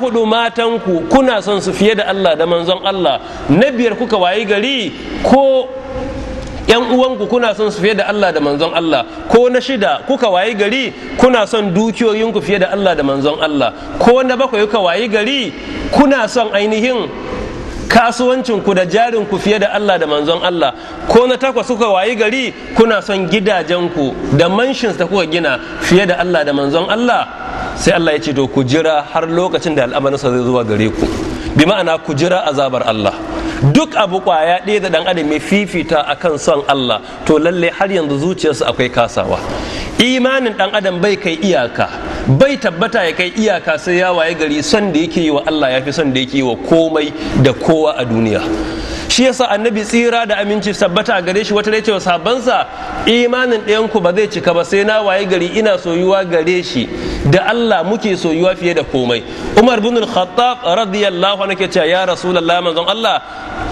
hudu matanku kuna son su fiye da Allah da manzon Allah na biyar kuka wayi gari ko yan uwanku kuna son su fiye da Allah da manzon Allah ko na shida kuka wayi gari kuna son dukiyoyinku fiye da Allah da manzon Allah ko na bakwai kuka wayi gari kuna son ainihin kasuwancinku da jarinku fiye da Allah da manzon Allah ko na takwas kuka wayi gari kuna son gidajenku da mansions da kuka gina fiye da Allah da manzon Allah sai Allah ya ce to ku jira har lokacin da al'amarinsa zai zuwa gare ku bi ma'ana ku jira azabar Allah duk abu kwaya ɗaya da ɗan adam ya fifita akan son Allah to lalle har yanzu zuciyarsa akwai kasawa imanin dan adam bai kai iyaka bai tabbata ya kai iyaka sai ya waye gari son da yake yi wa Allah ya fi son da yake yi wa komai da kowa a duniya shi yasa annabi tsira da aminci tabbata gare shi wata ce cewa sabansa imanin ɗayanku ba zai cika ba sai na waye gari ina soyuwa gare shi da Allah muke soyuwa fiye da komai Umar bin Al-Khattab radiyallahu anhu cewa ya Rasulullah manzon Allah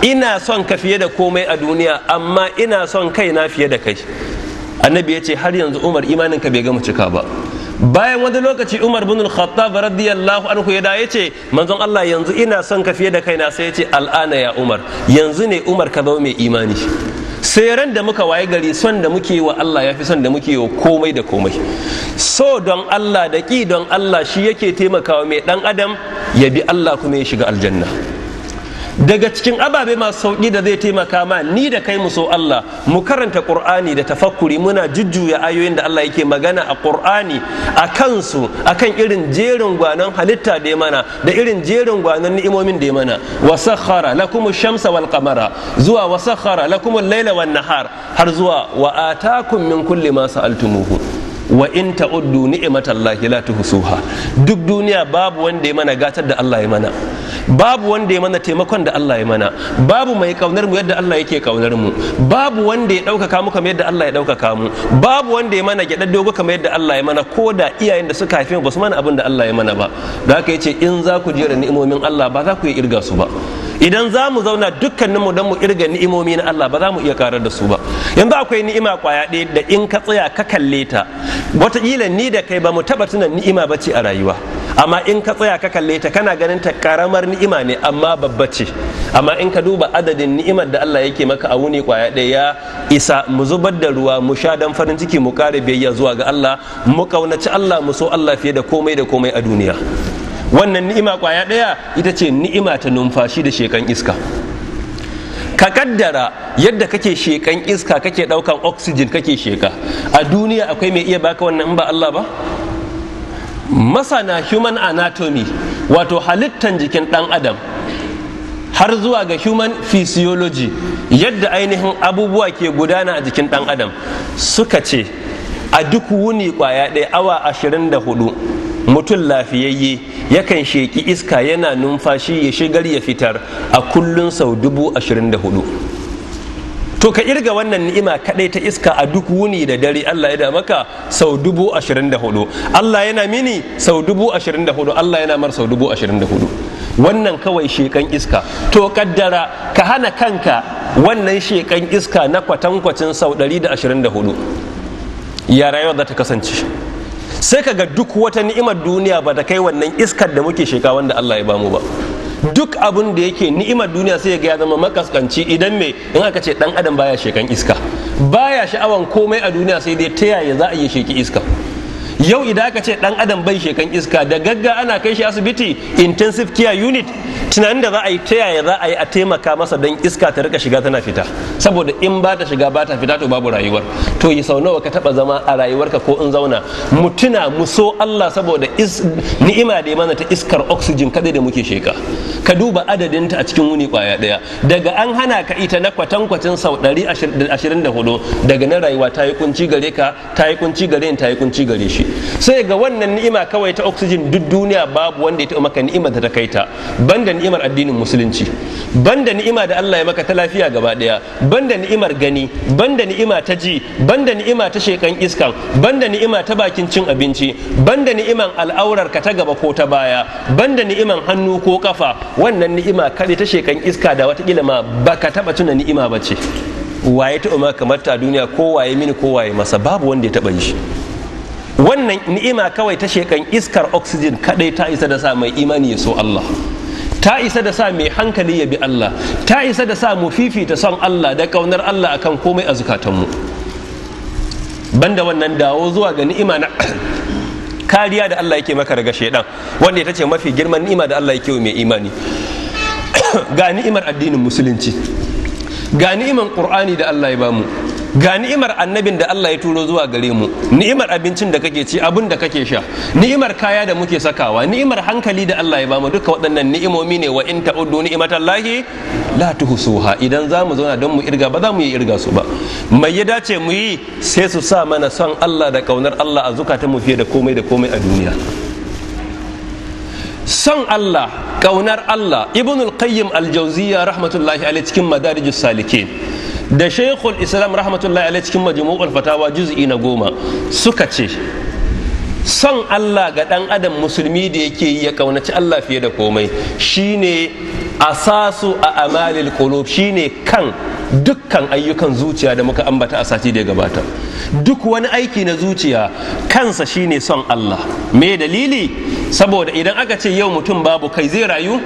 ina son ka fiye da komai a duniya amma ina son kaina fiye da kai annabi ya ce har yanzu umar imaninka bai gama cika ba bayan wani lokaci umar bin al-khattab radiyallahu anhu ya da ya ce manzon Allah yanzu ina son ka fiye da kaina sai ya ce al'ana ya umar yanzu ne umar ka zama mai imani sai ran da muka waye gari son da muke wa Allah ya fi son da muke wa komai da komai so don Allah da ki don Allah shi yake taimakawa mai dan adam ya bi Allah kuma ya shiga aljanna daga cikin ababe masu sauƙi da zai taimaka ma ni da kai mu so Allah mu karanta Qur'ani da tafakkuri muna jujjuya ayoyin da Allah yake magana a Qur'ani a kansu akan irin jerin gwanon halitta da ya mana da irin jerin gwanon ni'imomin da ya mana wa sakhara lakum shamsa wal qamara zuwa wa sakhara laila wan nahar har zuwa wa atakum min kulli ma sa'altumuhu wa in ta'uddu ni'matallahi la tuhsuha duk duniya babu wanda ya mana gatar da Allah ya mana babu wanda ya mana taimakon da Allah ya mana babu mai kaunar mu yadda Allah yake kaunar mu babu wanda ya dauka kamu kamar yadda Allah ya dauka kamu babu wanda ya mana gyaɗar dogo kamar yadda Allah ya mana ko da iyayen da suka haife mu ba su mana abin da Allah ya mana ba da haka yace in za ku jera ni'imomin Allah ba za ku yi irga su ba idan za mu zauna dukkaninmu don mu irga ni'imomi na Allah ba za mu iya karar da su ba yanzu akwai ni'ima kwaya ɗaya da in ka tsaya ka kalle ta wataƙila ni da kai ba mu taba tuna ni'ima ba ce a rayuwa amma in ka tsaya ka kalle ta kana ganin ta karamar ni'ima ne amma babba ce amma in ka duba adadin ni'imar da Allah yake maka a wuni kwaya ɗaya ya isa mu zubar da ruwa mu sha dan farin ciki mu kare biyayya zuwa ga Allah mu kaunaci Allah mu so Allah fiye da komai da komai a duniya wannan ni'ima kwaya ɗaya ita ce ni'ima ta numfashi da shekan iska ka kaddara yadda kake shekan iska kake ɗaukan oxygen kake sheka a duniya akwai mai iya baka wannan in ba Allah ba masana human anatomy wato halittan jikin ɗan adam har zuwa ga human physiology yadda ainihin abubuwa ke gudana a jikin ɗan adam suka ce a duk wuni kwaya ɗaya awa ashirin da hudu mutum lafiyayye yakan sheki iska yana numfashi ya shigar ya fitar a kullun sau dubu ashirin da hudu to ka irga wannan ni'ima kadai ta iska a duk wuni da dare Allah ya da maka sau dubu ashirin da hudu Allah yana mini sau dubu ashirin da hudu Allah yana mar sau dubu ashirin da hudu wannan kawai shekan iska to kaddara ka hana kanka wannan shekan iska na kwatankwacin sau da ashirin hudu ya rayuwa za ta kasance sai ka ga duk wata ni'imar duniya ba ta kai wannan iskar da muke sheka wanda Allah ya bamu ba duk abin da yake ni'imar duniya sai ga ya zama makaskanci idan me in aka ce dan adam baya shekan iska baya sha'awan komai a duniya sai dai ta yaya za a iya sheki iska yau idan aka ce dan adam bai shekan iska da gagga ana kai shi asibiti intensive care unit tunanin da za a yi ta yaya za a yi a taimaka masa don iska ta rika shiga tana fita saboda in ba ta shiga ba ta fita to babu rayuwar to yi sau nawa ka taba zama a rayuwarka ko in zauna mu tuna mu so Allah saboda ni'ima da mana ta iskar oxygen kadai da muke sheka ka duba adadin ta a cikin wuni kwaya daya daga an hana ka ita na kwatankwacin sau 124 daga na rayuwa ta yi kunci gare ka ta yi kunci gare ta yi kunci gare shi sai ga wannan ni'ima kawai ta oxygen duk duniya babu wanda ya taɓa maka ni'imar da ta kai ta banda ni'imar addinin musulunci banda ni'ima da Allah ya maka ta lafiya gaba daya banda ni'imar gani banda ni'ima ta ji banda ni'ima ta shekan iskan banda ni'ima ta bakin cin abinci banda ni'iman al'aurar ka ta gaba ko ta baya banda ni'iman hannu ko kafa wannan ni'ima kada ta shekan iska da wata watakila ma ka taɓa tuna ni'ima ba ce waye taɓa maka kamar ta duniya ko waye mini ko waye masa babu wanda ya taɓa yi wannan ni'ima kawai ta shekan iskar oxygen kadai ta isa da sa mai imani ya so Allah ta isa da sa mai hankali ya bi Allah ta isa da sa mu fifita son Allah da kaunar Allah akan komai a mu. banda wannan dawo zuwa ga ni'ima na kariya da Allah yake maka daga shaidan wanda ita ce mafi girman ni'ima da Allah yake mai imani ga ni'imar addinin musulunci ga ni'imar qur'ani da Allah ya bamu ga ni'imar annabin da Allah ya turo zuwa gare mu ni'imar abincin da kake ci abin da kake sha ni'imar kaya da muke sakawa ni'imar hankali da Allah ya bamu duka waɗannan ni'imomi ne wa in ta'uddu ni'imatallahi la tuhsuha idan za mu zauna don mu irga ba za mu yi irga su ba mai ya dace mu yi sai su sa mana son Allah da kaunar Allah a zukata mu fiye da komai da komai a duniya son Allah kaunar Allah ibnul qayyim al-jawziyya rahmatullahi alaihi cikin madarijus salikin da shaykhul islam rahmatullahi alai cikin majmu'ul fatawa juz'i na goma suka ce son Allah ga ɗan adam musulmi da yake yi ya kaunaci Allah fiye da komai shine asasu a amalil qulub shine kan dukkan ayyukan zuciya da muka ambata a sati da ya gabata duk wani aiki na zuciya kansa shine son Allah me dalili saboda idan aka ce yau mutum babu kai zai rayu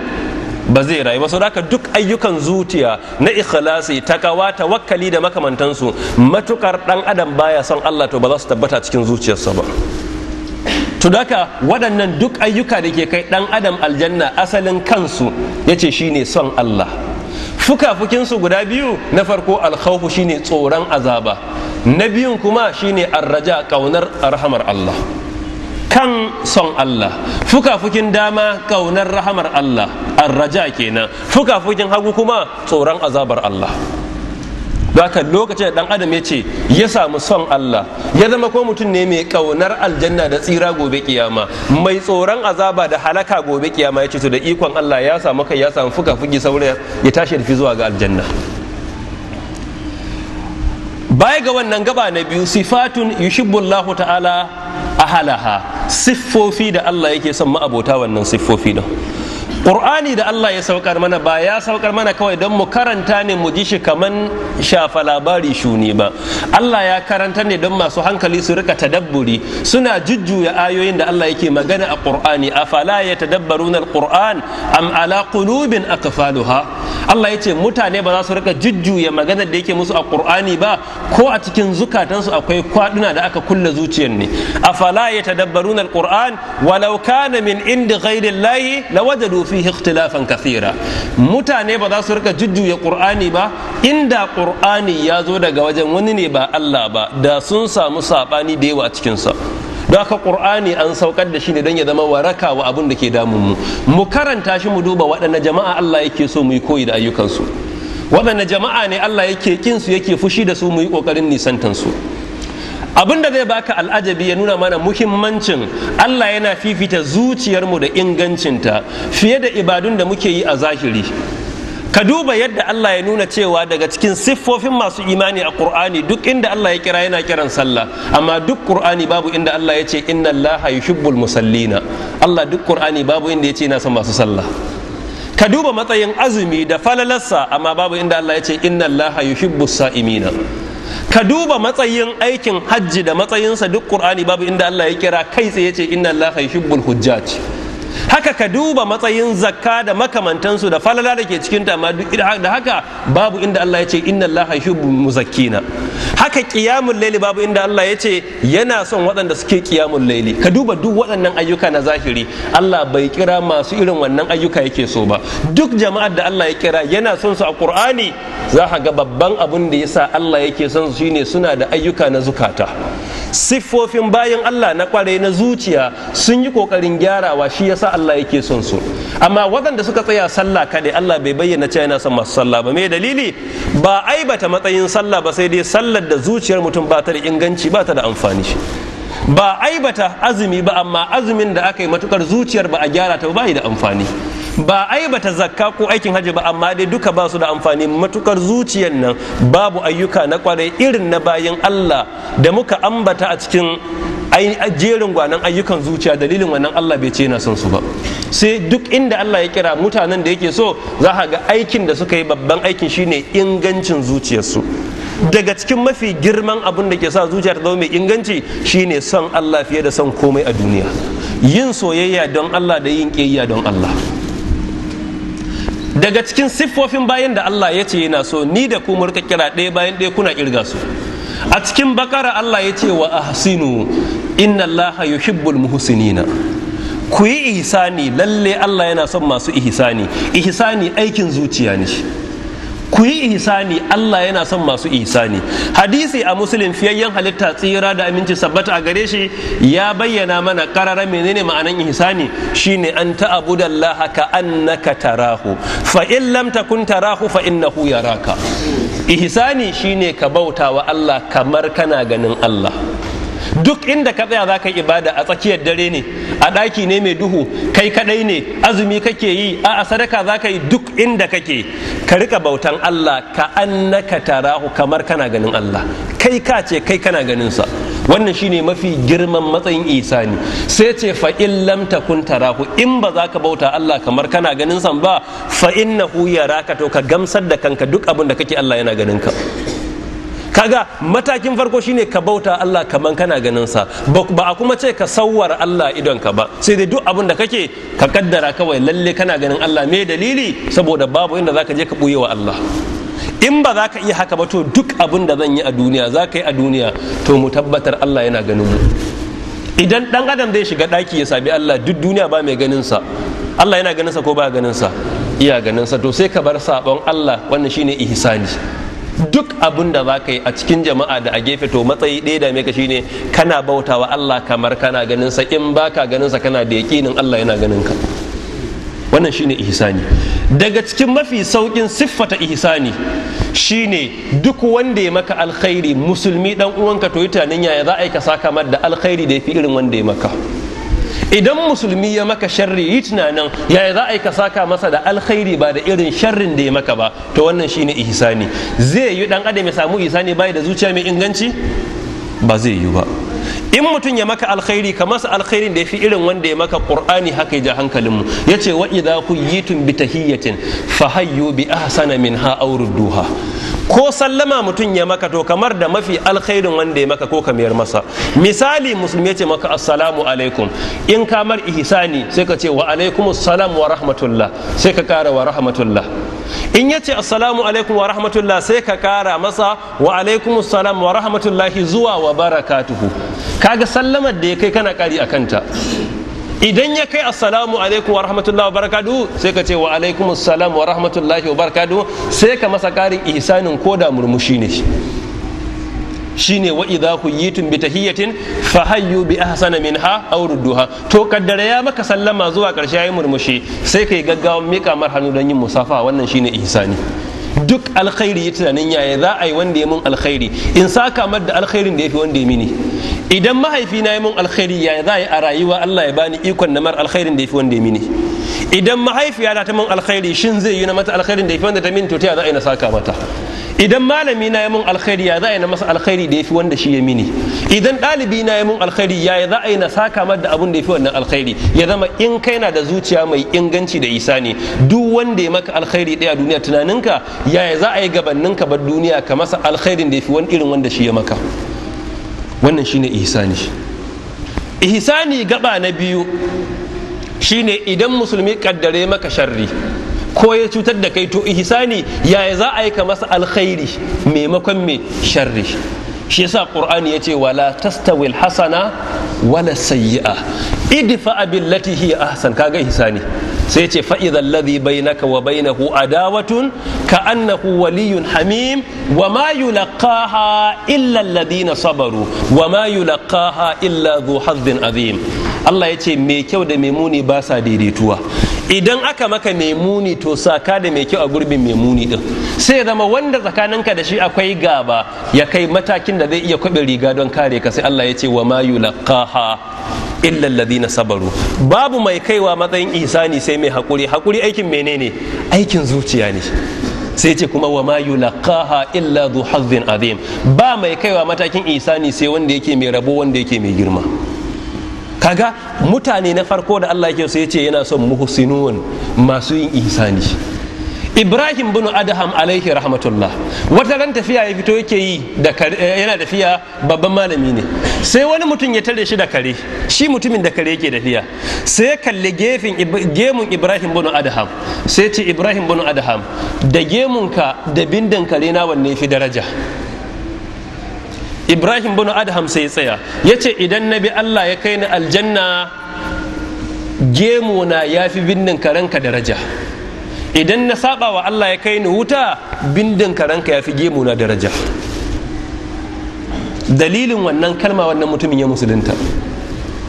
ba zai rayu ba saboda duk ayyukan zuciya na ikhlasi takawa tawakkali da makamantansu matukar dan adam baya son Allah to ba za su tabbata cikin zuciyarsa ba to daka waɗannan duk ayyuka da ke kai dan adam aljanna asalin kansu yace shine son Allah fukafukinsu guda biyu na farko alkhawfu shine tsoron azaba na biyun kuma shine arraja kaunar rahamar Allah kan son Allah fukafukin dama kaunar rahamar Allah arraja kenan fukafukin hagu kuma tsoron azabar Allah haka lokacin da dan adam ya ce ya samu son Allah ya zama ko mutum ne mai kaunar aljanna da tsira gobe kiyama mai tsoron azaba da halaka gobe kiyama ya ce to da ikon Allah ya samu kai ya samu fuka fuki ya tashi da zuwa ga aljanna baya ga wannan gaba na biyu sifatun yushibbullahu ta'ala ahalaha siffofi da Allah yake son ma'abota wannan siffofi don ƙur'ani da Allah ya saukar mana ba ya saukar mana kawai don mu karanta ne mu ji shi kaman shafa labari shuni ba Allah ya karanta ne don masu hankali su rika tadabburi suna jujjuya ayoyin da Allah yake magana a ƙur'ani A afala ya tadabbaruna ƙur'an am ala qulubin aqfaluha Allah ya ce mutane ba za su rika jujjuya maganar da yake musu a ƙur'ani ba ko a cikin zukatansu akwai kwaduna da aka kulle zuciyar ne A fala ya tadabbaruna ƙur'an walau kana min indi na waje lawajadu fihi ikhtilafan kathira mutane ba za su rika jujjuya qur'ani ba inda qur'ani ya zo daga wajen wani ne ba Allah ba da sun samu sabani da yawa a cikin sa don haka qur'ani an saukar da shi ne don ya zama waraka wa abun da ke damun mu mu karanta shi mu duba waɗanne jama'a Allah yake so mu yi koyi da ayyukansu waɗanne jama'a ne Allah yake kin yake fushi da su mu yi ƙoƙarin nisantansu su abin da zai baka al'ajabi ya nuna mana muhimmancin Allah yana fifita zuciyarmu da ingancinta fiye da ibadun da muke yi a zahiri ka duba yadda Allah ya nuna cewa daga cikin siffofin masu imani a Qur'ani duk inda Allah ya kira yana kiran sallah amma duk Qur'ani babu inda Allah ya ce inna Allah yuhibbul musallina Allah duk Qur'ani babu inda ya ce yana son masu sallah ka duba matsayin azumi da falalarsa amma babu inda Allah ya ce inna Allah yuhibbus sa'imina ka duba matsayin aikin hajji da matsayinsa duk ƙurani babu inda Allah ya kira kai tsaye ce inna Allah yuhibbul hujjaj haka ka duba matsayin zakka da makamantansu da falala da ke cikin ta da haka babu inda Allah ya ce inna Allah yuhibbu muzakkina haka qiyamul layli babu inda Allah ya ce yana son waɗanda suke qiyamul layli ka duba duk waɗannan ayyuka na zahiri Allah bai kira masu irin wannan ayyuka yake so ba duk jama'ar da Allah ya kira yana son su a Qur'ani za ka ga babban abin da yasa Allah yake son su shine suna da ayyuka na zukata siffofin bayan Allah na kware na zuciya sun yi kokarin gyarawa shi yasa yasa Allah yake son su amma waɗanda suka tsaya sallah kaɗai Allah bai bayyana cewa yana son masu sallah ba me dalili ba aibata matsayin sallah ba sai dai sallar da zuciyar mutum ba ta da inganci ba ta da amfani shi ba aibata azumi ba amma azumin da aka yi matukar zuciyar ba a gyara ta ba yi da amfani ba aibata zakka ko aikin hajji ba amma dai duka ba su da amfani matukar zuciyar nan babu ayyuka na kwarai irin na bayan Allah da muka ambata a cikin jerin gwanan ayyukan zuciya dalilin wannan Allah bai ce na son su ba sai duk inda Allah ya kira mutanen da yake so za a ga aikin da suka yi babban aikin shine ingancin zuciyarsu daga cikin mafi girman abin da ke sa zuciya ta zama mai inganci shine son Allah fiye da son komai a duniya yin soyayya don Allah da yin ƙiyayya don Allah daga cikin siffofin bayan da Allah ya ce yana so ni da ku mu kira ɗaya bayan ɗaya kuna kirga su a cikin bakara Allah ya ce wa ahsinu inna allaha yuhibbul muhsinina ku yi ihsani lalle Allah yana son masu ihsani ihsani aikin zuciya ne ku yi ihsani Allah yana son masu ihsani hadisi a muslim fiyayyen halitta tsira da aminci sabbata a gare shi ya bayyana mana karara menene ma'anan ihsani shine an ta'budallaha ka annaka tarahu fa in lam takun tarahu fa innahu yaraka ihsani shine ka bauta wa Allah kamar kana ganin Allah duk inda ka tsaya za ka yi ibada a tsakiyar dare ne a ɗaki ne mai duhu kai kaɗai ne azumi kake yi a sadaka za ka yi duk inda kake ka rika bautan Allah ka annaka tarahu kamar kana ganin Allah kai ka ce kai kana ganin sa wannan shine mafi girman matsayin isani sai ce fa in lam takun tarahu in ba za ka bauta Allah kamar kana ganin sa ba fa innahu yaraka to ka gamsar da kanka duk abin da kake Allah yana ganin ka kaga matakin farko shine ka bauta Allah kaman kana ganin sa ba a kuma ce ka sauwar Allah idon ka ba sai dai duk abin da kake ka kaddara kawai lalle kana ganin Allah me dalili saboda babu inda zaka je ka buye wa Allah in ba za ka iya haka ba to duk abin da zan yi a duniya za ka yi a duniya to mu tabbatar Allah yana ganin mu idan dan adam zai shiga daki ya sabi Allah duk duniya ba mai ganin sa Allah yana ganin sa ko ba ganin sa iya ganin sa to sai ka bar sabon Allah wannan shine ihsani duk abin da za ka yi a cikin jama'a da a gefe to matsayi ɗaya da ka shine kana bauta wa Allah kamar kana ganin sa in baka ganin sa kana da yaƙinin Allah yana ganin ka wannan shine ihsani daga cikin mafi saukin siffata ihsani shine duk wanda ya maka alkhairi musulmi dan uwanka to yi tunanin yaya za a yi ka saka da alkhairi da ya fi irin wanda ya maka idan musulmi ya maka sharri yi tunanin yaya za a yi ka saka masa da alkhairi ba da irin sharrin da ya maka ba to wannan shi ne ihsani zai yi dan adam ya samu ihsani bai da zuciya mai inganci ba zai yi ba in mutum ya maka alkhairi ka masa alkhairin da ya fi irin wanda ya maka qur'ani haka ya hankalinmu ya ce wa yi kuyitum bi tahiyyatin fa hayyu bi ahsana minha aw rudduha ko sallama mutum ya maka to kamar da mafi alkhairin wanda ya maka ko ka mayar masa misali musulmi ya ce maka assalamu alaikum in kamar mar ihsani sai ka ce wa alaikum assalam wa rahmatullah sai ka kara wa rahmatullah in ya ce assalamu alaikum wa rahmatullah sai ka kara masa wa alaikum assalam wa rahmatullahi zuwa wa barakatuhu kaga sallamar da ya kai kana kari a kanta idan ya kai assalamu alaikum wa rahmatullahi wa barakadu sai ka ce wa alaikum assalam wa rahmatullahi wa barakadu sai ka masa karin ihsanin ko da murmushi ne shine wa idza huyitum bi tahiyatin fa hayyu bi ahsana minha aw duha. to kaddara ya maka sallama zuwa karshe yayin murmushi sai kai gaggawan mika mar hannu don yin musafa wannan shine ihsani duk alkhairi ya tunanin yaya za a yi wanda ya mun alkhairi in saka mar da alkhairin da ya fi wanda ya mini idan mahaifina ya mun alkhairi ya za a rayuwa Allah ya bani ikon na mar alkhairin da ya fi wanda ya mini idan mahaifiya ta mun alkhairi shin zai yi na mata alkhairin da ya fi wanda ta mini to ta za a yi na saka mata idan malami na ya mun alkhairi ya za a yi na masa alkhairi da ya fi wanda shi ya mini idan ɗalibi na ya mun alkhairi ya za a yi na saka mata da abun da ya fi wannan alkhairi ya zama in kai na da zuciya mai inganci da isa ne duk wanda ya maka alkhairi daya duniya tunaninka ya za a yi gabaninka bar duniya ka masa alkhairin da ya fi wani irin wanda shi ya maka wannan shine ihsani ihsani gaba na biyu shine idan musulmi kaddare maka sharri ko ya cutar da kai to ihsani yaya za a yi ka masa alkhairi maimakon mai sharri shi yasa qur'ani yace wala tastawil hasana wala sayyi'a idfa billati hi ahsan kaga ihsani sai yace fa idhal ladhi bainaka wa bainahu adawatun ka annahu waliyyun hamim wa ma yulaqaha illa alladhina sabaru wa ma yulaqaha illa dhu hazzin azim Allah yace mai kyau da mai muni ba sa daidaituwa idan aka maka memuni to saka da mai kyau a gurbin memuni muni din sai zama wanda tsakaninka da shi akwai gaba ya kai matakin da zai iya kwabe riga don kare ka sai Allah ya ce wa ma yulaqaha illa alladhina sabaru babu mai kaiwa matsayin ihsani sai mai hakuri hakuri aikin menene aikin zuciya ne sai ce kuma wa ma yulaqaha illa dhu hazzin azim ba mai kaiwa matakin ihsani sai wanda yake mai rabo wanda yake mai girma kaga mutane na farko da Allah yake so ya ce yana son muhsinun masu yin ihsani Ibrahim bin Adham alaihi rahmatullah wata ran tafiya ya fito yake yi da eh, yana tafiya babban malami ne sai wani mutum ya tare shi da kare shi mutumin da kare yake tafiya sai ya kalli gefin gemun Ibrahim bin Adham sai ce Ibrahim bin Adham da gemunka da bindin kare na wanne fi daraja ibrahim bin adham sai ya tsaya ya ce idan na bi allah ya kai ni aljanna gemu na ya fi bindin karanka daraja idan na saba wa allah ya kai ni wuta bindin karanka ya fi gemu na daraja dalilin wannan kalma wannan mutumin ya musulunta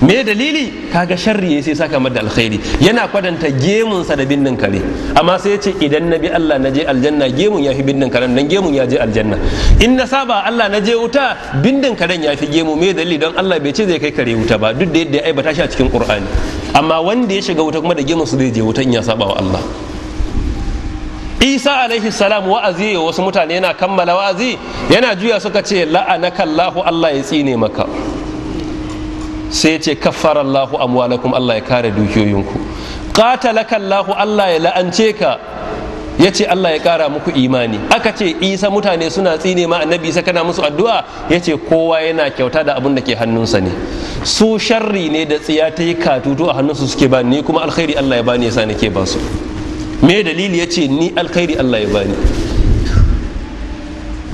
me dalili kaga sharri sai saka mada alkhairi yana kwadanta gemunsa da binnin kare amma sai ya ce idan na bi Allah naje aljanna gemun ya fi binnin karen dan gemun ya je aljanna in na saba Allah na je wuta binnin karen ya fi gemu me dalili don Allah bai ce zai kai kare wuta ba duk da yadda ya aibata shi a cikin Qur'ani amma wanda ya shiga wuta kuma da gemun su zai je wuta in ya saba wa Allah isa alaihi salam wa'azi wasu mutane yana kammala wa'azi yana juya suka ce la'anaka Allahu Allah ya tsine maka sai ya ce kaffara Allahu amwalakum Allah ya kare dukiyoyinku qatalaka Allahu Allah ya la'ance ka ya ce Allah ya kara muku imani aka ce isa mutane suna tsine ma annabi isa kana musu addu'a ya ce kowa yana kyauta da abin da ke hannunsa ne su sharri ne da tsiya ta yi katutu a hannunsu suke ba ni kuma alkhairi Allah ya bani yasa nake ba su me dalili ya ce ni alkhairi Allah ya bani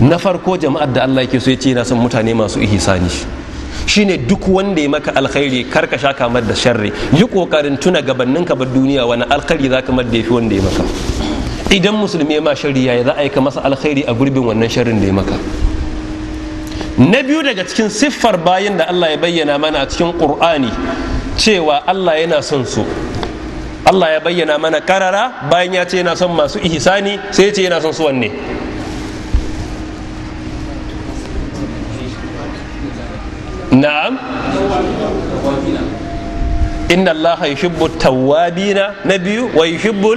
na farko jama'ar da Allah yake so ya ce yana son mutane masu ihsani shine duk wanda ya maka alkhairi kar ka sha kamar da sharri yi kokarin tuna gabanin ka bar duniya wani alkhairi za ka da fi wanda ya maka idan musulmi ya ma sharri yayi za a yi masa alkhairi a gurbin wannan sharrin da ya maka na biyu daga cikin siffar bayan da Allah ya bayyana mana a cikin Qur'ani cewa Allah yana son su Allah ya bayyana mana karara bayan ya ce yana son masu ihsani sai ya ce yana son su wanne na'am inna allaha yuhibbu tawwabina na biyu wa yuhibbu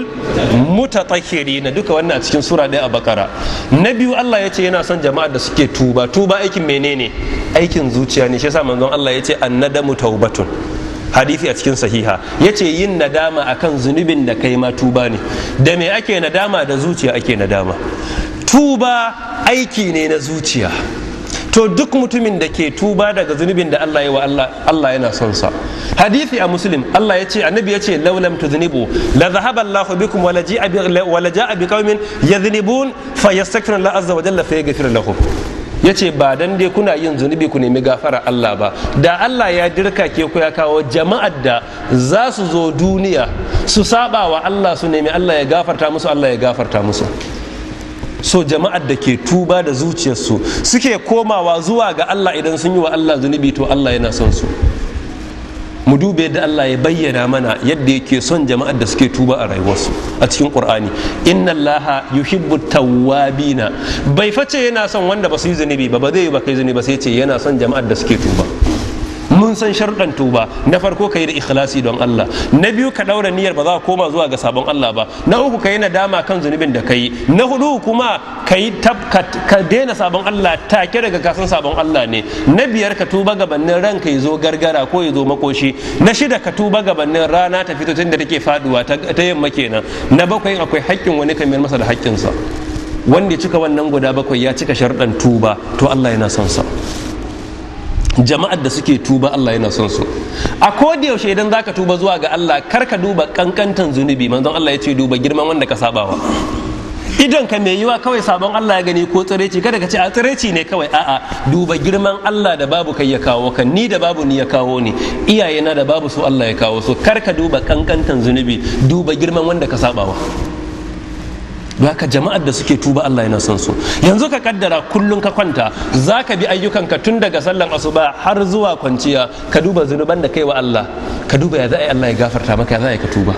mutatahhirina duka wannan a cikin sura ɗaya a bakara na biyu Allah yace yana son jama'a da suke tuba tuba aikin menene aikin zuciya ne shi yasa manzon Allah yace annadamu taubatun hadisi a cikin sahiha yace yin nadama akan zunubin da kai ma tuba ne da me ake nadama da zuciya ake nadama tuba aiki ne na zuciya to duk mutumin da ke tuba daga zunubin da Allah ya wa Allah yana son sa hadisi a muslim Allah ya ce annabi ya ce laulam tuznibu la zahaba Allah bikum wala ja'a bi wala ja'a bi qaumin yadhnibun fayastaghfiru Allah azza wa jalla fayaghfiru lahum ya ce ba dan dai kuna yin zunubi ku nemi gafara Allah ba da Allah ya dirka ke ku ya kawo jama'ar da za su zo duniya su saba wa Allah su nemi Allah ya gafarta musu Allah ya gafarta musu so jama'ar da ke tuba da zuciyarsu suke komawa zuwa ga Allah idan sun yi wa Allah zunubi to Allah yana son su mu dube yadda Allah ya bayyana mana yadda yake son jama'ar da suke tuba a rayuwarsu a cikin Qur'ani inna Allah yuhibbu tawwabina bai face yana son wanda ba su yi zunubi ba ba zai yi ba kai zunubi ba sai ce yana son jama'ar da suke tuba mun san sharɗan tuba na farko ka yi da ikhlasi don Allah na biyu ka ɗaura niyyar ba za ka koma zuwa ga sabon Allah ba na uku ka yi nadama kan zunubin da ka yi na hudu kuma ka yi ka daina sabon Allah take daga kasan sabon Allah ne na biyar ka tuba gabanin ranka ya zo gargara ko ya zo makoshi na shida ka tuba gabanin rana ta fito tun da take faduwa ta yamma kenan na bakwai akwai haƙƙin wani kamar masa da haƙƙinsa wanda ya cika wannan guda bakwai ya cika sharɗan tuba to Allah yana son sa jama'ar da suke tuba Allah yana son su a yaushe idan zaka tuba zuwa ga Allah kar ka duba kankantan zunubi manzon Allah ya ce duba girman wanda ka sabawa idan ka mai yiwa kawai sabon Allah ya gani ko tsareci, kada ka ce a tsireci ne kawai a'a duba girman Allah da babu kai ya kawo ka ni da babu ni ya kawo ni iyayena da babu su Allah ya kawo su kar ka duba kankantan zunubi duba girman wanda ka sabawa don haka jama'ar da suke tuba Allah yana son su yanzu ka kaddara kullun ka kwanta za ka bi ayyukanka tun daga sallan asuba har zuwa kwanciya ka duba zunuban da kai wa Allah ka duba ya za a Allah ya gafarta maka ya za ka tuba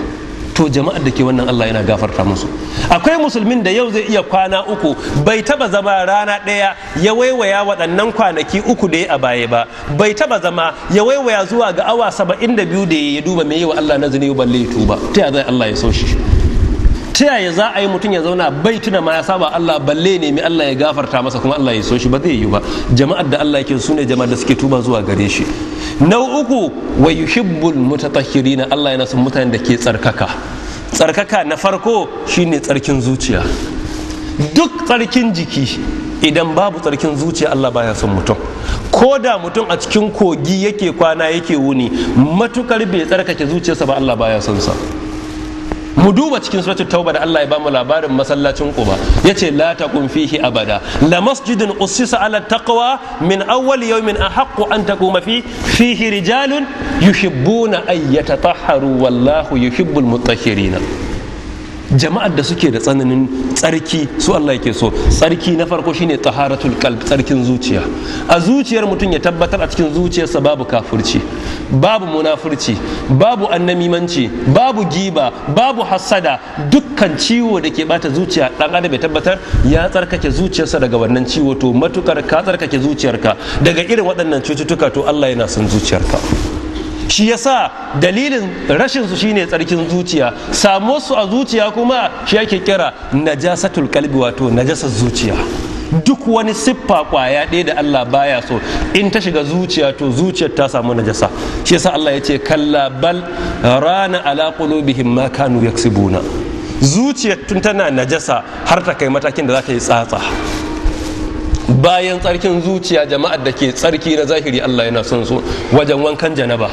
to jama'ar da ke wannan Allah yana gafarta musu akwai musulmin da yau zai iya kwana uku bai taba zama rana ɗaya ya waiwaya waɗannan kwanaki uku da ya a baya ba bai taba zama ya waiwaya zuwa ga awa saba'in da biyu da ya duba me yi wa Allah na zunubi balle ya tuba ta ya za Allah ya so shi ta yaya za a yi mutum ya zauna bai tuna ma ya saba Allah balle ne mai Allah ya gafarta masa kuma Allah ya so shi ba zai yi ba jama'ar da Allah yake su ne jama'ar da suke tuba zuwa gare shi na uku wa yuhibbul mutatahhirina Allah yana son mutanen da ke tsarkaka tsarkaka na farko shine tsarkin zuciya duk tsarkin jiki idan babu tsarkin zuciya Allah baya son mutum ko da mutum a cikin kogi yake kwana yake wuni matukar bai tsarkake zuciyarsa ba Allah baya son sa mu duba cikin suratul tauba da Allah ya bamu labarin masallacin quba yace la taqum fihi abada la masjidun ussisa ala taqwa min awwal yawmin ahaqqu an taquma fi fihi rijalun yuhibbuna ay yatatahharu wallahu yuhibbul mutahhirin jama'ar da suke da tsananin tsarki su Allah yake so tsarki na farko shine taharatul qalb tsarkin zuciya a zuciyar mutum ya tabbatar a cikin zuciyarsa babu kafirci babu munafurci babu annamimanci babu giba babu hasada dukkan ciwo da ke bata zuciya dan adam ya tabbatar ya tsarkake zuciyarsa daga wannan ciwo to matukar ka tsarkake zuciyarka daga irin waɗannan cututtuka to Allah yana son zuciyarka shi yasa dalilin rashin su shine tsarkin zuciya samu su a zuciya kuma shi ake kira najasatul kalbi wato najasar zuciya duk wani siffa kwaya ɗaya da Allah baya so in ta shiga zuciya to zuciyar ta samu najasa shi yasa Allah ya ce kalla bal rana ala qulubihim ma kanu zuciyar tun tana najasa har ta kai matakin da za ta yi tsatsa bayan tsarkin zuciya jama'ar da ke tsarki na zahiri Allah yana son su wajen wankan janaba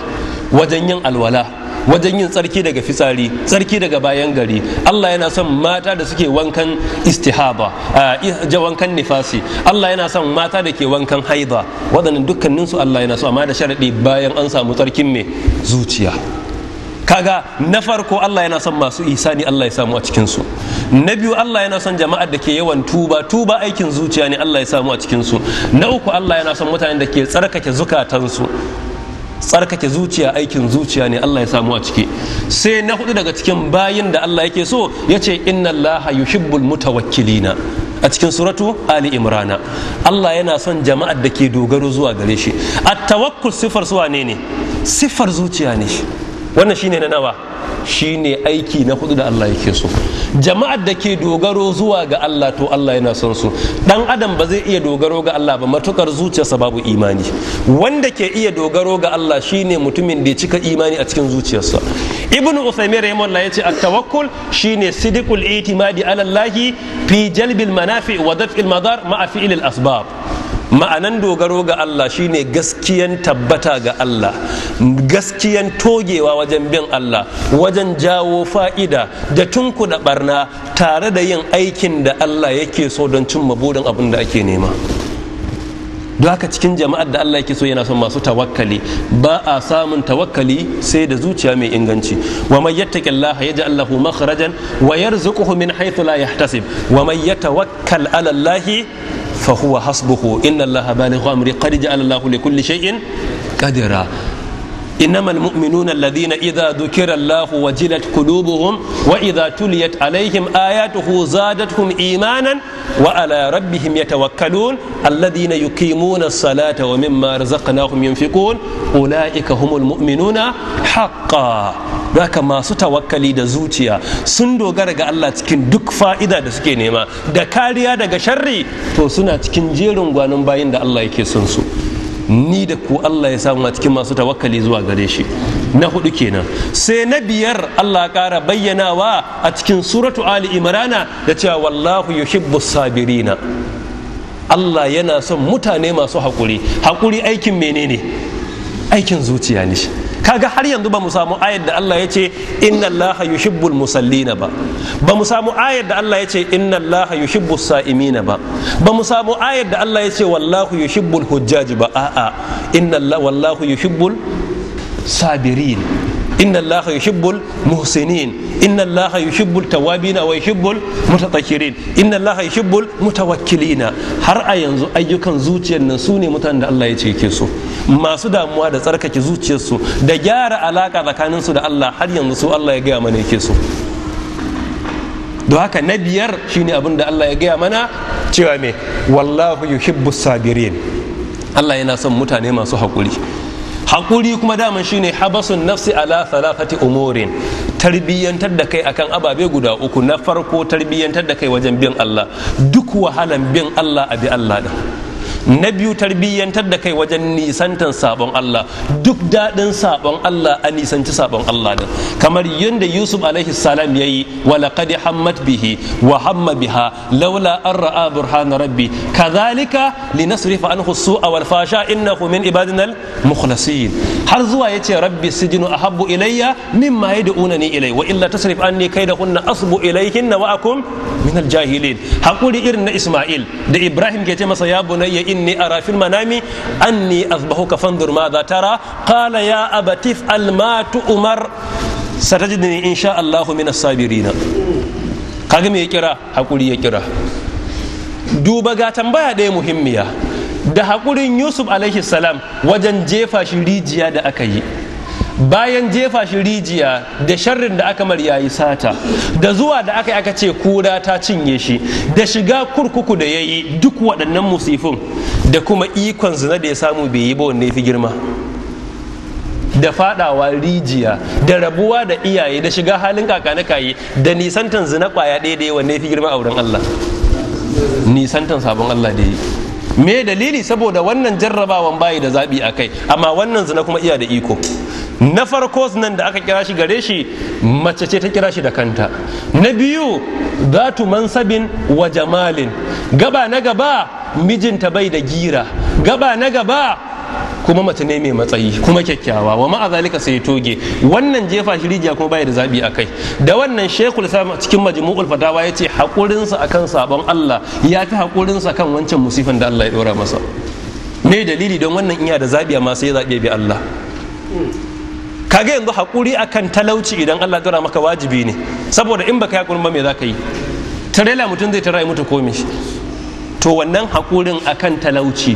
wajen yin alwala wajen yin tsarki daga fitsari tsarki daga bayan gari Allah yana son mata da suke wankan istihaba eh, a wankan nifasi Allah yana son mata da ke wankan haiba waɗannan dukkaninsu Allah yana so amma da sharaɗi bayan an samu tsarkin mai zuciya kaga na farko Allah yana son masu ihsani Allah ya samu a cikin na biyu Allah yana son jama'ar da ke yawan tuba tuba aikin zuciya ne Allah ya samu a cikin na uku Allah yana son mutanen da ke tsarkake zukatansu tsarkake zuciya aikin zuciya ne Allah ya samu a ciki sai na hudu daga cikin bayin da Allah yake so ya ce inna Allah yuhibbul mutawakkilina a cikin suratu ali imrana Allah yana son jama'ar da ke dogaro zuwa gare shi at tawakkul sifar suwa ne ne sifar zuciya ne wannan shine na nawa shine aiki na hudu da Allah yake so jama'ar da ke dogaro zuwa ga Allah to Allah yana son su dan adam ba zai iya dogaro ga Allah ba matukar zuciyarsa babu imani wanda ke iya dogaro ga Allah shine mutumin da ya cika imani a cikin zuciyarsa ibnu usaymin rahimahullah yace at-tawakkul shine sidiqul itimadi ala Allah fi jalbil manafi wa daf'il madar ma'a fi'il al-asbab ma'anan dogaro ga Allah shine gaskiyan tabbata ga Allah gaskiyan togewa wajen bin Allah wajen jawo fa'ida da tunku da barna tare da yin aikin da Allah yake so don cimma burin abin da ake nema don haka cikin jama'ar da Allah yake so yana son masu tawakkali ba a samun tawakkali sai da zuciya mai inganci wa man yattaqillaha yaj'al lahu makhrajan wa yarzuquhu min haythu la yahtasib wa man yatawakkal 'ala Allah fa huwa hasbuhu inna allaha balighu amri qad ja'ala allahu li kulli shay'in qadira إنما المؤمنون الذين إذا ذكر الله وجلت قلوبهم وإذا تليت عليهم آياته زادتهم إيمانا وعلى ربهم يتوكلون الذين يقيمون الصلاة ومما رزقناهم ينفقون أولئك هم المؤمنون حقا ذاك ما ستوكلي دزوتيا سندو غرق الله تكن دك فائدة دسكي نيما دكاليا دك شري تو سنة تكن جيرون غانم باين دا الله يكي سنسو ni da ku Allah ya samu a cikin masu tawakkali zuwa gare shi na hudu kenan sai na biyar Allah ƙara bayyanawa a cikin suratu Ali Imrana da cewa wallahu yuhibbu sabirina Allah yana son mutane masu hakuri hakuri aikin menene aikin zuciya ne kaga har yanzu ba mu samu ayar da Allah ya ce inna Allah yuhibbul musallina ba ba mu samu ayar da Allah ya ce inna Allah yuhibbus sa'imina ba ba mu samu ayar da Allah ya ce wallahu yuhibbul hujjaj ba a'a inna Allah wallahu yuhibbul sabirin inna allaha yuhibbul muhsinin inna allaha yuhibbul tawabina wa yuhibbul mutatakirin inna allaha yuhibbul mutawakkilina har a yanzu ayyukan zuciyar nan su ne mutanen da Allah ya ce ke so masu damuwa da tsarkake zuciyarsu da gyara alaka tsakanin da Allah har yanzu su Allah ya gaya mana yake so don haka na biyar shine abin da Allah ya gaya mana cewa me wallahu yuhibbus sabirin Allah yana son mutane masu haƙuri hakuri kuma daman shine habasun nafsi ala thalathati umurin tarbiyyantar da kai akan ababe guda uku na farko tarbiyyantar da kai wajen bin Allah duk wahalan bin Allah a bi Allah din na biyu tarbiyyantar da kai wajen nisantan sabon Allah duk daɗin sabon Allah a nisanci sabon Allah din kamar yadda Yusuf alaihi salam yayi wa laqad hammat bihi wa hamma biha laula an ra'a burhan rabbi kadhalika linasrifa anhu su'a wal fasha innahu min ibadina mukhlasin har zuwa yace rabbi sijinu ahabbu ilayya mimma yad'unani ilay wa illa tasrif anni kaydahunna asbu ilayhinna wa akum min al jahilin hakuri irin na Isma'il da Ibrahim ke ce masa ya bunayya inni ara fil manami anni azbahuka fanzur tara qala ya abati al ma tu'mar satajidni insha ya kira hakuri ya kira duba ga tambaya ɗaya muhimmiya da hakurin Yusuf alaihi salam wajen jefa shi rijiya da aka yi bayan jefa shi rijiya da sharrin da aka maryayi sata da zuwa da aka yi aka ce kura ta cinye shi da shiga kurkuku da ya yi duk waɗannan musifin da kuma ikon zina da ya samu bai yi ba wanne fi girma da fadawa rijiya da rabuwa da iyaye da shiga halin kakanikaye da nisantan zina kwaya ɗaya wanda ya fi girma a wurin Allah nisantan sabon Allah da yi me dalili saboda wannan jarrabawan bayi da zaɓi a kai amma wannan zina kuma iya da iko na farko nan da aka kira shi gare shi mace ce ta kira shi da kanta na biyu zatu mansabin wa jamalin gaba na gaba mijinta bai da gira gaba na gaba kuma mace ne mai matsayi kuma kyakkyawa wa ma'a zalika sai toge wannan jefa shi rijiya kuma bai da zabi a kai da wannan shekul sa cikin majmu'ul fatawa ya ce haƙurinsa akan sabon Allah ya fi haƙurinsa kan wancan musifin da Allah ya ɗora masa me dalili don wannan iya da zabi amma sai ya zabi bi Allah kaga yanzu haƙuri akan talauci idan Allah dora maka wajibi ne saboda in baka hakuri ba me zaka yi tarela mutum zai tara mutu komi to wannan haƙurin akan talauci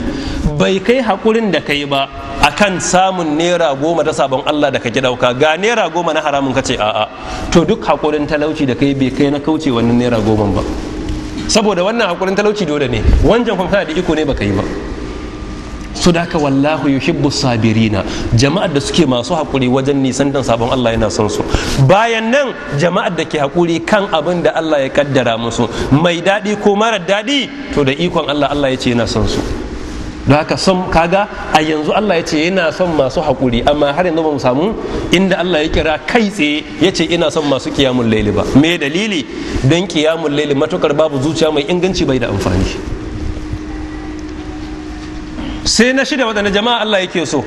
bai kai haƙurin da kai ba akan samun naira goma ta sabon Allah da kake dauka ga naira goma na haramun kace a to duk haƙurin talauci da kai bai kai na kauce wannan naira goma ba saboda wannan haƙurin talauci dole ne wancan kuma da iko ne baka yi ba su da haka wallahu yuhibbu sabirina jama'ar da suke masu haƙuri wajen nisan dan sabon Allah yana son su bayan nan jama'ar da ke haƙuri kan abin da Allah ya kaddara musu mai daɗi ko marar daɗi to da ikon Allah Allah ya ce yana son su da haka son kaga a yanzu Allah ya ce yana son masu haƙuri amma har yanzu ba mu samu inda Allah ya kira kai tsaye ya ce ina son masu kiyamun laili ba me dalili don kiyamun laili matukar babu zuciya mai inganci bai da amfani sai na shida waɗanda jama'a Allah yake so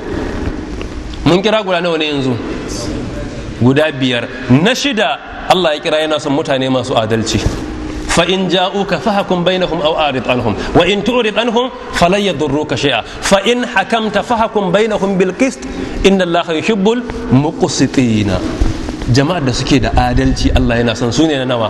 mun kira guda nawa ne yanzu guda biyar na shida Allah ya kira yana son mutane masu adalci fa in ja'uka fahkum bainahum aw arid anhum wa in turid anhum falan yadurruka shay'a fa in hakamta fahkum bainahum bil qist inna Allaha yuhibbul muqsitina jama'ar da suke da adalci Allah yana son su ne na nawa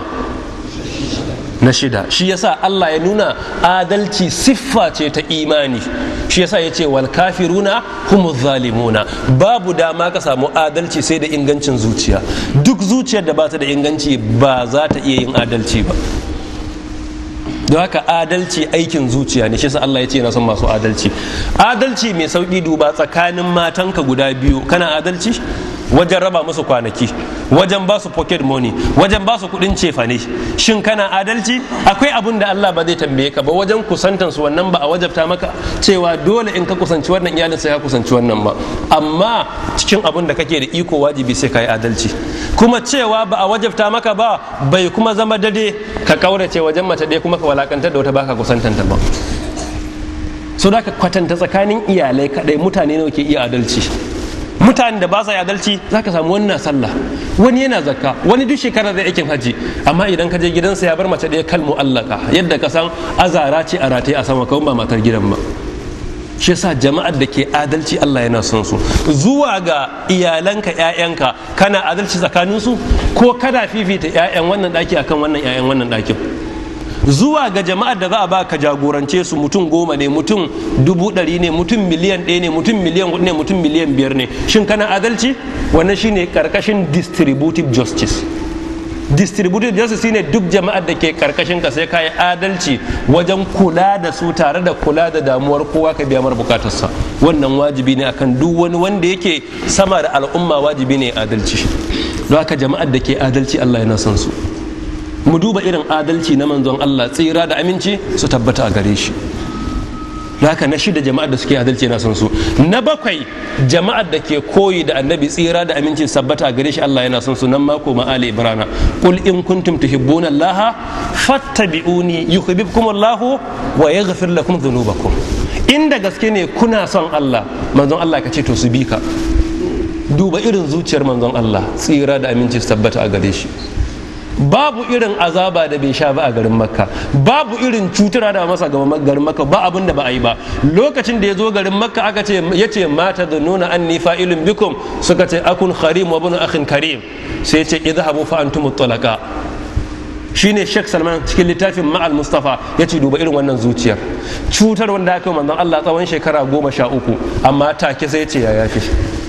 na shida shi yasa Allah ya nuna adalci siffa ce ta imani shi yasa ya ce wal kafiruna humu zalimuna babu dama ka samu adalci sai da ingancin zuciya duk zuciyar da ba ta da inganci ba za ta iya yin adalci ba don haka adalci aikin zuciya ne shi yasa Allah ya ce na son masu adalci adalci mai sauki duba tsakanin matanka guda biyu kana adalci wajen raba musu kwanaki wajen ba su pocket money wajen ba su kudin cefane shin kana adalci akwai abin da Allah ba zai tambaye ka ba wajen kusantan su wannan ba a wajabta maka cewa dole in ka kusanci wannan iyalin sai ka kusanci wannan ba amma cikin abin da kake da iko wajibi sai ka yi adalci kuma cewa ba a wajabta maka ba bai kuma zama dade ka kaurace wajen mace ɗaya kuma ka walakantar da wata baka kusantanta ba so da ka kwatanta tsakanin iyalai kadai mutane nawa ke iya adalci mutanen da ba sa adalci za ka samu wannan sallah wani yana zakka wani duk shekara zai aikin haji amma idan ka je gidansa ya bar mace ɗaya kalmu allaka yadda ka san azara ce a rataye a sama kawai ba matar gidan ba shi yasa jama'ar da ke adalci Allah yana son su zuwa ga iyalanka ƴaƴanka kana adalci tsakaninsu ko kada fifita ƴaƴan wannan ɗaki akan wannan ƴaƴan wannan ɗakin zuwa ga jama'ar da za a ba ka jagorance su mutum goma ne mutum dubu ɗari ne mutum miliyan ɗaya ne mutum miliyan hudu ne mutum miliyan biyar ne shin kana adalci wannan shine karkashin distributive justice distributive justice shine duk jama'ar da ke karkashin ka sai kayi adalci wajen kula da su tare da kula da damuwar kowa ka biya mara bukatarsa wannan wajibi ne akan duk wani wanda yake sama da al'umma wajibi ne adalci don haka jama'ar da ke adalci Allah yana son su mu duba irin adalci na manzon Allah tsira da aminci su tabbata a gare shi haka na shida jama'ar da suke adalci na son su na bakwai jama'ar da ke koyi da annabi tsira da aminci tabbata a gare shi Allah yana son su nan mako ma'ali ibrana qul in kuntum tuhibbuna Allah fattabi'uni yuhibbukum Allah wa yaghfir lakum dhunubakum inda gaske ne kuna son Allah manzon Allah ka ce to su bi ka duba irin zuciyar manzon Allah tsira da aminci sabbata a gare shi babu irin azaba da bai sha ba a garin makka babu irin cutura da masa gaba garin makka ba abin da ba a yi ba lokacin da ya zo garin makka aka ce ya mata da nuna an failun bikum suka ce akun harim wa bunu akhin karim sai ce idhabu fa antum talaqa shine Sheikh Salman cikin littafin Ma'al Mustafa ya ce duba irin wannan zuciyar cutar wanda aka yi manzon Allah tsawon shekara goma sha uku amma take sai ya ce ya yafi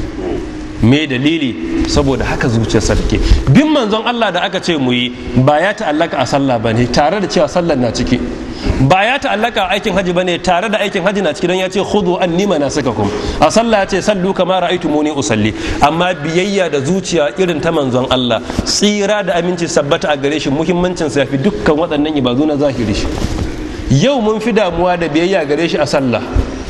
me dalili saboda haka zuciyarsa take bin manzon Allah da aka ce mu yi ba ya ta'allaka a sallah ba ne tare da cewa sallar na ciki ba ya ta'allaka a aikin haji ba ne tare da aikin haji na ciki don ya ce khudu anni manasikakum a sallah ya ce sallu kama ra'aytumuni usalli amma biyayya da zuciya irin ta manzon Allah tsira da aminci sabbata a gare shi muhimmancin sa yafi dukkan waɗannan ibadu na zahiri yau mun fi damuwa da biyayya gare shi a sallah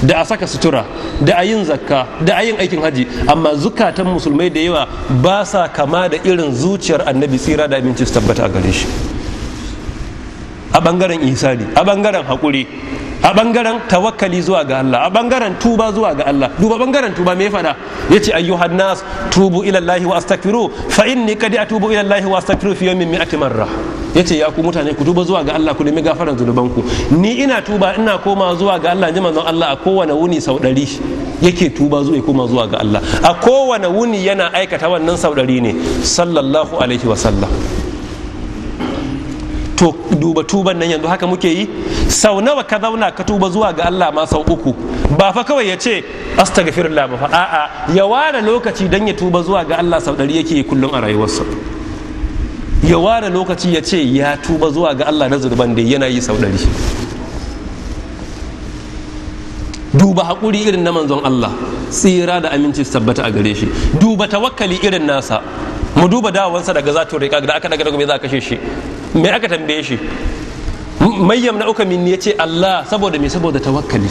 da a saka sutura da a yin zakka da a yin aikin haji amma zukatan musulmai da yawa ba sa kama da irin zuciyar annabi tsira da abinci su tabbata a gare shi a bangaren isani a bangaren haƙuri a bangaren tawakkali zuwa ga Allah a bangaren tuba zuwa ga Allah duba bangaren tuba me fada yace ayyuhan nas tubu ila Allah wa astaghfiru fa inni qad atubu ila Allah wa astaghfiru fi yawmin mi'ati marra yace ya ku mutane ku tuba zuwa ga Allah ku nemi gafaran ku? ni ina tuba ina koma zuwa ga Allah jama'a manzon Allah a kowane wuni sau dari yake tuba zuwa koma zuwa ga Allah a kowane wuni yana aikata wannan sau ɗari ne sallallahu alaihi wa sallam to duba tuban nan yanzu haka muke yi sau nawa ka zauna ka tuba zuwa ga Allah ma sau uku ba fa kawai ya ce astaghfirullah ba fa a'a ya ware lokaci dan ya tuba zuwa ga Allah sau ɗari yake yi kullum a rayuwarsa ya ware lokaci ya ce ya tuba zuwa ga Allah na zurban da yana yi sau ɗari duba haƙuri irin na manzon Allah tsira da aminci tabbata a gare shi duba tawakkali irin nasa mu duba dawansa daga zato da da aka daga daga me za a kashe shi me aka tambaye shi mayyam na uka minni ya ce Allah saboda me saboda tawakkali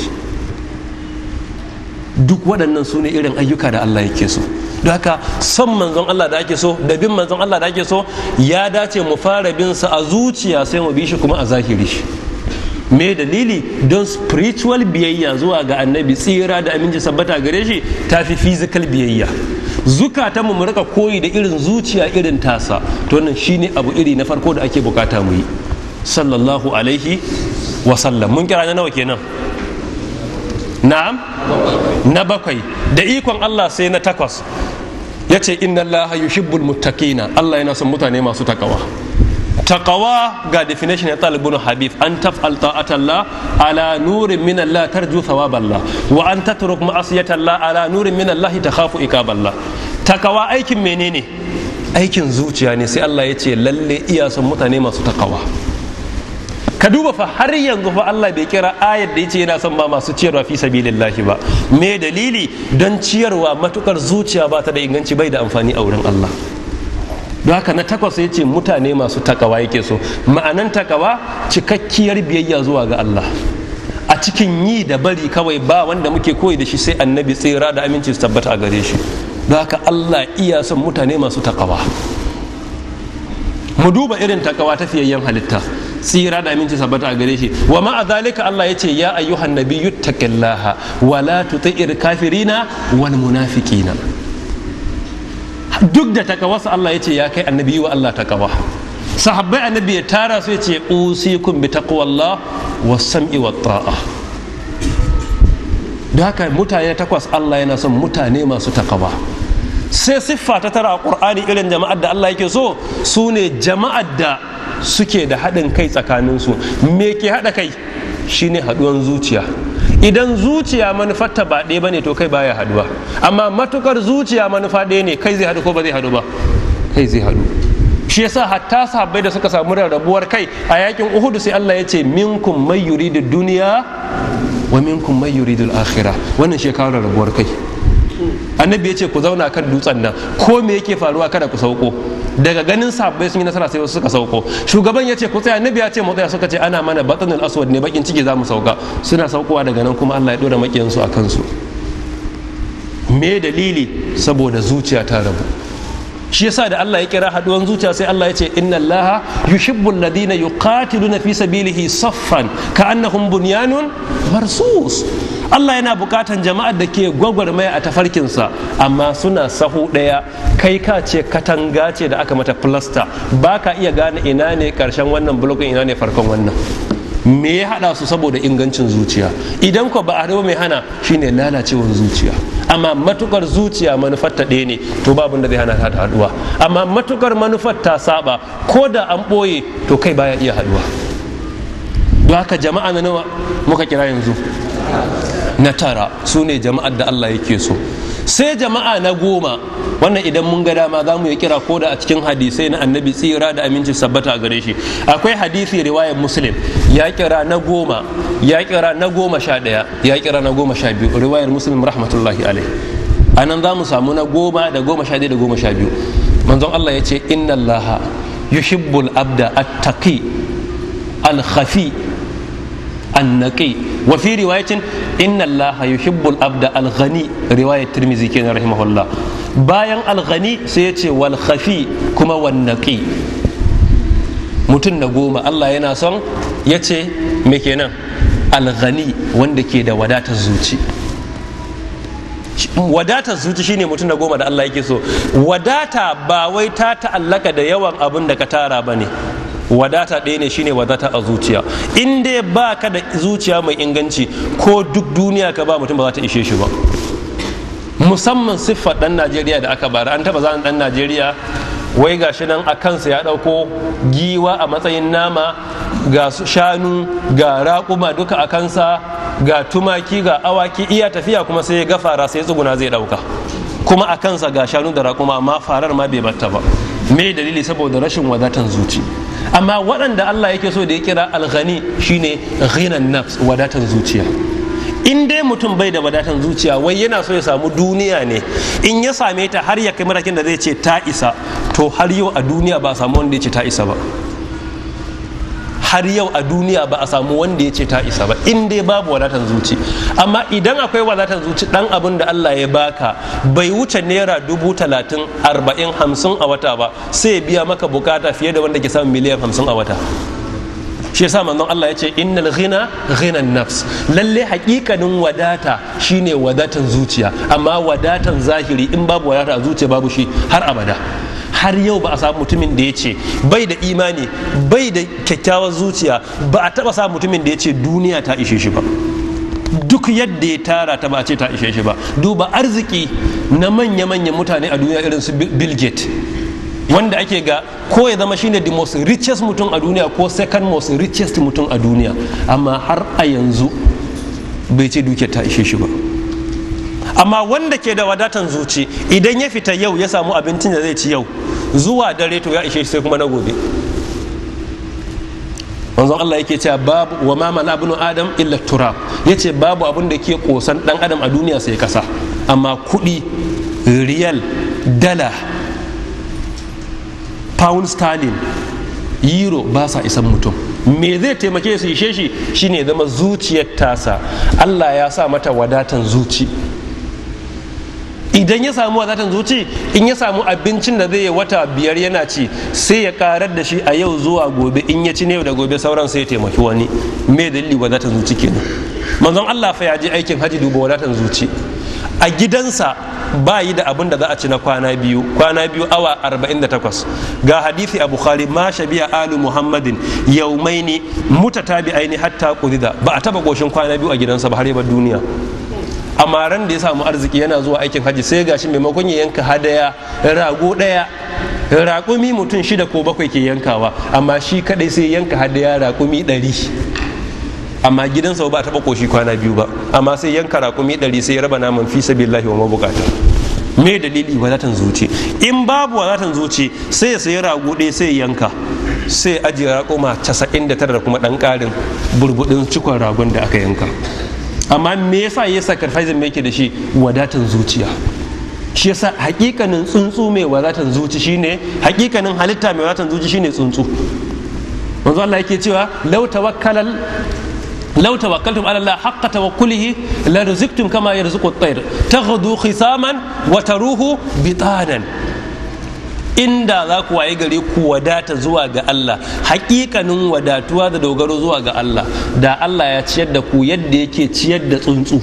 duk waɗannan su ne irin ayyuka da Allah yake so don haka son manzon Allah da ake so da bin manzon Allah da ake so ya dace mu fara bin sa a zuciya sai mu bi shi kuma a zahiri me dalili don spiritual biyayya zuwa ga annabi tsira da aminci sabbata gare shi ta fi physical biyayya zukatan mu rika koyi da irin zuciya irin tasa to wannan shine abu iri na farko da ake bukata mu yi sallallahu alaihi wa sallam mun kira na nawa kenan na'am na bakwai da ikon Allah sai na takwas yace inna Allah yuhibbul muttaqina Allah yana son mutane masu takawa taqawa ga definition ya talib habib an taf'al ta'atallah ala nurin min Allah tarju thawaballah wa an tatruk ma'asiyatallah ala nurin min Allah takhafu iqaballah taqawa aikin menene aikin zuciya ne sai Allah ya ce lalle iya son mutane masu taqawa ka duba fa har yanzu fa Allah bai kira ayar da yace yana son ba masu ciyarwa fi sabilillahi ba me dalili don ciyarwa matukar zuciya ba ta da inganci bai da amfani a wurin Allah don haka na takwas ya ce mutane masu takawa yake so ma'anan takawa cikakkiyar biyayya zuwa ga Allah a cikin yi da bari kawai ba wanda muke koyi da shi sai annabi tsira da aminci su tabbata a gare shi don haka Allah iya son mutane masu takawa mu duba irin takawa ta fiyayyen halitta tsira da aminci sabata a gare shi wa ma'a zalika Allah ya ce ya ayyuhan nabiyyu taqillaha wa tuti'ir kafirina wal munafiqina duk da takawarsa Allah ya ce ya kai annabi wa Allah takawa sahabbai annabi ya tara su ya ce usikum bi taqwallah wa sam'i wa ta'a da haka mutane takwas Allah yana son mutane masu takawa sai siffa ta tara a ƙur'ani irin jama'ar da Allah yake so su ne jama'ar da suke da haɗin kai tsakaninsu me ke haɗa kai shine haɗuwan zuciya idan zuciya manufarta ba ɗaya bane to kai baya haɗuwa amma matukar zuciya manufa ɗaya ne kai zai haɗu ko ba zai haɗu ba kai zai haɗu shi yasa hatta sahabbai da suka samu rarrabuwar kai a yakin uhudu sai Allah ya ce minkum yuri yuridu duniya wa minkum mai yuridu da akhirah wannan shekarar rarrabuwar kai annabi ya ce ku zauna kan dutsen nan ko me yake faruwa kada ku sauko daga ganin sabbai sun yi nasara sai wasu suka sauko shugaban ya ce ku tsaya annabi ya ce mu tsaya suka ce ana mana batanul aswad ne bakin ciki za mu sauka suna saukowa daga nan kuma Allah ya dora su a kansu me dalili saboda zuciya ta rabu shi yasa da Allah ya kira haduwan zuciya sai Allah ya ce inna Allah yuhibbu alladhina yuqatiluna fi sabilihi saffan ka'annahum bunyanun marsus Allah yana bukatan jama'ar da ke gwagwarmaya a tafarkinsa amma suna sahu ɗaya kai ka ce katanga ce da aka mata plasta ba ka iya gane ina ne karshen wannan blogin ina ne farkon wannan me ya hada su saboda ingancin zuciya idan ko ba a mai hana shine lalacewar zuciya amma matukar zuciya manufar ta ne to babu da zai hana ta haduwa amma matukar manufar ta saba ko da an ɓoye to kai baya iya haduwa don haka jama'a na nawa muka kira yanzu na tara su ne jama'ar da Allah yake so sai jama'a na goma wannan idan mun ga dama za mu yi kira ko da a cikin hadisai na annabi tsira da aminci sabbata a gare shi akwai hadisi riwayar muslim ya kira na goma ya kira na goma sha ɗaya ya kira na goma sha biyu riwayar muslim rahmatullahi alai a nan za mu samu na goma da goma sha ɗaya da goma sha biyu manzon Allah ya ce inna allaha yushibbul abda attaqi al-khafi annaki wa fi riwayatin inna Allah yuhibbul abda al-ghani riwayat Tirmidhi kenan rahimahullah bayan al-ghani sai yace wal khafi kuma wan naqi mutun na goma Allah yana son yace me kenan al-ghani wanda ke da wadatar zuci wadatar zuci shine mutum na goma da Allah yake so wadata ba wai ta ta'allaka da yawan abin da ka tara bane ne wadata ɗaya ne shine wadata a zuciya in dai ba ka da zuciya mai inganci ko duk duniya ka ba mutum ba za ta ishe shi ba musamman siffar ɗan najeriya da aka bara an taɓa zan ɗan najeriya wai ga shi nan a kansa ya ɗauko giwa a matsayin nama ga shanu ga raƙuma duka a kansa ga tumaki ga awaki iya tafiya kuma sai ya gafara sai tsuguna zai ɗauka kuma a kansa ga shanu da raƙuma amma farar ma bai batta ba me dalili saboda rashin wadatan zuci amma waɗanda Allah yake so da ya kira alghani shine ghinan nafs wadatan zuciya in dai mutum bai da wadatan zuciya wai yana so ya samu duniya ne in ya same ta har ya kai matakin da zai ce ta isa to har yau a duniya ba samu wanda ya ce ta isa ba har yau a duniya ba a samu wanda ya ce ta isa ba in dai babu wadatan zuci amma idan akwai wadatan zuci dan abin da Allah ya baka bai wuce naira dubu talatin arba'in hamsin a wata ba sai biya maka bukata fiye da wanda ke samun miliyan hamsin a wata shi yasa manzon Allah ya ce innal ghina gina nafs lalle hakikanin wadata shine wadatan zuciya amma wadatan zahiri in babu wadata a zuciya babu shi har abada har yau ba a samu mutumin da ya ce bai da imani bai da kyakkyawar zuciya ba a taba samu mutumin da ya ce duniya ta ishe shi ba duk yadda ya tara ta ba ce ta ishe shi ba duba arziki na manya-manyan mutane a duniya irin su bill gates wanda ake ga ko ya zama shine the most richest mutum a duniya ko second most richest mutum a duniya amma har a yanzu bai ce dukiyar ta ishe shi ba amma wanda ke da wadatan zuci idan ya fita yau ya samu abincin da zai ci yau zuwa dare to ya ishe sai kuma na gobe manzon Allah yake cewa babu wa ma man adam illa ya ce babu abin da ke kosan dan adam a duniya sai kasa amma kudi riyal dala pound sterling euro ba sa isan mutum me zai taimake su ishe shi shine zama zuciyar tasa Allah ya sa mata wadatan zuci idan ya samu wadatan zuci in ya samu abincin da zai wata biyar yana ci sai ya karar da shi a yau zuwa gobe in ya ci ne da gobe sauran sai ya taimaki wani me dalili wadatan zuci kenan manzon Allah fa ya je aikin haji duba wadatan zuci a gidansa ba yi da abin da za a ci na kwana biyu kwana biyu awa 48 ga hadithi a bukhari ma shabiya alu muhammadin yaumaini mutatabi aini hatta qudida ba a taba goshin kwana biyu a gidansa ba har yabar duniya amma ran da ya samu arziki yana zuwa aikin hajji sai gashi maimakon ya yanka hadaya rago daya raƙumi mutum shida ko bakwai ke yankawa amma shi kadai sai yanka hadaya raƙumi ɗari amma gidansa ba taɓa koshi kwana biyu ba amma sai yanka raƙumi ɗari sai ya raba naman fi lahi wa mabukata me dalili zatan zuci in babu zatan zuci sai ya sayi rago ɗaya sai ya yanka sai ajiye raƙuma casa'in da tara da kuma ɗan ƙarin burbuɗin cikon ragon da aka yanka amma me yasa ya sacrifice me yake da shi wadatan zuciya shi yasa hakikanin tsuntsu mai wadatan zuci shine hakikanin halitta mai wadatan zuci shine tsuntsu manzo Allah yake cewa law tawakkalal لو توكلتم على الله حق توكله لرزقتم كما يرزق الطير wata ruhu, bi بطانا inda za ku waye gare ku wadata zuwa ga Allah hakikanin wadatuwa da dogaro zuwa ga Allah da Allah ya ciyar da ku yadda yake ciyar da tsuntsu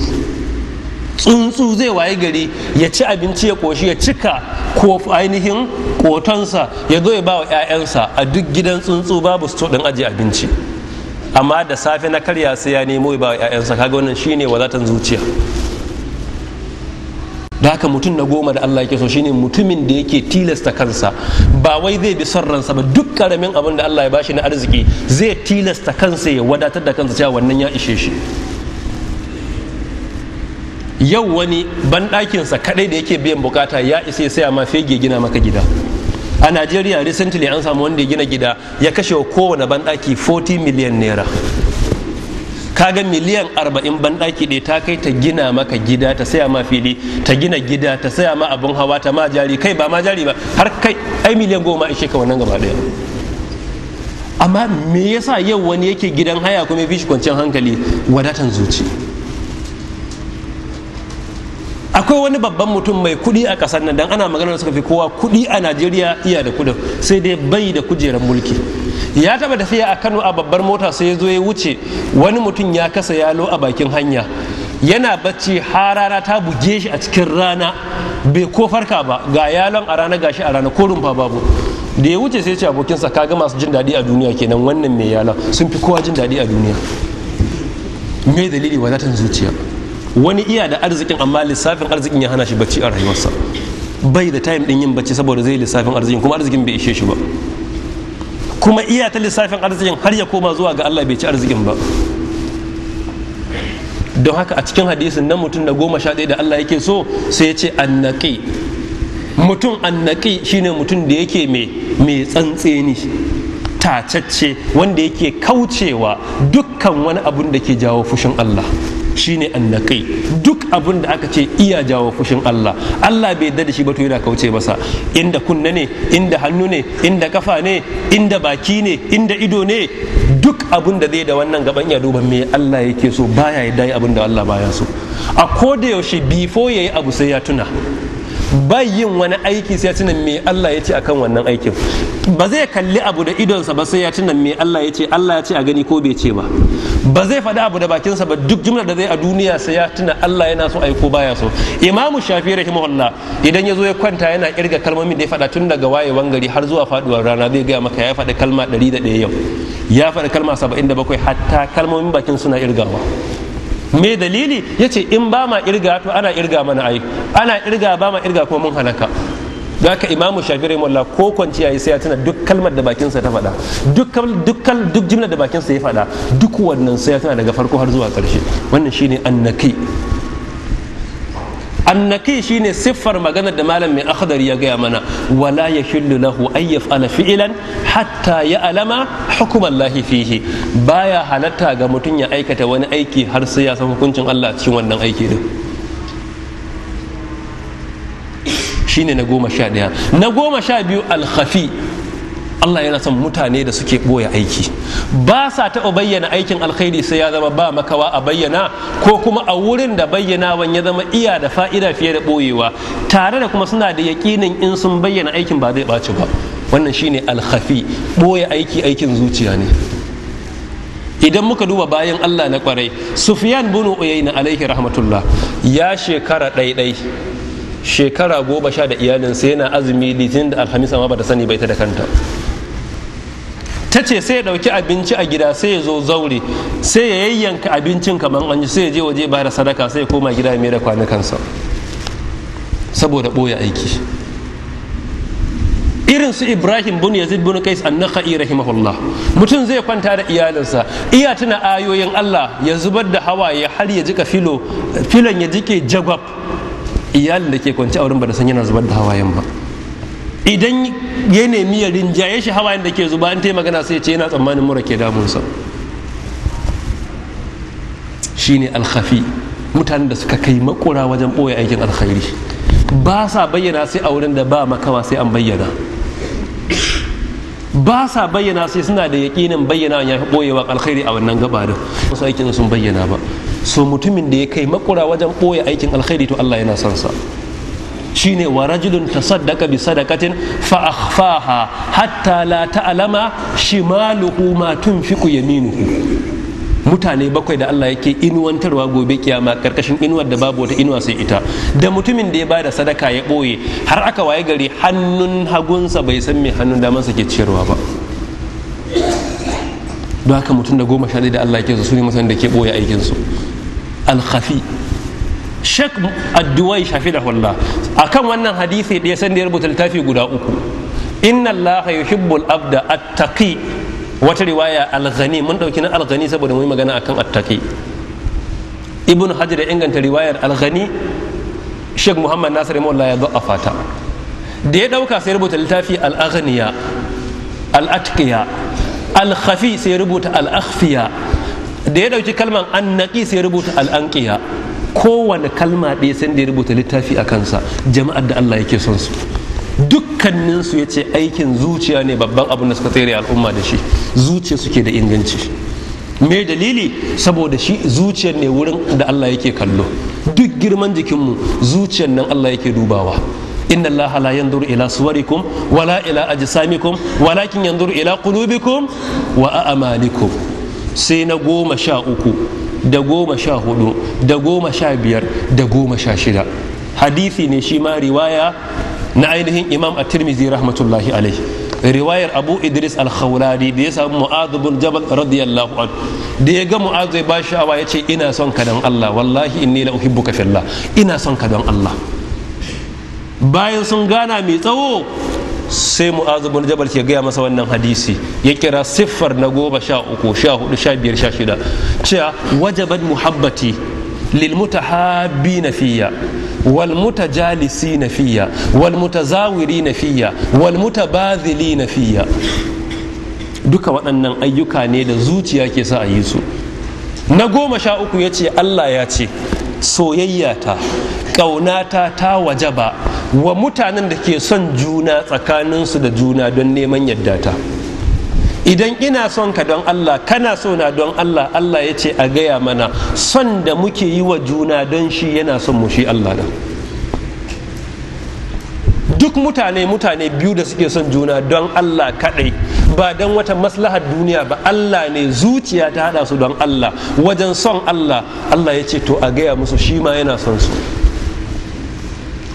tsuntsu zai waye gari ya ci abinci ya koshi ya cika ko ainihin kotonsa ya zo ya ba wa 'ya'yansa a duk gidan tsuntsu babu sto ɗin ajiye abinci amma da safe na karya sai ya nemo ya ba wa 'ya'yansa kaga wannan shine wadatan zuciya da haka mutum na goma da Allah yake so shine mutumin da yake tilasta kansa ba wai zai bi son ransa ba duk karamin abin da Allah ya bashi na arziki zai tilasta kansa ya wadatar da kansa cewa wannan ya ishe shi yau wani banɗakinsa kaɗai da yake biyan bukata ya isa ya saya ma fege gina maka gida a najeriya recently an samu wanda ya gina gida ya kashe wa kowane banɗaki 40 miliyan naira kaga miliyan arba'in banɗaki ɗaya ta kai ta gina maka gida ta saya ma fili ta gina gida ta saya ma abun hawa ta ma jari kai ba ma jari ba har kai ai miliyan goma ishe ka wannan gaba ɗaya amma me yasa yau wani yake gidan haya kuma ya fi shi kwanciyar hankali wadatan zuci akwai wani babban mutum mai kuɗi a kasar nan dan ana magana suka fi kowa kuɗi a najeriya iya da kudin sai dai bai da kujerar mulki ya taba tafiya a kano a babbar mota sai ya zo ya wuce wani mutum ya kasa yalo a bakin hanya yana bacci harara ta buge shi a cikin rana bai ko farka ba ga yalon a rana gashi a rana ko rumfa babu da ya wuce sai ce abokinsa kaga masu jin daɗi a duniya kenan wannan mai yalon sun fi kowa jin daɗi a duniya me dalili wadatan zuciya wani iya da arzikin amma lissafin arzikin ya hana shi bacci a rayuwarsa bai da time din yin bacci saboda zai lissafin arzikin kuma arzikin bai ishe shi ba kuma iya ta lissafin arzikin har ya koma zuwa ga Allah bai ci arzikin ba don haka a cikin hadisin nan mutum da goma sha ɗaya da Allah yake so sai ya ce annaki, mutum annaki shine mutum da yake mai tsantseni tacacce wanda yake kaucewa dukkan wani abun da ke jawo fushin Allah Shi shine annaqi duk abin da aka ce iya jawo fushin Allah Allah bai yarda da shi ba to yana kauce masa inda kunne ne inda hannu ne inda kafa ne inda baki ne inda ido ne duk abin da zai da wannan gaban ya duban me Allah yake so baya yarda abin da Allah baya so a koda yaushe before yayi abu sai ya tuna yin wani aiki sai ya tuna me Allah ya ce akan wannan aikin ba zai kalli abu da idonsa ba sai ya tuna me Allah ya ce Allah ya ce a gani ko bai ce ba ba zai faɗi abu da bakinsa ba duk jumlar da zai a duniya sai ya tuna Allah yana so aiko baya so imamu shafi rahimahullah idan ya zo ya kwanta yana kirga kalmomin da ya faɗa tun daga wayewan gari har zuwa faduwar rana zai gaya maka ya faɗi kalma ɗari da ɗaya yau ya faɗi kalma saba'in da bakwai hatta kalmomin bakin suna irgawa me dalili ya ce in ba ma irga to ana irga mana ai ana irga ba ma irga kuma mun halaka za ka imamu shafirai wallah ko kwanciya yi sai ya tuna duk kalmar da bakinsa ta faɗa duk duk duk jimlar da bakinsa ya faɗa duk wannan sai ya tuna daga farko har zuwa ƙarshe wannan shine annaki annaki shine siffar maganar da malam mai akhdar ya gaya mana wala ya yahillu lahu ay yaf'ala fi'lan hatta ya'lama hukum Allah fihi baya halatta ga mutum ya aikata wani aiki har sai ya san hukuncin Allah cikin wannan aiki din shine na goma sha na goma sha biyu alkhafi Allah yana son mutane da suke ɓoye aiki ba sa taɓa bayyana aikin alkhairi sai ya zama ba makawa a bayyana ko kuma a wurin da bayyanawan ya zama iya da fa'ida fiye da ɓoyewa tare da kuma suna da yaƙinin in sun bayyana aikin ba zai ɓaci ba wannan shine alkhafi ɓoye aiki aikin zuciya ne idan muka duba bayan Allah na kwarai Sufyan bin Uyayna alaihi rahmatullah ya shekara ɗaiɗai shekara goma sha da iyalinsa yana azumi litinin da alhamisa ma ba ta sani ba ita da kanta ta ce sai ya ɗauki abinci a gida sai ya zo zaure sai ya yayyanka abincin kamar an sai ya je waje ba da sadaka sai ya koma gida mai da kwanukansa saboda ɓoye aiki irin su ibrahim bin yazid bin qais an-nakhai rahimahullah mutum zai kwanta da iyalinsa iya tuna ayoyin allah ya zubar da hawaye har ya jika filo filon ya jike jagwab iyalin da ke kwance a wurin ba da san yana zubar da hawayen ba idan ya nemi ya rinjaye shi hawayen da ke zuba an ta magana sai ce yana tsammanin mura ke damunsa Shi ne alhafi mutanen da suka kai makura wajen ɓoye aikin alkhairi ba sa bayyana sai a wurin da ba makawa sai an bayyana ba sa bayyana sai suna da yaƙinin bayyana ya fi ɓoyewa alkhairi a wannan gaba da wasu aikin sun bayyana ba so mutumin da ya kai makura wajen ɓoye aikin alkhairi to Allah yana son sa shine wa rajulun tasaddaqa bi sadaqatin fa akhfaha hatta la ta'lama shimaluhu ma tunfiqu yaminuhu mutane bakwai da Allah yake inuwantarwa gobe kiyama karkashin inuwar da babu wata inuwa sai ita da mutumin da ya ba da sadaka ya boye har aka waye gari hannun hagunsa bai san me hannun sa ke ciyarwa ba don haka mutum da goma sha da Allah yake su ne masan da ke boye aikinsu alkhafi Sheikh Adduwai a kan wannan hadisi ɗaya san da ya rubuta littafi guda uku inna Allah yuhibbul abda attaqi wata riwaya al-ghani mun ɗauki na al-ghani saboda mun yi magana akan attaqi ibn hajar ya inganta riwayar al-ghani Sheikh Muhammad Nasir Maulana ya da'afa fata. da ya ɗauka sai rubuta littafi al-aghniya al atkiya al-khafi sai rubuta al-akhfiya da ya dauki kalman annaqi sai rubuta al-anqiya kowane kalma ɗaya sai da ya rubuta littafi a kansa jama'ar da Allah yake son su dukkaninsu ya ce aikin zuciya ne babban abin da suka tsere al'umma da shi zuciya suke da inganci me dalili saboda shi zuciyar ne wurin da Allah yake kallo duk girman jikinmu zuciyar nan Allah yake dubawa إن الله لا ينظر إلى صوركم ولا إلى أجسامكم ولكن ينظر إلى قلوبكم goma سينقوم شاؤكم da goma sha hudu da goma sha biyar da goma sha shida hadisi ne shi ma riwaya na ainihin imam a tirmizi rahmatullahi alai riwayar abu idris al-khawlani da ya samu mu'adubun jabal radiyallahu an da ya ga mu'adh ba bashi awa ya ce ina son ka don Allah wallahi inni la uhibbuka fillah ina son ka don Allah bayan sun gana mai tsawo sai mu'azu bin jabal ke gaya masa wannan hadisi ya kira siffar na goma sha uku sha hudu sha biyar sha shida cewa wajaban muhabbati lil mutahabbi na fiya wal mutajalisi na fiya wal mutazawiri na fiya wal mutabazili na fiya duka waɗannan ayyuka ne da zuciya ke sa a yi su na goma sha uku ya ce allah ya ce soyayyata ƙaunata ta waje ba wa mutanen da ke son juna tsakaninsu da juna don neman yadda ta idan ina son ka don Allah kana so na don Allah Allah ya ce a gaya mana son da muke yi wa juna don shi yana son mu shi Allah da. duk mutane mutane biyu da suke son juna don Allah kaɗai, ba don wata maslahar duniya ba Allah ne zuciya ta hada su don Allah wajen son Allah Allah ya ce to a gaya musu shi ma yana son su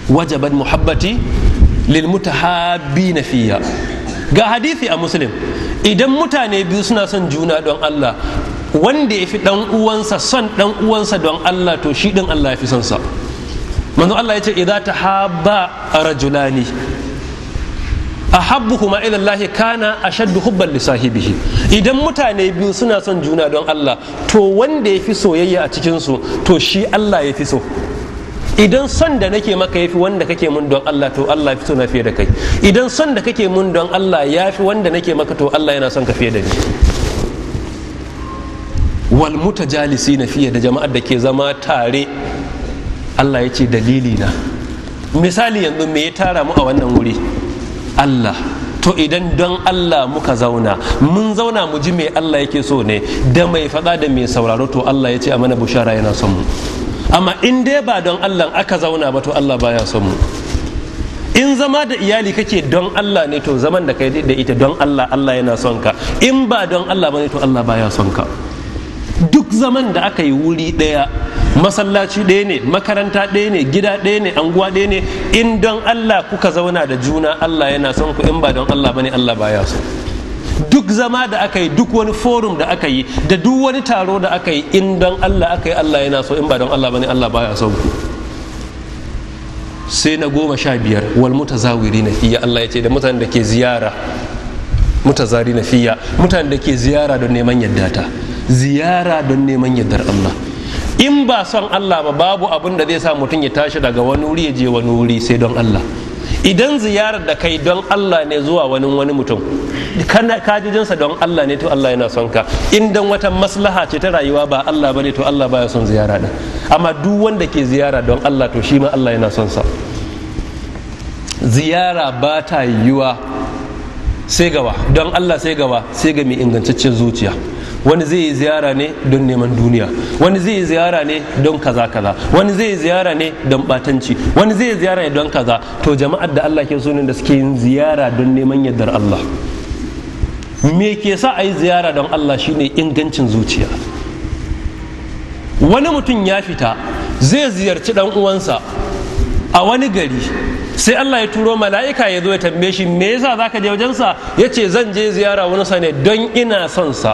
wajaban muhabbati lil mutahabbina fiya ga hadisi a muslim idan mutane biyu suna son juna don Allah wanda ya fi dan uwansa son dan uwansa don Allah to shi din Allah ya fi son sa manzo Allah yace idza tahabba rajulani ahabbuhuma ila Allah kana ashaddu hubban li sahibihi idan mutane biyu suna son juna don Allah to wanda yafi soyayya a cikin su to shi Allah yafi so idan son da nake maka yafi wanda kake mun don Allah to Allah yafi so na fiye da kai idan son da kake mun don Allah yafi wanda nake maka to Allah yana son ka fiye da ni wal mutajalisina fiye da jama'ar da ke zama tare Allah ya ce dalili na misali yanzu me ya tara mu a wannan wuri Allah to idan don Allah muka zauna mun zauna mu ji me Allah yake so ne da mai faɗa da mai sauraro to Allah ya ce a mana bushara yana son mu amma in dai ba don Allah aka zauna ba to Allah baya son mu in zama da iyali kake don Allah ne to zaman da kai da ita don Allah Allah yana son ka in ba don Allah ba ne to Allah baya son ka duk zaman da aka yi wuri ɗaya masallaci ɗaya ne makaranta ɗaya ne gida ɗaya ne anguwa ɗaya ne in don Allah kuka zauna da juna Allah yana son ku in ba don Allah bane Allah baya so duk zama da aka yi duk wani forum da aka yi da duk wani taro da aka yi in don Allah aka yi Allah yana so in ba don Allah bane Allah baya son ku sai na goma sha biyar wal mutazawiri na fiya Allah ya ce da mutanen da ke ziyara mutazari na fiya mutanen da ke ziyara don neman yadda ta ziyara don neman yaddar Allah in ba son Allah ba babu abin da zai sa mutum ya tashi daga wani wuri ya je wani wuri sai don Allah idan ziyarar da kai don Allah ne zuwa wani wani mutum kajijinsa don Allah ne to Allah yana son ka in dan wata maslaha ce ta rayuwa ba Allah ba ne to Allah baya son ziyara da. amma duk wanda ke ziyara don Allah to shi ma Allah yana son sa ziyara ba ta yiwuwa sai gawa don Allah sai gawa sai ga mai ingantaccen zuciya wani zai yi ziyara ne don neman duniya wani zai yi ziyara ne don kaza kaza wani zai yi ziyara ne don batanci wani zai yi ziyara ne don kaza to jama'ar da Allah ke sunan da suke yin ziyara don neman yaddar Allah me ke sa a yi ziyara don Allah shine ingancin zuciya wani mutum ya fita zai ziyarci dan uwansa a wani gari sai Allah ya turo mala'ika ya zo ya tambaye shi me yasa zaka je wajensa yace zan je ziyara wani sa ne don ina son sa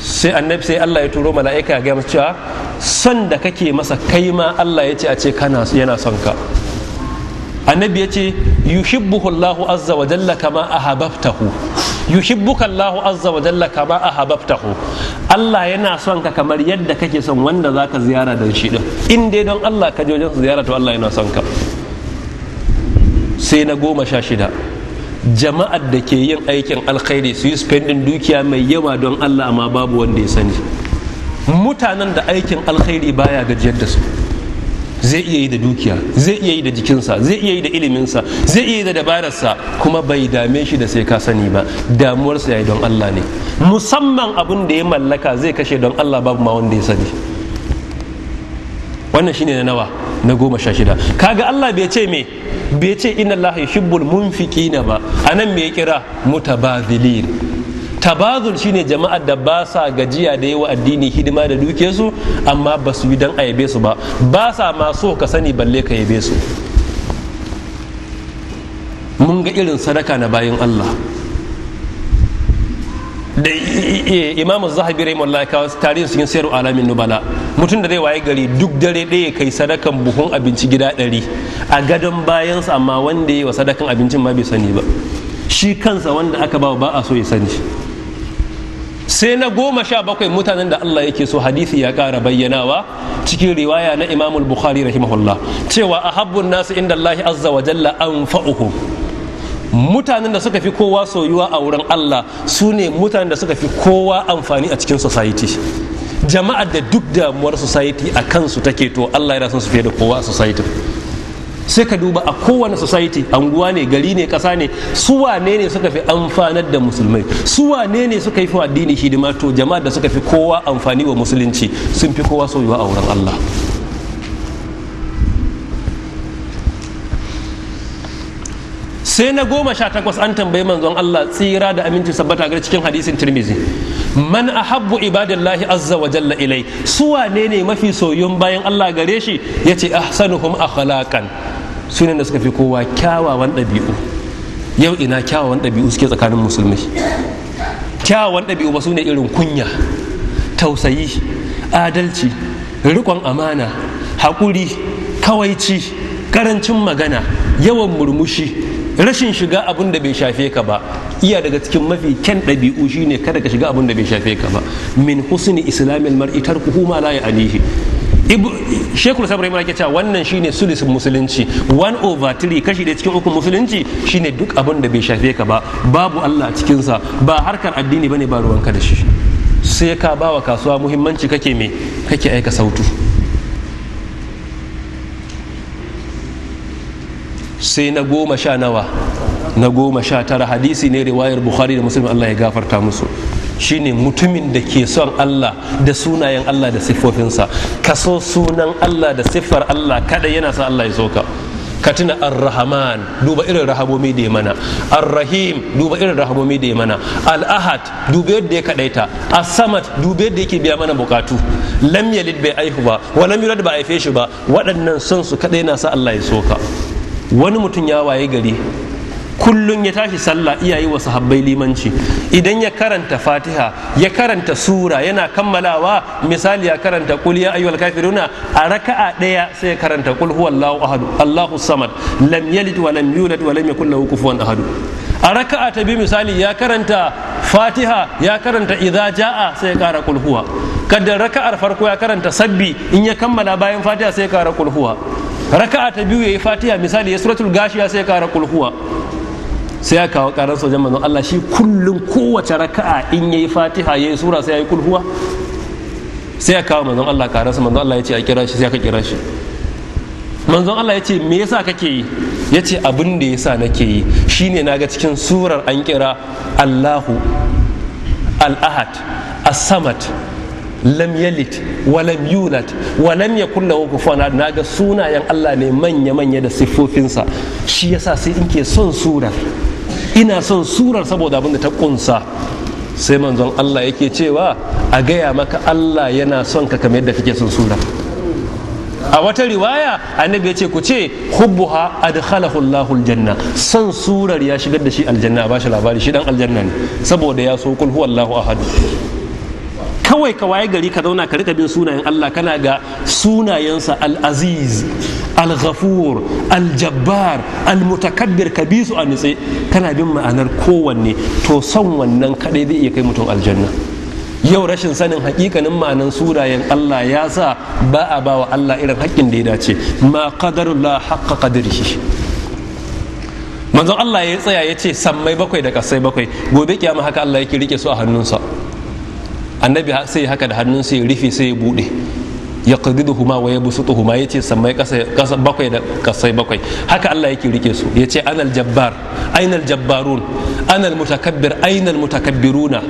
sai annabi sai Allah ya turo mala'ika ga masa cewa son da kake masa kai ma Allah ya ce a ce kana yana son ka annabi ya ce yuhibbuhu Allahu azza wa jalla kama ahabbtahu yuhibbuka Allahu azza wa jalla kama ahabbtahu Allah yana son ka kamar yadda kake son wanda zaka ziyara da shi din in dai don Allah ka je wajen ziyara to Allah yana son ka sai na goma sha shida jama'ar da ke yin aikin alkhairi su yi spending dukiya mai yawa don Allah ma babu wanda ya sani mutanen da aikin alkhairi baya gajiyar da su zai iya yi da dukiya zai iya yi da jikinsa zai iya yi da iliminsa zai iya yi da dabararsa kuma bai dame shi da sai ka sani ba damuwarsa ya yi don Allah ne musamman abin da ya mallaka zai kashe don Allah babu ma wanda ya sani wannan shine na nawa na goma sha shida kaga Allah bai ce me bai ce inna Allah yuhibbul munfiqina ba anan me ya kira mutabadhilin tabazul shine jama'ar da ba sa gajiya da yawa addini hidima da duke su amma ba su yi dan a yabe su ba ba sa ma so ka sani balle ka yabe su mun ga irin sadaka na bayan Allah da imamu zahabi mallaka kawo tarihin yin sayarwa alamin nubala mutum da zai waye gari duk dare ɗaya kai sadakan buhun abinci gida ɗari a gadon bayansa amma wanda ya yi wa sadakan abincin ma bai sani ba shi kansa wanda aka ba ba a so ya sani sai na goma sha bakwai mutanen da Allah yake so hadisi ya ƙara bayyanawa cikin riwaya na imamul bukhari rahimahullah cewa a habbun nasu inda Allah azza wa jalla an fa'uhu mutanen da suka fi kowa soyuwa a wurin Allah su ne mutanen da suka fi kowa amfani a cikin society jama'a da duk damuwar society a kansu take to Allah ya san su fiye da kowa a society sai ka duba a kowane society anguwa ne gari ne kasa ne su wane ne suka fi amfanar da musulmai su wane ne suka yi wa addini hidima to jama'ar da suka fi kowa amfani wa musulunci sun fi kowa soyuwa a wurin Allah sai na goma sha takwas an tambayi manzon Allah tsira da aminci sabbata ga cikin hadisin Tirmizi man ahabbu ibadallahi azza wa jalla ilai su ne ne mafi soyun bayan Allah gare shi yace ahsanuhum akhlaqan su ne da suka fi kowa kyawawan ɗabi'u yau ina kyawawan ɗabi'u suke tsakanin musulmi kyawawan ɗabi'u ba su ne irin kunya tausayi adalci rikon amana haƙuri kawaici karancin magana yawan murmushi rashin shiga abin da bai shafe ka ba iya daga cikin mafi kyan ɗabi'u shine kada ka shiga abin da bai shafe ka ba min husni islamil mar'i ku ma la alihi shekul sabrai Mara ke cewa wannan shine sulis musulunci one over three kashi da cikin uku musulunci shine duk abin da bai shafe ka ba babu Allah a cikinsa ba harkar addini ba ne ba ruwanka da shi sai ka bawa kasuwa muhimmanci kake me kake aika sautu sai na goma sha nawa na goma sha tara hadisi ne riwayar bukhari da Musulmi, allah ya gafarta musu shine mutumin da ke son allah da sunayen allah da siffofinsa ka so sunan allah da siffar allah kada yana sa allah ya so ka tuna ar-rahman duba irin rahabomi da ya mana ar-rahim duba irin rahabomi da ya mana al-ahad duba yadda ya kadaita as-samad duba yadda yake biya mana bukatu lam yalid bai aihu ba wa lam yulad ba aife shi ba waɗannan son su kadai na sa Allah ya ka wani mutum ya waye gari kullum ya tashi sallah iyaye wa sahabbai limanci idan ya karanta fatiha ya karanta sura yana kammalawa misali ya karanta kul ya ayyuhal kafiruna a raka'a daya sai ya karanta kul huwallahu allahu samad lam yalid wa lam yulad wa lam yakul lahu kufuwan a raka'a ta bi misali ya karanta fatiha ya karanta idza jaa sai ya kara kul huwa kada raka'ar farko ya karanta sabbi in ya kammala bayan fatiha sai ya kara kul raka'a ta biyu yayi fatiha misali ya suratul gashiya sai ya kara kulhuwa sai ya kawo karan sojan manzon Allah shi kullum kowace raka'a in yayi fatiha yayi sura sai yayi kulhuwa sai ya kawo manzon Allah karan sa manzon Allah ya ce a kira shi sai ka kira shi manzon Allah ya ce me yasa kake yi ya ce abin da yasa nake yi shine naga cikin surar an kira Allahu al-Ahad as-Samad lam yalit wa lam yulat wa lam yakul lahu kufuwan ahad naga sunayen Allah ne manya manya da siffofinsa shi yasa sai in ke son surar ina son surar saboda abin da ta kunsa sai manzon Allah yake cewa a gaya maka Allah yana son ka kamar yadda kake son surar a wata riwaya annabi ya ce ku ce hubbuha adkhalahu Allahu aljanna Son surar ya shigar da shi aljanna ba shi labari shi dan aljanna ne saboda ya so kul Allahu ahad kawai ka waye gari ka zauna ka rika bin sunayen Allah kana ga sunayensa al-aziz al-ghafur al-jabbar al-mutakabbir ka bi su a nutse kana bin ma'anar kowanne to son wannan kadai zai iya kai mutum aljanna yau rashin sanin hakikanin ma'anan sunayen Allah ya sa ba a bawa Allah irin haƙƙin da ya dace ma qadarullah haqqa qadrihi manzon Allah ya tsaya ya ce sammai bakwai da kasai bakwai gobe kiyama haka Allah yake rike su a hannunsa annabi sai haka da hannun sai rufe sai ya bude ya qadiduhuma wa yabsutuhuma yace samai kasa bakwai da kasai bakwai haka Allah yake rike su yace anal jabbar ainal jabbarun anal mutakabbir ainal mutakabbiruna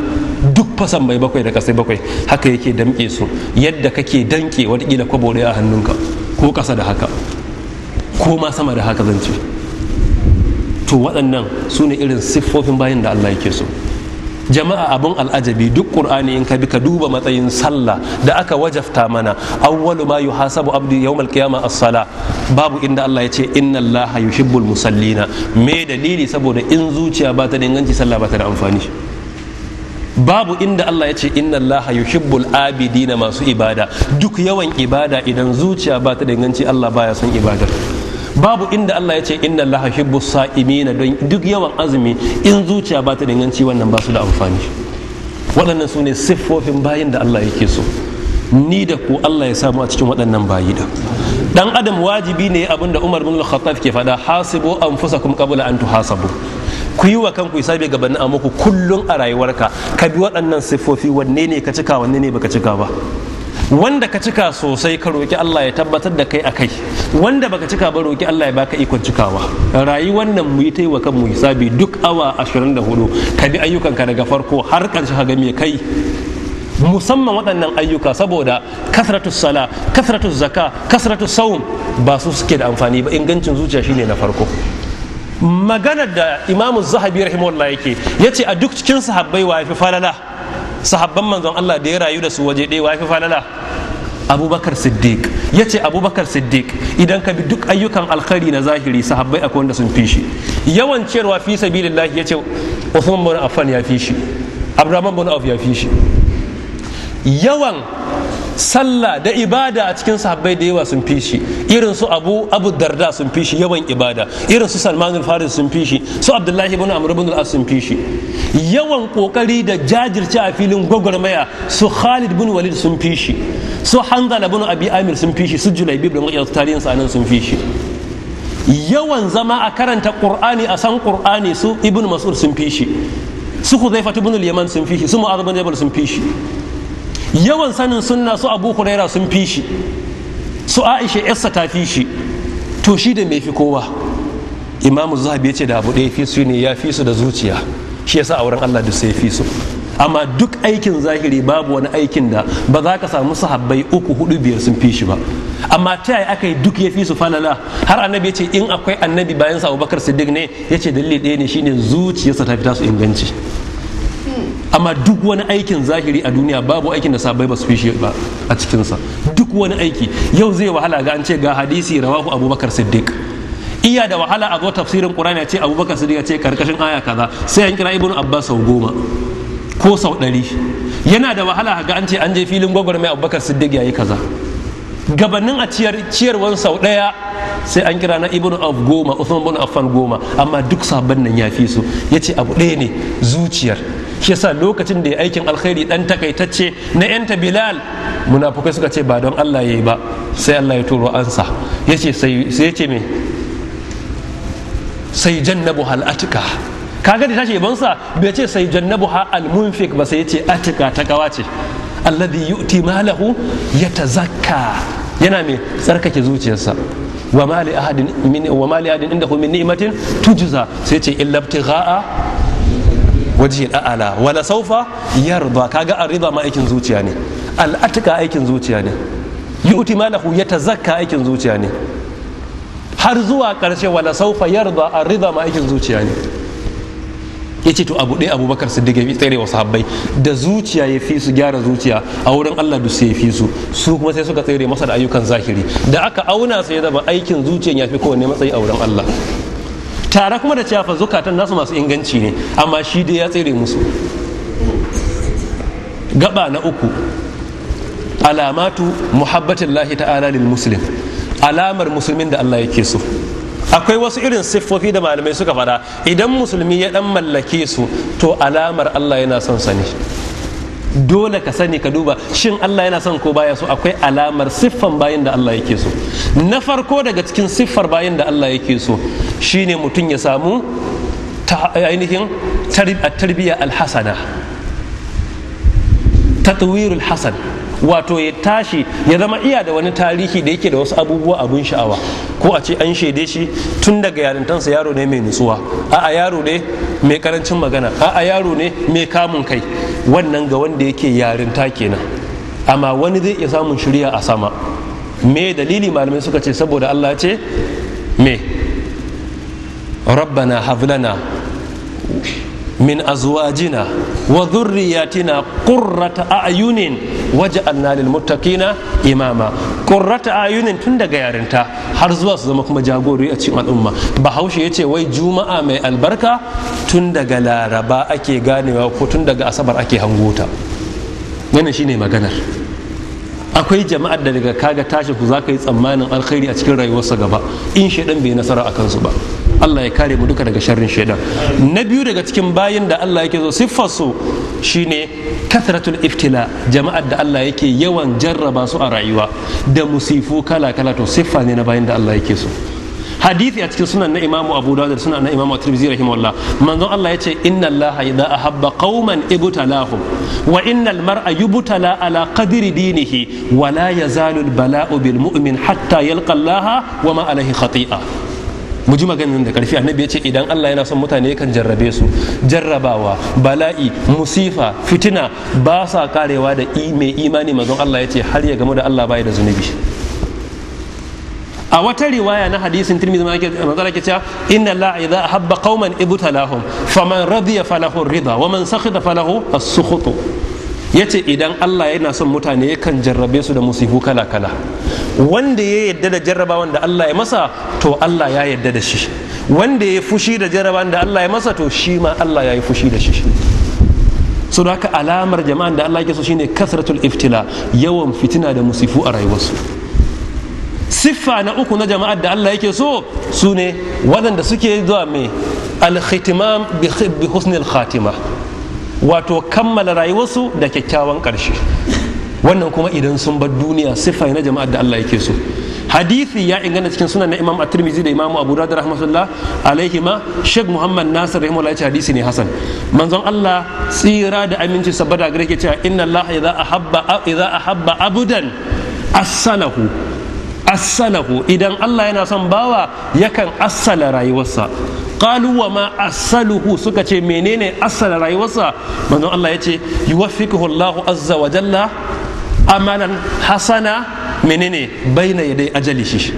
duk fasan mai bakwai da kasai bakwai haka yake damke su yadda kake danke kila kwabo a hannunka ko kasa da haka ko ma sama da haka zan to waɗannan su ne irin siffofin bayan da Allah yake so jama'a abun al'ajabi duk qur'ani in ka bi ka duba matsayin sallah da aka wajafta mana awwalu ma yuhasabu abdu yawmal qiyamah as-sala babu inda Allah ya ce inna Allah yuhibbul musallina me dalili saboda in zuciya ba ta da inganci sallah ba ta da amfani babu inda Allah ya ce inna Allah yuhibbul abidina masu ibada duk yawan ibada idan zuciya ba ta da inganci Allah baya son ibada. babu inda Allah ya ce inna Allah hibbu sa'imina don duk yawan azumi in zuciya ba ta da inganci wannan ba su da amfani waɗannan su ne siffofin bayin da Allah yake so ni da ku Allah ya samu a cikin waɗannan bayi da dan adam wajibi ne abin da Umar bin Khattab ke faɗa hasibu anfusakum qabla an tuhasabu ku yi wa kanku hisabi gabanin a muku kullum a rayuwarka ka bi waɗannan siffofi wanne ne ka cika wanne ne baka cika ba wanda ka cika sosai ka roki Allah ya tabbatar da kai a kai wanda baka cika ba roki Allah ya baka ikon cikawa rayuwar nan mu yi ta wa kanmu hisabi duk awa 24 ka bi ka daga farko har ƙarshe ka ga me kai musamman waɗannan ayyuka saboda kasratu sala kasratu zaka kasratu saum ba su suke da amfani ba ingancin zuciya shine na farko maganar da imamu zahabi rahimahullah yake yace a duk cikin sahabbai wa ya fi falala sahabban manzon Allah da ya rayu da su waje ɗaya wa fi falala abubakar siddiq ya ce abubakar siddiq idan ka bi duk ayyukan alkhari na zahiri sahabbai akwai wanda sun fi shi yawan cewa fi sabilillahi ya ce Uthman bin Affan ya fi shi Abdurrahman bin Auf ya fi shi yawan sallah da ibada a cikin sahabbai da yawa sun fi shi irin su abu abu darda sun fi shi yawan ibada irin su salman al-faris sun fi shi su abdullahi ibn amr ibn al-as sun fi shi yawan kokari da jajirce a filin gwagwarmaya su khalid ibn walid sun fi shi su hanzal ibn abi amir sun fi shi su Julai, ibn mu'ayyad tarihin sa nan sun fi shi yawan zama a karanta qur'ani a san qur'ani su ibn mas'ud sun fi shi su hudhaifa ibn al-yaman sun fi shi su mu'adh ibn jabal sun fi shi yawan sanin sunna su abu huraira sun fi shi su aisha yarsa ta fi shi to shi da mai fi kowa imamu zahabi ya ce da abu ɗaya fi su ne ya fi su da zuciya shi yasa a wurin allah da sai fi su amma duk aikin zahiri babu wani aikin da ba za ka samu sahabbai uku hudu biyar sun fi shi ba amma ta yaya aka yi duk ya fi su falala har annabi ya ce in akwai annabi bayan sa abubakar siddiq ne ya ce dalili ɗaya ne shine zuciyarsa ta fi tasu inganci amma duk wani aikin zahiri a duniya babu aikin da sabai ba su fishe ba a cikinsa duk wani aiki yau zai wahala ga an ce ga hadisi rawahu abubakar siddiq iya da wahala a zo tafsirin qur'ani ce abubakar siddiq a ce karkashin aya kaza sai an kira ibnu abbas sau goma ko sau ɗari yana da wahala ga an ce an je filin mai abubakar siddiq ya yi kaza gabanin a ciyarwan sau ɗaya sai an kira na ibn af goma usman Ibn affan goma amma duk sabon nan ya fi su yace abu ɗaya ne zuciyar shi yasa lokacin da ya aikin alkhairi dan takaitacce na yanta bilal munafukai suka ce ba don Allah ya yi ba sai Allah ya turo ansa Ya ce sai ce me sai jannabu Ka atika kaga da tashi sa? bai ce sai jannabu ha al ba sai yace atika ta kawace alladhi yu'ti malahu yatazakka yana me tsarkake zuciyarsa wa mali ahadin min wa mali ahadin indahu min ni'matin tujza sai yace illa ibtigha'a Wajen da'ala wala saufa yarda kaga an ma aikin zuciya ne al'atika aikin zuciya ne yu'ti malahu yatazakka aikin zuciya ne har zuwa karshe wala saufa yarda an ma aikin zuciya ne ya ce to abu ɗaya abubakar su ya tsere wa sahabbai da zuciya ya fi su gyara zuciya a wurin allah dusu ya fi su su kuma sai suka tsere masa da ayyukan zahiri da aka auna su ya zama aikin zuciya ya fi kowanne matsayi a wurin allah tare kuma da cewa zukatan nasu masu inganci ne amma shi dai ya tsere musu gaba na uku alamatu muhabbatillahi ta'ala lil muslim alamar musulmin da Allah yake so akwai wasu irin siffofi da malamai suka fada idan musulmi ya dan mallake su to alamar Allah yana son sani. dole ka sani ka duba shin Allah yana son ko baya so akwai alamar siffan bayan da Allah yake so na farko daga cikin siffar bayan da Allah yake so shine mutum ya samu ainihin tarbiyya alhasana tatwirul hasan wato ya tashi ya zama iya da wani tarihi da yake da wasu abubuwa abin sha'awa ko a ce an shaide shi tun daga yarintansa yaro ne mai nutsuwa a'a yaro ne mai karancin magana a'a yaro ne mai kamun kai wannan ga wanda yake yarinta kenan amma wani zai iya samun shirya a sama me dalili malamai suka ce saboda Allah ce me rabbana havlana min azwajina wa dhurriyyatina qurrata a'yunin waj'alna lil muttaqina imama qurrata a'yunin tun daga yarinta har zuwa su zama kuma jagorori a cikin al'umma bahaushe ya ce wai juma'a mai albarka tun daga laraba ake ganewa ko tun daga asabar ake hangota wannan shine maganar akwai jama'ar da daga kaga tashi ku za ka yi tsammanin alkhairi a cikin rayuwarsa gaba in shaidan bai nasara a kansu ba Allah ya kare mu duka daga sharrin shaidan na biyu daga cikin bayin da Allah yake so siffar su shine kasratul iftila jama'ar da Allah yake yawan jarraba su a rayuwa da musifu kala kala to siffa ne na bayin da Allah yake so hadithi a cikin sunan na imamu abu dawud da sunan na imamu at rahimahullah manzon Allah ce inna allaha idza ahabba qauman ibtalahum wa inna al-mar'a yubtala ala qadri dinihi wa la yazalu al-bala'u bil hatta yalqa allaha wa ma alayhi khati'a mu ji maganin da karfi annabi ya ce idan Allah yana son mutane kan jarrabe su jarrabawa bala'i musifa fitina ba sa karewa da mai imani mazan Allah ya ce har ya gamu da Allah bai da zunubi a wata riwaya na hadisin tirmidhi manzara ke cewa inna la idza habba qauman ibtalahum faman radiya falahu ridha wa man sakhita falahu a sukhut ya ce idan Allah yana son mutane yakan jarrabe su da musifu kala-kala wanda ya yadda da jarrabawan da Allah ya masa to Allah ya yadda da shi wanda ya fushi da jarrabawan da Allah ya masa to shi ma Allah ya yi fushi da shi su da haka alamar jama'an da Allah ya so shine kasratul iftila yawan fitina da musifu a rayuwarsu siffa na uku na jama'ar da Allah yake so su ne waɗanda suke zuwa mai alkhitimam bi husnil khatima wato kammala rayuwarsu da kyakkyawan ƙarshe wannan kuma idan sun bar duniya siffa na jama'ar da Allah yake so hadithi ya inganta cikin sunan na imam at-tirmidhi da imam abu dawud rahmatullah alaihi ma sheikh muhammad nasir rahimahullah ya hadisi ne hasan manzon Allah tsira da aminci sabada gare ke cewa inna Allah idza ahabba idza ahabba abudan asalahu assalahu idan Allah yana son bawa yakan assala rayuwarsa qalu wa ma assaluhu suka ce menene assala rayuwarsa manzon Allah yace yuwaffiquhu Allahu azza wa jalla amalan hasana menene baina yadai ajali shi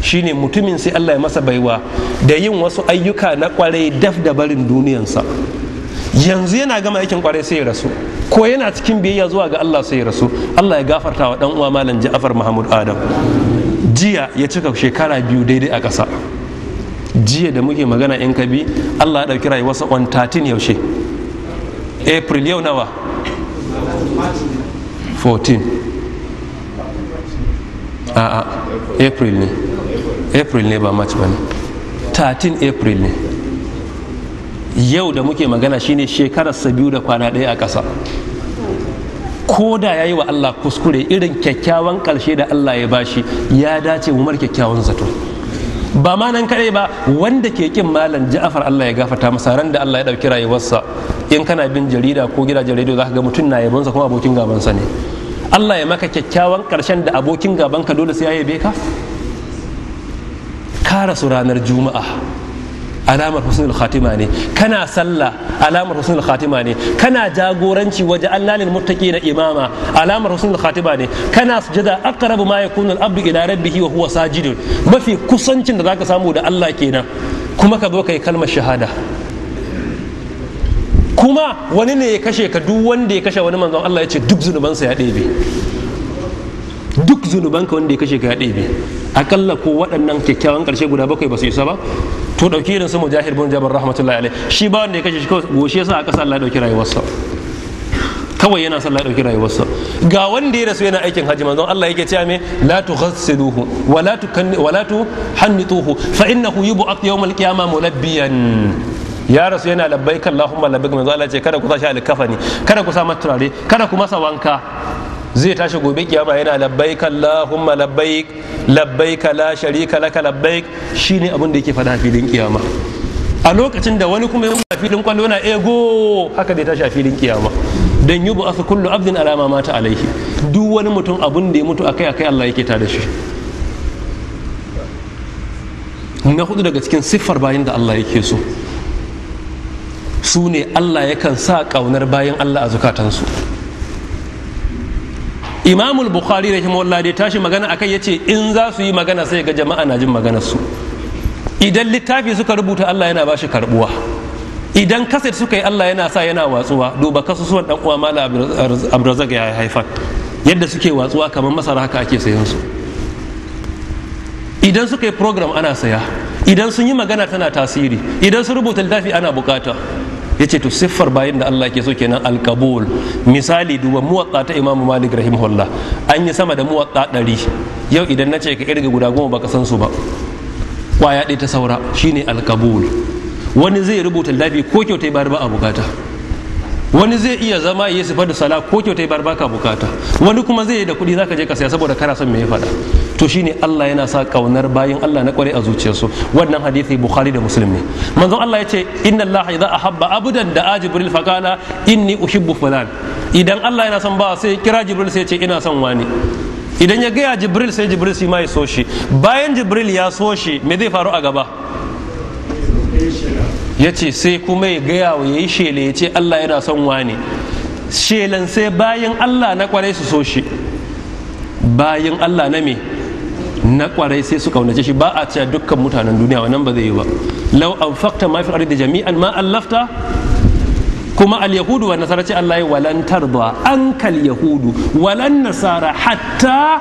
shine mutumin sai Allah ya masa baiwa da yin wasu ayyuka na kwarai daf da barin duniyansa yanzu yana gama aikin kwarai sai ya rasu ko yana cikin biyayya zuwa ga Allah sai ya rasu Allah ya gafarta wa dan uwa malam Ja'far Muhammad Adam jiya ya cika shekara biyu daidai a ƙasa jiya da muke magana in ka bi allah ya ɗauki rayuwarsa on 13 yaushe april yau nawa 14 a'a april ne april ne ba march ba ne 13 april ne yau da muke magana shine shekararsa biyu da kwana ɗaya a ƙasa Koda ya yi wa Allah kuskure irin kyakkyawan ƙarshe da Allah ya bashi ya dace mu mar kyakkyawan zato ba ma nan kaɗai ba wanda ke kin malam jafar Allah ya gafarta masa ran da Allah ya dauki rayuwarsa in kana bin jarida ko gidajen rediyo zaka ga mutum na sa kuma abokin gabansa ne Allah ya maka kyakkyawan ƙarshen da abokin gabanka dole sai ya yabe ka kara su ranar juma'a alamar husnul khatima ne kana sallah alamar husnul khatima ne kana jagoranci waje Allah lil na imama alamar husnul khatima ne kana sujada aqrabu ma yakunu al abdu ila rabbihi wa huwa sajidun mafi kusancin da zaka samu da Allah kenan kuma ka zo kai kalmar shahada kuma wani ne ya kashe ka duk wanda ya kashe wani manzon Allah ya ce duk zunubansa ya ɗebe duk zunubanka wanda ya kashe ka ya ɗebe akalla ko waɗannan kyakkyawan ƙarshe guda bakwai ba su isa ba to dauki irin su mujahid bin jabir rahmatullahi alaihi shi ba wanda ya kashe shi ko goshe sa aka sallah Allah dauki rayuwarsa kawai yana sallah dauki rayuwarsa ga wanda ya rasu yana aikin haji Manzo. Allah yake cewa me la tughassiluhu wa la tukanni wa la tuhannituhu fa innahu yub'ath yawm al qiyama mulabbiyan ya rasu yana labbaik Allahumma labbaik manzo Allah ce kada ku sa shi alkafani kada ku sa masa turare kada ku masa wanka zai tashi gobe kiyama yana labbaik Allahumma labbaik labbaik la sharika laka labbaik shine abin da yake fada filin kiyama a lokacin da wani kuma yana filin kwallo na ego eh, haka zai tashi a filin kiyama dan yubu asu kullu abdin alama mata alaihi duk wani mutum abin da ya mutu akai akai Allah yake tada shi na hudu daga cikin siffar bayan da Allah yake so su ne Allah yakan sa kaunar bayan Allah a zukatansu imamul bukhari rahimahullah da tashi magana akai yace in za su yi magana sai ga jama'a na jin maganar su idan littafi suka rubuta Allah yana bashi karbuwa idan kaset suka yi Allah yana sa yana watsuwa duba kasusuwan dan uwa mala abrazak ya haifar yadda suke watsuwa kamar masara haka ake sayan su idan suka yi program ana saya idan sun yi magana tana tasiri idan sun rubuta littafi ana bukata ya ce to siffar bayan da Allah ke so kenan alkabul misali duba muwatta ta imamu Malik holla an yi sama da muwatta ɗari yau idan na ce ka kirga guda goma baka san su ba kwaya ɗaya ta saura shine alkabul wani zai rubuta lafi ko kyautai ba a bukata wani zai iya zama ya sifar da sala ko kyautai bayar ba ka bukata wani kuma zai yi da kuɗi zaka je ka saya saboda kana son me ya faɗa to shine Allah yana sa kaunar bayin Allah na kware a zuciyarsu wannan hadisi Bukhari da Muslim ne manzon Allah yace inna Allah idza ahabba abudan da Jibril faqala inni uhibbu fulan idan Allah yana son ba sai kira Jibril sai yace ina son wani idan ya gaya Jibril sai Jibril shi ma ya so shi bayan Jibril ya so shi me zai faru a gaba yace ce sai kuma ya gaya wa ya yi shele ya Allah yana son wani shelan sai bayan Allah na kware su so shi bayan Allah na me na kwarai sai su kaunace shi ba a cewa dukkan mutanen duniya wannan ba zai yi ba law fakta ma fi ardi jami'an ma allafta kuma al yahudu wa nasara ce Allah walan tarda kal yahudu walan nasara hatta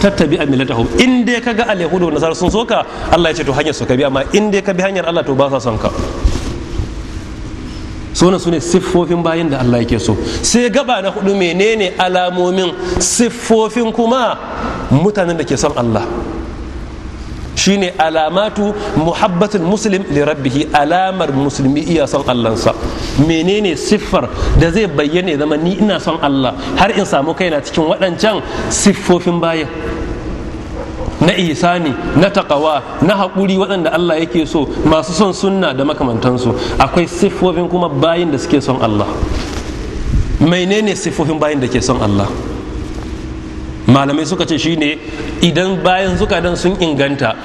tattabi a millatahum in dai kaga al yahudu wa nasara sun soka Allah ya ce to hanyar su ka bi amma in ka bi hanyar Allah to ba sa son ka suna sune siffofin bayan da Allah yake so sai gaba na hudu menene alamomin siffofin kuma mutanen da ke son Allah shine alamatu muhabbatul muslim li rabbihi alamar musulmi iya son sa. menene siffar da zai bayyana zama ni ina son Allah har in samu kai na cikin waɗancan siffofin bayan na isani na Takawa, na haƙuri waɗanda Allah yake so masu son sunna da makamantansu akwai siffofin kuma bayin da suke son Allah menene siffofin bayin da ke son Allah malamai suka ce shine idan bayan zukadan sun inganta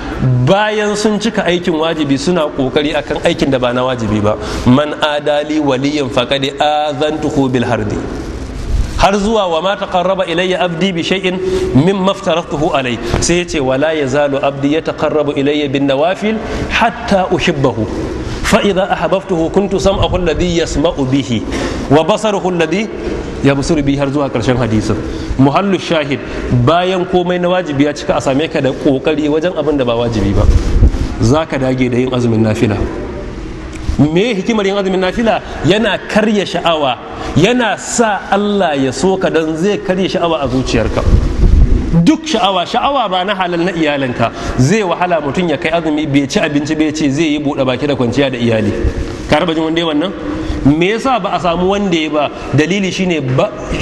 bayan sun cika aikin wajibi suna kokari akan aikin da ba na wajibi ba man adali waliyin Faƙadi azantuhu bil harbi har zuwa wa ma karraba ilayya abdi bi shay'in mimma aftaratuhu alai sai yace wala yazalu abdi yataqarrabu ilayya bin nawafil hatta uhibbahu fa idza ahbabtuhu kuntu sam'ahu alladhi yasma'u bihi wa basaruhu alladhi yabsuru bi har zuwa karshen hadisin muhallu shahid bayan komai na wajibi ya cika a same ka da kokari wajen abin da ba wajibi ba zaka dage da yin azumin nafila me hikimar yin azumin nafila yana karya sha'awa yana sa Allah ya soka don zai karya sha'awa a zuciyarka duk sha'awa sha'awa ba na halal na iyalinka zai wahala mutum ya kai azumi bai ci abinci bai ce zai yi buɗe baki da kwanciya da iyali ka raba jin wanda wannan me yasa ba a samu wanda ya ba dalili shine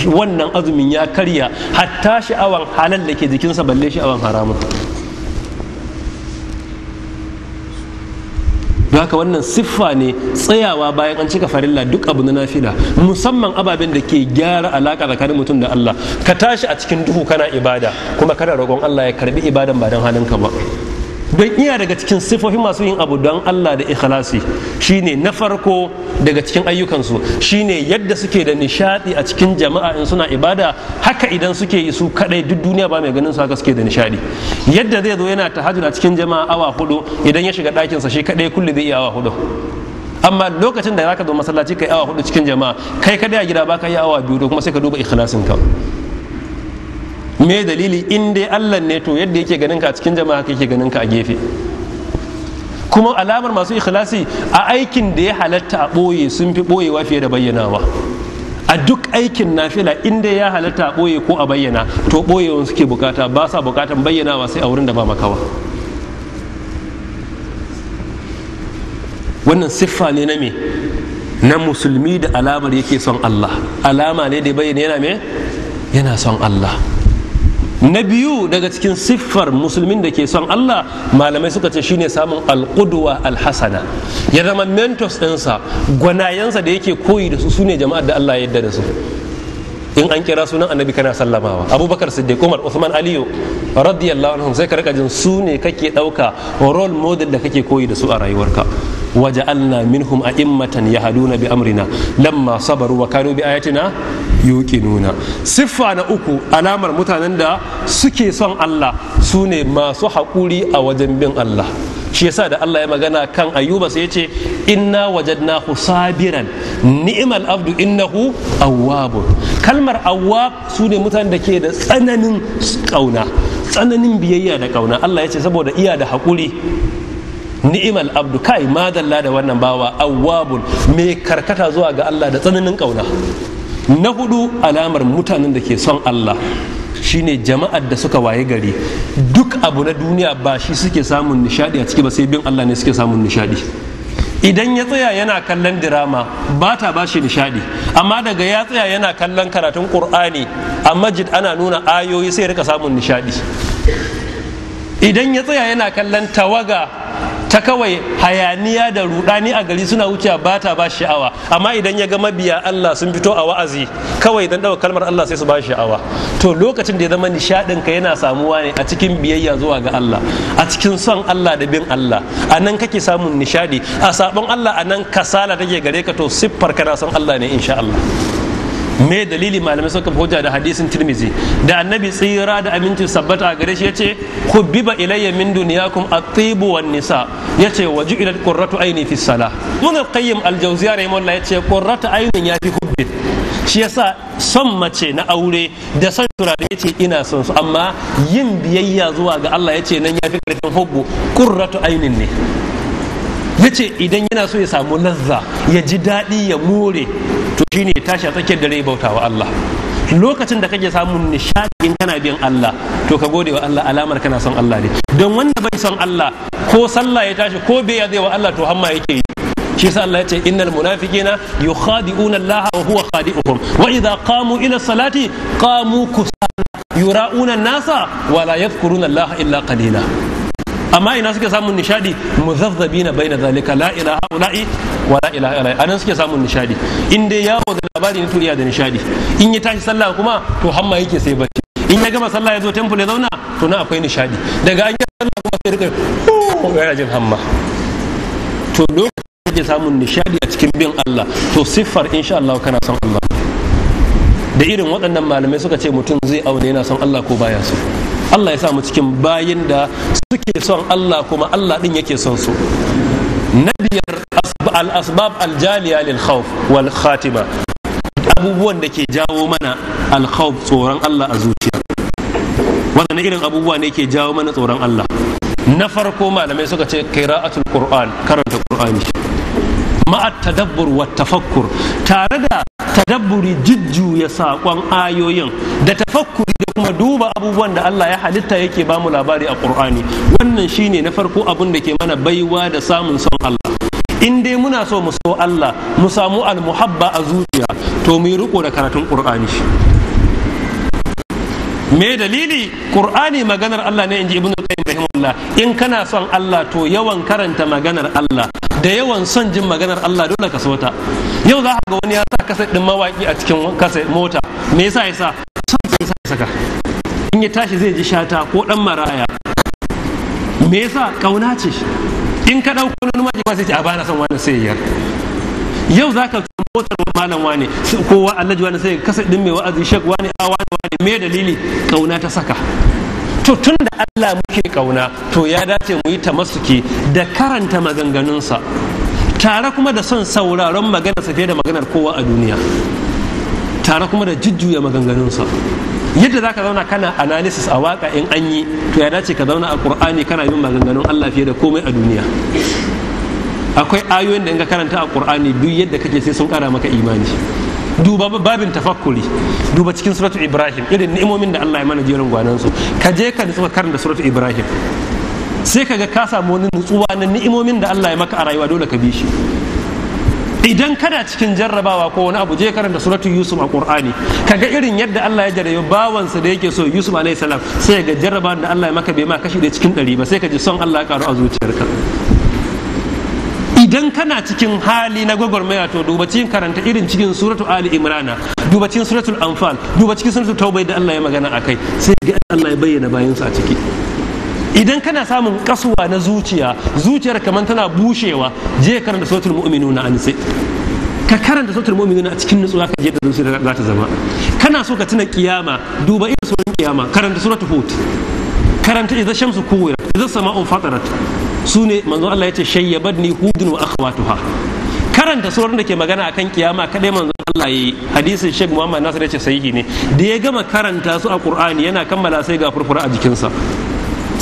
wannan azumin ya karya hatta sha'awan halal da ke jikinsa balle sha'awan haramun don haka wannan siffa ne tsayawa bayan an cika farilla duk abu na nafila musamman ababen da ke gyara alaka tsakanin mutum da Allah ka tashi a cikin duhu kana ibada kuma kana roƙon Allah ya karbi ibadan ba don hannunka ba don iya daga cikin sifofin masu yin abu don Allah da ikhlasi shine na farko daga cikin ayyukansu shine yadda suke da nishadi a cikin jama'a in suna ibada haka idan suke yi su kadai duk duniya ba mai ganin su haka suke da nishadi yadda zai zo yana tahajjud a cikin jama'a awa hudu idan ya shiga ɗakin sa shi kadai kulli zai iya awa hudu amma lokacin da zaka zo masallaci kai awa hudu cikin jama'a kai kadai a gida ba ka yi awa biyu kuma sai ka duba ikhlasin ka me dalili in dai Allah ne to yadda yake ganin ka a cikin jama'a haka yake ganin ka a gefe kuma alamar masu ikhlasi a aikin da ya halatta a ɓoye sun fi ɓoyewa fiye da bayyanawa a duk aikin nafila inda ya halatta a ɓoye ko a bayyana to boyewa suke bukata ba sa bukatan bayyanawa sai a wurin da ba makawa wannan siffa ne na me na musulmi da alamar yake son Allah alama ne da bayyana yana me yana son Allah na biyu daga cikin siffar musulmin da ke son Allah malamai suka ce shine samun alƙudwa alhasana ya zama mentors ɗinsa gwanayensa da yake koyi da su sune jama'ar da Allah ya da su in an kira sunan annabi kana sallamawa abubakar siddiq umar usman aliyu radiyallahu anhum sai ka rika jin su ne kake ɗauka role model da kake koyi da su a rayuwarka وجعلنا منهم أئمة يهدون بأمرنا لما صبروا وكانوا بآياتنا يوقنون صفة أنا أكو ألامر متانندا سكي صن الله سوني ما سحقولي أو جنبين الله shi yasa da Allah ya magana kan ayyuba sai ya ce inna wajadnahu sabiran ni'mal abdu innahu awwab kalmar awwab sune mutanen da ke da tsananin kauna tsananin biyayya da kauna Allah ya ce saboda iya da haƙuri ni'imal abdu kai madalla da wannan bawa awwabun mai karkata zuwa ga Allah da tsananin kauna na hudu alamar mutanen da ke son Allah shine jama'ar da suka waye gari duk abu na duniya ba shi suke samun nishadi a ciki ba sai bin Allah ne suke samun nishadi idan ya tsaya yana kallon dirama ba ta ba shi nishadi amma daga ya tsaya yana kallon karatun qur'ani a majid ana nuna ayoyi sai rika samun nishadi idan ya tsaya yana kallon tawaga ta kawai hayaniya da rudani a gari suna wuce ba ta ba sha'awa amma idan ya ga mabiya Allah sun fito a wa'azi kawai dan daga kalmar Allah sai su ba sha'awa to lokacin da ya zama nishadin ka yana samuwa ne a cikin biyayya zuwa ga Allah a cikin son Allah da bin Allah a nan kake samun nishadi a sabon Allah a nan kasala take gare ka to siffar kana son Allah ne insha Allah me dalili malamai suka hujja da hadisin tirmizi da annabi tsira da aminci sabbata a gare shi yace ba ilayya min dunyakum at-tibu wan nisa yace ila qurratu aini fi salah mun al-qayyim al-jawziya rahimahullah yace qurratu aini yafi hubbi shi yasa son mace na aure da son turare yace ina son su amma yin biyayya zuwa ga Allah yace nan yafi karfin hubbu qurratu ainin ne ya ce idan yana so ya samu lazza ya ji daɗi ya more to shine ne tashi a tsakiyar dare bauta wa Allah lokacin da kake samun nishadi in kana biyan Allah to ka gode wa Allah alamar kana son Allah ne don wanda bai son Allah ko sallah ya tashi ko bai ya zai wa Allah to hamma yake yi shi sa Allah ya ce innal munafiqina yukhadi'una Allah wa huwa khadi'uhum wa wa'iza qamu ila salati qamu kusala yura'una an-nasa wa la yadhkuruna Allah illa qalila amma ina suke samun nishadi muzazzabina baina zalika la ilaha ula'i wa la ilaha ula'i anan suke samun nishadi in dai yawo da labari na turiya da nishadi in ya tashi sallah kuma to hamma yake sai bacci in ya gama sallah ya zo temple ya zauna to na akwai nishadi daga an yi sallah kuma sai rika ga jin hamma to lokacin da samun nishadi a cikin bin Allah to siffar insha Allah kana son Allah da irin waɗannan malamai suka ce mutum zai aure yana son Allah ko baya so Allah ya samu cikin bayin da suke son Allah kuma Allah din yake son su na biyar al-asbab al-jaliya lil khawf wal khatima abubuwan da ke jawo mana al khawf tsoron Allah a zuciya wannan irin abubuwa ne ke jawo mana tsoron Allah na farko malamai suka ce qira'atul qur'an karanta qur'ani ma'at tadabbur wa tafakkur tare da tadabburi jujjuya saƙon ayoyin da tafakkuri kuma duba abubuwan da Allah ya halitta yake ba mu labari a Qur'ani wannan shine na farko abun da ke mana baiwa da samun son Allah in dai muna so mu so Allah mu samu almuhabba a zuciya to mu yi riko da karatun Qur'ani me dalili Qur'ani maganar Allah ne inji Ibn Qayyim rahimahullah in kana son Allah to yawan karanta maganar Allah da yawan son jin maganar Allah dole ka so yau za ka ga wani ya sa kasa din mawaki a cikin kasa mota me yasa yasa yasa saka in ya tashi zai ji shata ko dan maraya me yasa kauna ce in ka dauko wani maji ba sai ce a bana son wani sai ya yau zaka ci motar malam wani ko Allah wani sai kasa din mai wa'azi shek wani a wani wani me dalili kauna ta saka to tun da Allah muke kauna to ya dace mu yi tamassuki da karanta maganganunsa tare kuma da son sauraron maganarsa fiye da maganar kowa a duniya tare kuma da jujjuya maganganunsa yadda za ka zauna kana analysis a waka in an yi to ya dace ka zauna a qur'ani kana yin maganganun Allah fiye da komai a duniya akwai ayoyin da in ka karanta a qur'ani duk yadda kake sai sun kara maka imani duba babin tafakkuri duba cikin suratu ibrahim irin ni'imomin da Allah ya mana jerin gwanan su ka je ka nutsuwa karanta suratu ibrahim sai ka ga ka samu wani nutsuwa na ni'imomin da Allah ya maka a rayuwa dole ka bi shi idan kana cikin jarrabawa ko wani abu je karanta suratul yusuf a qur'ani kaga irin yadda Allah ya jarabe bawansa da yake so yusuf alaihi salam sai ga jarrabawan da Allah ya maka bai ma kashi da cikin ɗari ba sai ka ji son Allah ya karu a zuciyarka idan kana cikin hali na gwagwarmaya to duba cikin karanta irin cikin suratul ali imrana duba cikin suratul anfal duba cikin suratul taubai da Allah ya magana akai sai ga Allah ya bayyana bayansa a ciki idan kana samun kasuwa na zuciya zuciyar kamar tana bushewa je karanta sautar mu'minuna na anise. ka karanta sautul mu'minuna a cikin nutsuwa ka je da zuciya za ta zama kana so ka tuna kiyama duba irin sunan kiyama karanta suratul hud karanta idza shamsu kuwirat idza sama'u fatarat sune manzo Allah yace shayyabadni hudun wa akhwatuha karanta surar da ke magana akan kiyama kadai manzo Allah yi hadisin Sheikh Muhammad Nasir yace sahihi ne da ya gama karanta su a Qur'ani yana kammala sai ga furfura a jikinsa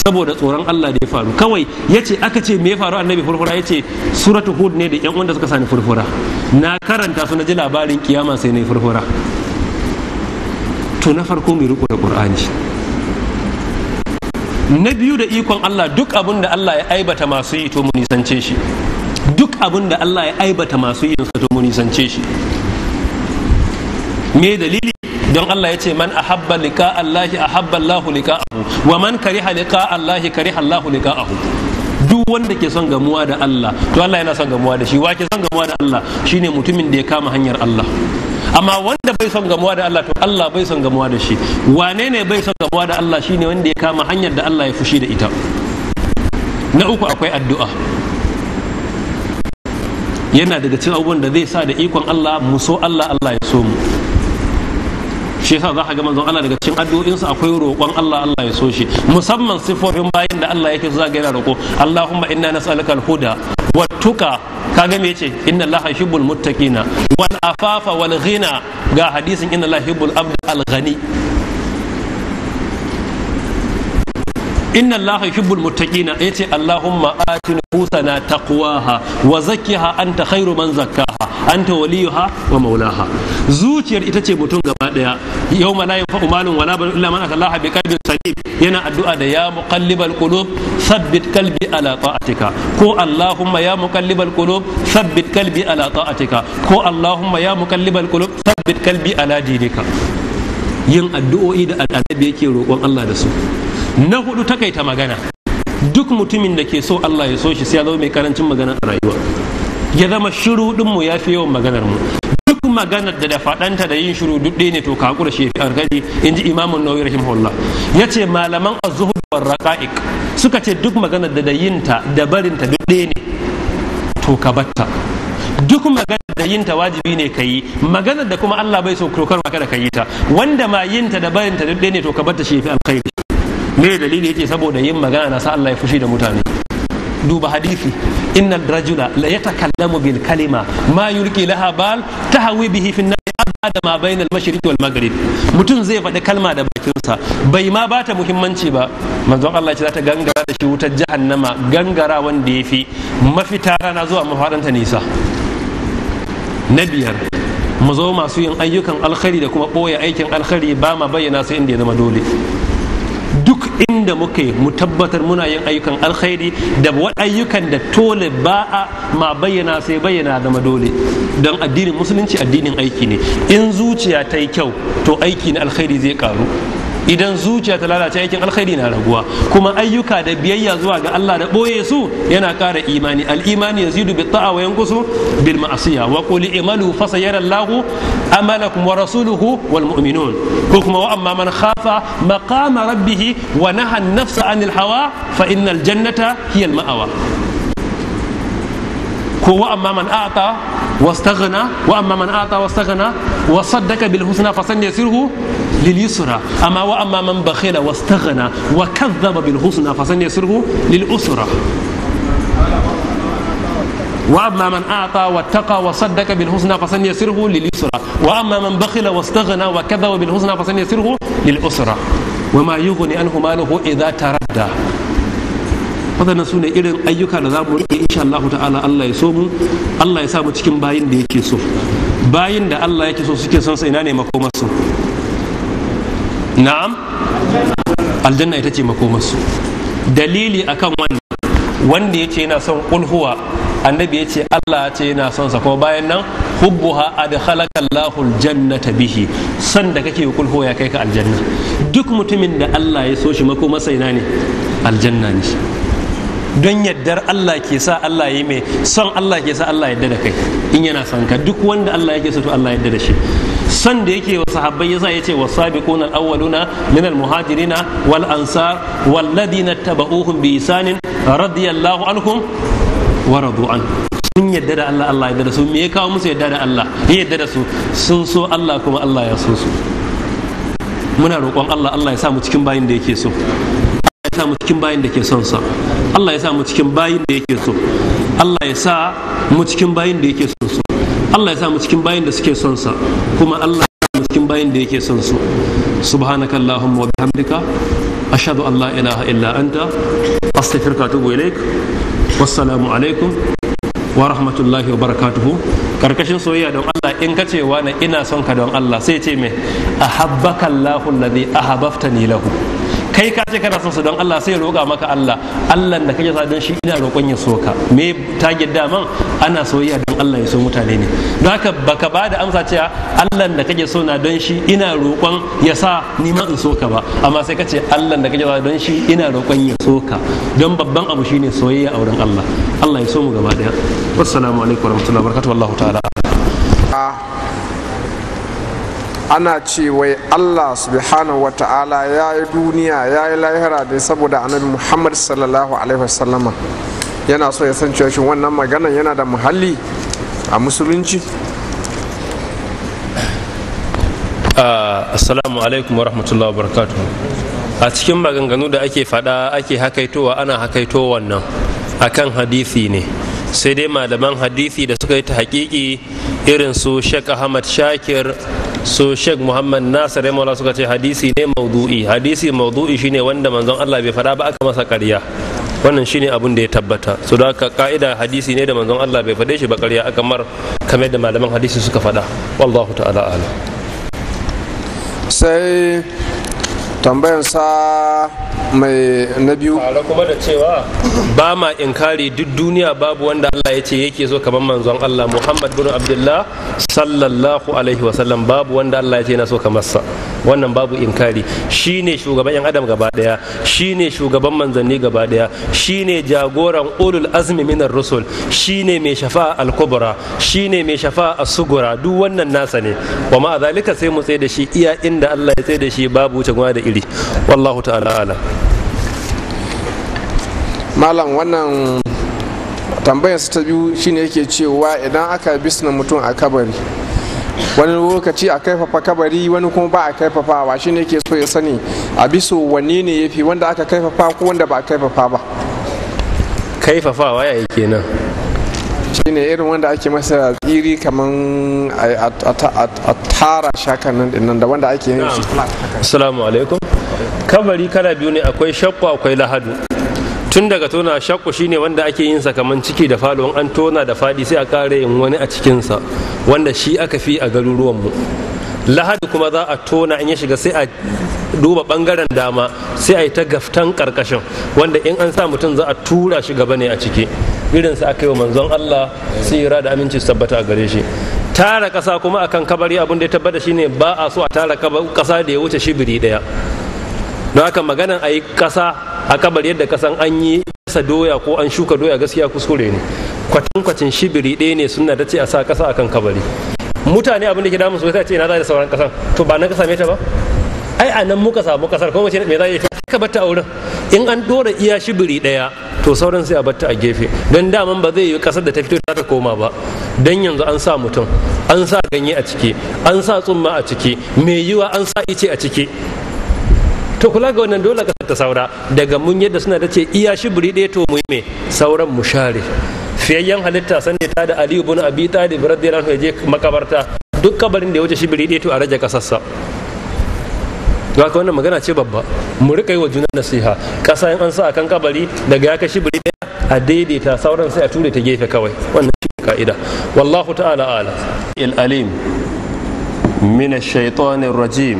saboda tsoron Allah da ya faru kawai yace aka ce me ya faru annabi furfura ce suratu hud ne da yan wanda suka sani furfura na karanta su na ji labarin kiyama sai na yi furfura to na farko mai riko da qur'ani na biyu da ikon Allah duk abin da Allah ya aibata masu yi to mu nisance shi duk abin da Allah ya aibata masu yi to mu nisance shi me dalili don Allah ya ce man ahabba liqa Allahi ahabba Allahu liqa'ahu wa man kariha liqa Allahi kariha Allahu liqa'ahu duk wanda ke son gamuwa da Allah to Allah yana son gamuwa da shi wa ke son gamuwa da Allah shine mutumin da ya kama hanyar Allah amma wanda bai son gamuwa da Allah to Allah bai son gamuwa da shi wane ne bai son gamuwa da Allah shine wanda ya kama hanyar da Allah ya fushi da ita na uku akwai addu'a yana daga cikin abubuwan da zai sa da ikon Allah mu so Allah Allah ya so mu shi yasa za ka ga manzon Allah daga cikin addu'o'insa akwai roƙon Allah Allah ya so shi musamman sifofin bayin da Allah yake zuwa ga yana roƙo Allahumma inna nas'aluka al-huda wattuka kaga me yace inna Allah yuhibbul muttaqina wal afafa wal ghina ga hadisin inna allah yuhibbul abd al-ghani inna laha yuhibbul muttaqina yace allahumma atina husana taqwaha wa zakkiha anta khairu man zakkaha anta waliyuha wa maulaha zuciyar ita ce mutum gaba daya yau la yanfa'u malun wala banun illa man atallaha bi qalbin salim yana addu'a da ya muqallibal qulub thabbit qalbi ala ta'atika ko allahumma ya muqallibal qulub thabbit qalbi ala ta'atika ko allahumma ya muqallibal qulub thabbit qalbi ala dinika yin addu'o'i da annabi yake roƙon Allah da su na hudu takaita magana duk mutumin da ke so Allah ya so shi sai ya zama mai karancin magana a rayuwa ya zama shiru din mu yafi yawan maganar mu duk maganar da da fadanta da yin shiru duk ne to ka hakura shi in inji imamun nawawi rahimahullah yace malaman az-zuhd war raqaiq suka ce duk maganar da da yinta da barinta duk ne to ka batta duk maganar da yinta wajibi ne ka yi maganar da kuma Allah bai so krokar maka da ka yi ta wanda ma yinta da barinta duk ne to ka batta shi fi alkhairi me dalili yace saboda yin magana na sa Allah ya fushi da mutane duba hadisi inna rajula la yatakallamu bil kalima ma yulqi laha bal tahwi bihi fi an da ma bainal mashriq wal maghrib mutum zai faɗi kalma da bakinsa bai ma bata muhimmanci ba manzon Allah ce ta gangara da shi wutar jahannama gangara wanda ya fi mafita rana zuwa mafaranta nisa na biyar mu zo masu yin ayyukan alkhari da kuma ɓoye aikin alkhari ba ma bayyana sai inda ya zama dole duk inda muke mu tabbatar muna yin ayyukan alkhairi da ayyukan da tole ba a ma bayyana sai bayyana zama dole don addinin musulunci addinin aiki ne in zuciya ta yi kyau to aiki na alkhairi zai karu idan zuciya ta lalace aikin alkhairi na raguwa kuma ayyuka da biyayya zuwa ga Allah da boye su yana ƙara imani al-imani yazidu bi ta'a wa yanqusu bil ma'siya wa qul i'malu fa sayara Allah amalakum wa rasuluhu wal mu'minun ko kuma wa amma man khafa maqama rabbih wa naha an-nafsa 'anil hawa fa innal jannata hiya al-ma'wa ko wa amma man a'ta واستغنى وأما من أعطى واستغنى وصدق بالحسنى فسنيسره لليسرى أما وأما من بخل واستغنى وكذب بالحسنى فسنيسره للأسرى واما من اعطى واتقى وصدق بالحسنى فسنيسره لليسرى واما من بخل واستغنى وكذب بالحسنى فسنيسره للاسرى وما يغني عنه ماله اذا تردى waɗannan su ne irin ayyuka da za mu riƙe insha Allah ta'ala Allah ya so mu Allah ya sa mu cikin bayin da yake so bayin da Allah yake so suke son sa ina ne makomarsu na'am aljanna ita ce makomarsu dalili akan wannan wanda ya ce yana son kulhuwa annabi ya ce Allah ya ce yana son sa ko bayan nan hubbuha adkhalaka Allahu aljannata bihi san da kake kulhuwa ya kai ka aljanna duk mutumin da Allah ya so shi mako masai ne aljanna ne don yaddar Allah ke sa Allah yi mai son Allah ke sa Allah yadda da kai in yana son ka duk wanda Allah yake so to Allah yadda da shi son da yake wa sahabbai yasa ce wasabiqun al-awwaluna min al muhajirina wal ansar wal ladina tabauhum bi isanin radiyallahu anhum wa radu an sun yadda da Allah Allah yadda da su me ya kawo musu yadda da Allah ya yadda da su sun so Allah kuma Allah ya so su muna roƙon Allah Allah ya sa mu cikin bayin da yake so ya sa mu cikin bayin da ke son sa Allah ya sa mu cikin bayin da yake so Allah ya sa mu cikin bayin da yake son su Allah ya sa mu cikin bayin da suke son sa kuma Allah ya sa mu cikin bayin da yake son su subhanaka allahumma wa bihamdika ashhadu an la ilaha illa anta astaghfiruka wa atubu ilaik wassalamu alaikum wa rahmatullahi wa barakatuhu karkashin soyayya don Allah in ka ce wa ina son ka don Allah sai ce me ahabbaka Allahu alladhi ahabbtani lahu kai ka ce kana son su don Allah sai roƙa maka Allah Allah da kake sa don shi ina roƙon ya soka me target daman ana soyayya don Allah ya so mutane ne don haka baka ba da amsa cewa Allah da kake so na don shi ina roƙon ya sa ni ma in soka ba amma sai ka ce Allah da kake sa don shi ina roƙon ya soka don babban abu shine soyayya a wurin Allah Allah ya so mu gaba daya assalamu alaikum warahmatullahi wabarakatuh wallahu ta'ala ana ce wai allah subhanahu wa ta'ala ya yi duniya ya yi lahira ne saboda annabi muhammad sallallahu alaihi wasallama yana so ya san cewa shi wannan magana yana da muhalli a musulunci ah, assalamu alaikum wa rahmatullahi wa barakatu a cikin maganganu da ake fada ake hakaitowa ana hakaito wannan akan hadisi ne sai dai malaman hadisi da suka yi ta hakiki irin su shek ahmad shakir su shek muhammad nasir yamma suka ce hadisi ne maudu'i hadisi maudu'i shine wanda manzon allah bai faɗa ba aka masa ƙarya wannan shine abun da ya tabbata su da ka ka'ida hadisi ne da manzon allah bai faɗe shi ba ƙarya aka mar kamar da malaman hadisi suka faɗa wallahu ta'ala ala sai tambayar sa mai na biyu tare kuma da cewa ba ma inkari duk duniya babu wanda Allah ya ce yake so kamar manzon Allah Muhammad bin Abdullah sallallahu alaihi wasallam babu wanda Allah ya ce yana so kamar sa wannan babu in inkari shine shugaban yan adam gaba daya shine shugaban manzanni gaba daya shine jagoran ulul azmi minar rusul shine mai shafa'a al-kubra shine mai shafa'a as-sugura duk wannan nasa ne wa ma zalika sai mu tsaye da shi iya inda Allah ya tsaye da shi babu wuce da iri wallahu ta'ala ala. malam wannan tambayar ta biyu shine yake cewa idan aka bisna mutum a kabari wani lokaci a kaifafa kabari wani kuma ba a kaifafawa shine yake so ya sani a biso wanne ne yafi wanda aka kaifafa ko wanda ba a kaifafa ba kaifafawa ya yi kenan shine irin wanda ake masa tsiri kaman a tara shakan nan dinnan da wanda ake yin shi assalamu alaikum kabari kala biyu ne akwai shakku akwai lahadu tun daga tona shakku shine wanda ake yin kaman ciki da falo an tona da fadi sai a ƙara yin wani a cikinsa wanda shi aka fi a garuruwanmu lahadi kuma za a tona in ya shiga sai a duba bangaren dama sai a yi ta gaftan karkashin wanda in an sa mutum za a tura shi gaba ne a ciki sa aka yi wa manzon Allah tsira da aminci su tabbata a gare shi tara kasa kuma akan kabari abin da ya tabbata shine ba a so a tara kasa da ya wuce shibiri daya don haka maganan a yi ƙasa a kabar yadda kasan an yi kasa doya ko an shuka doya gaskiya kuskure ne kwatankwacin shibiri ɗaya ne suna da ce a sa ƙasa akan kabari mutane abin da ke damu sosai ce na za da sauran ƙasan to ba na kasa mai ta ba ai a nan muka samu kasar kuma ce me za yi ka batta a wurin in an dora iya shibiri ɗaya to sauran sai a batta a gefe don daman ba zai yi kasar da ta fito ta koma ba don yanzu an sa mutum an sa ganye a ciki an sa tsumma a ciki mai yiwa an sa ice a ciki to kula ga wannan dole ka ta saura daga mun yadda suna da ce iya shibiri ɗaya to mu me sauran mu share fiyayyen halitta ne ta da aliyu ibn abi talib radiyallahu anhu je makabarta duk kabarin da ya wuce shibiri ɗaya to a rage kasarsa ga ka wannan magana ce babba mu rika yi wa juna nasiha kasa in an sa akan kabari daga ya kashi biri ɗaya a daidaita sauran sai a ture ta gefe kawai wannan shi ka'ida wallahu ta'ala ala alim min ash-shaytanir rajim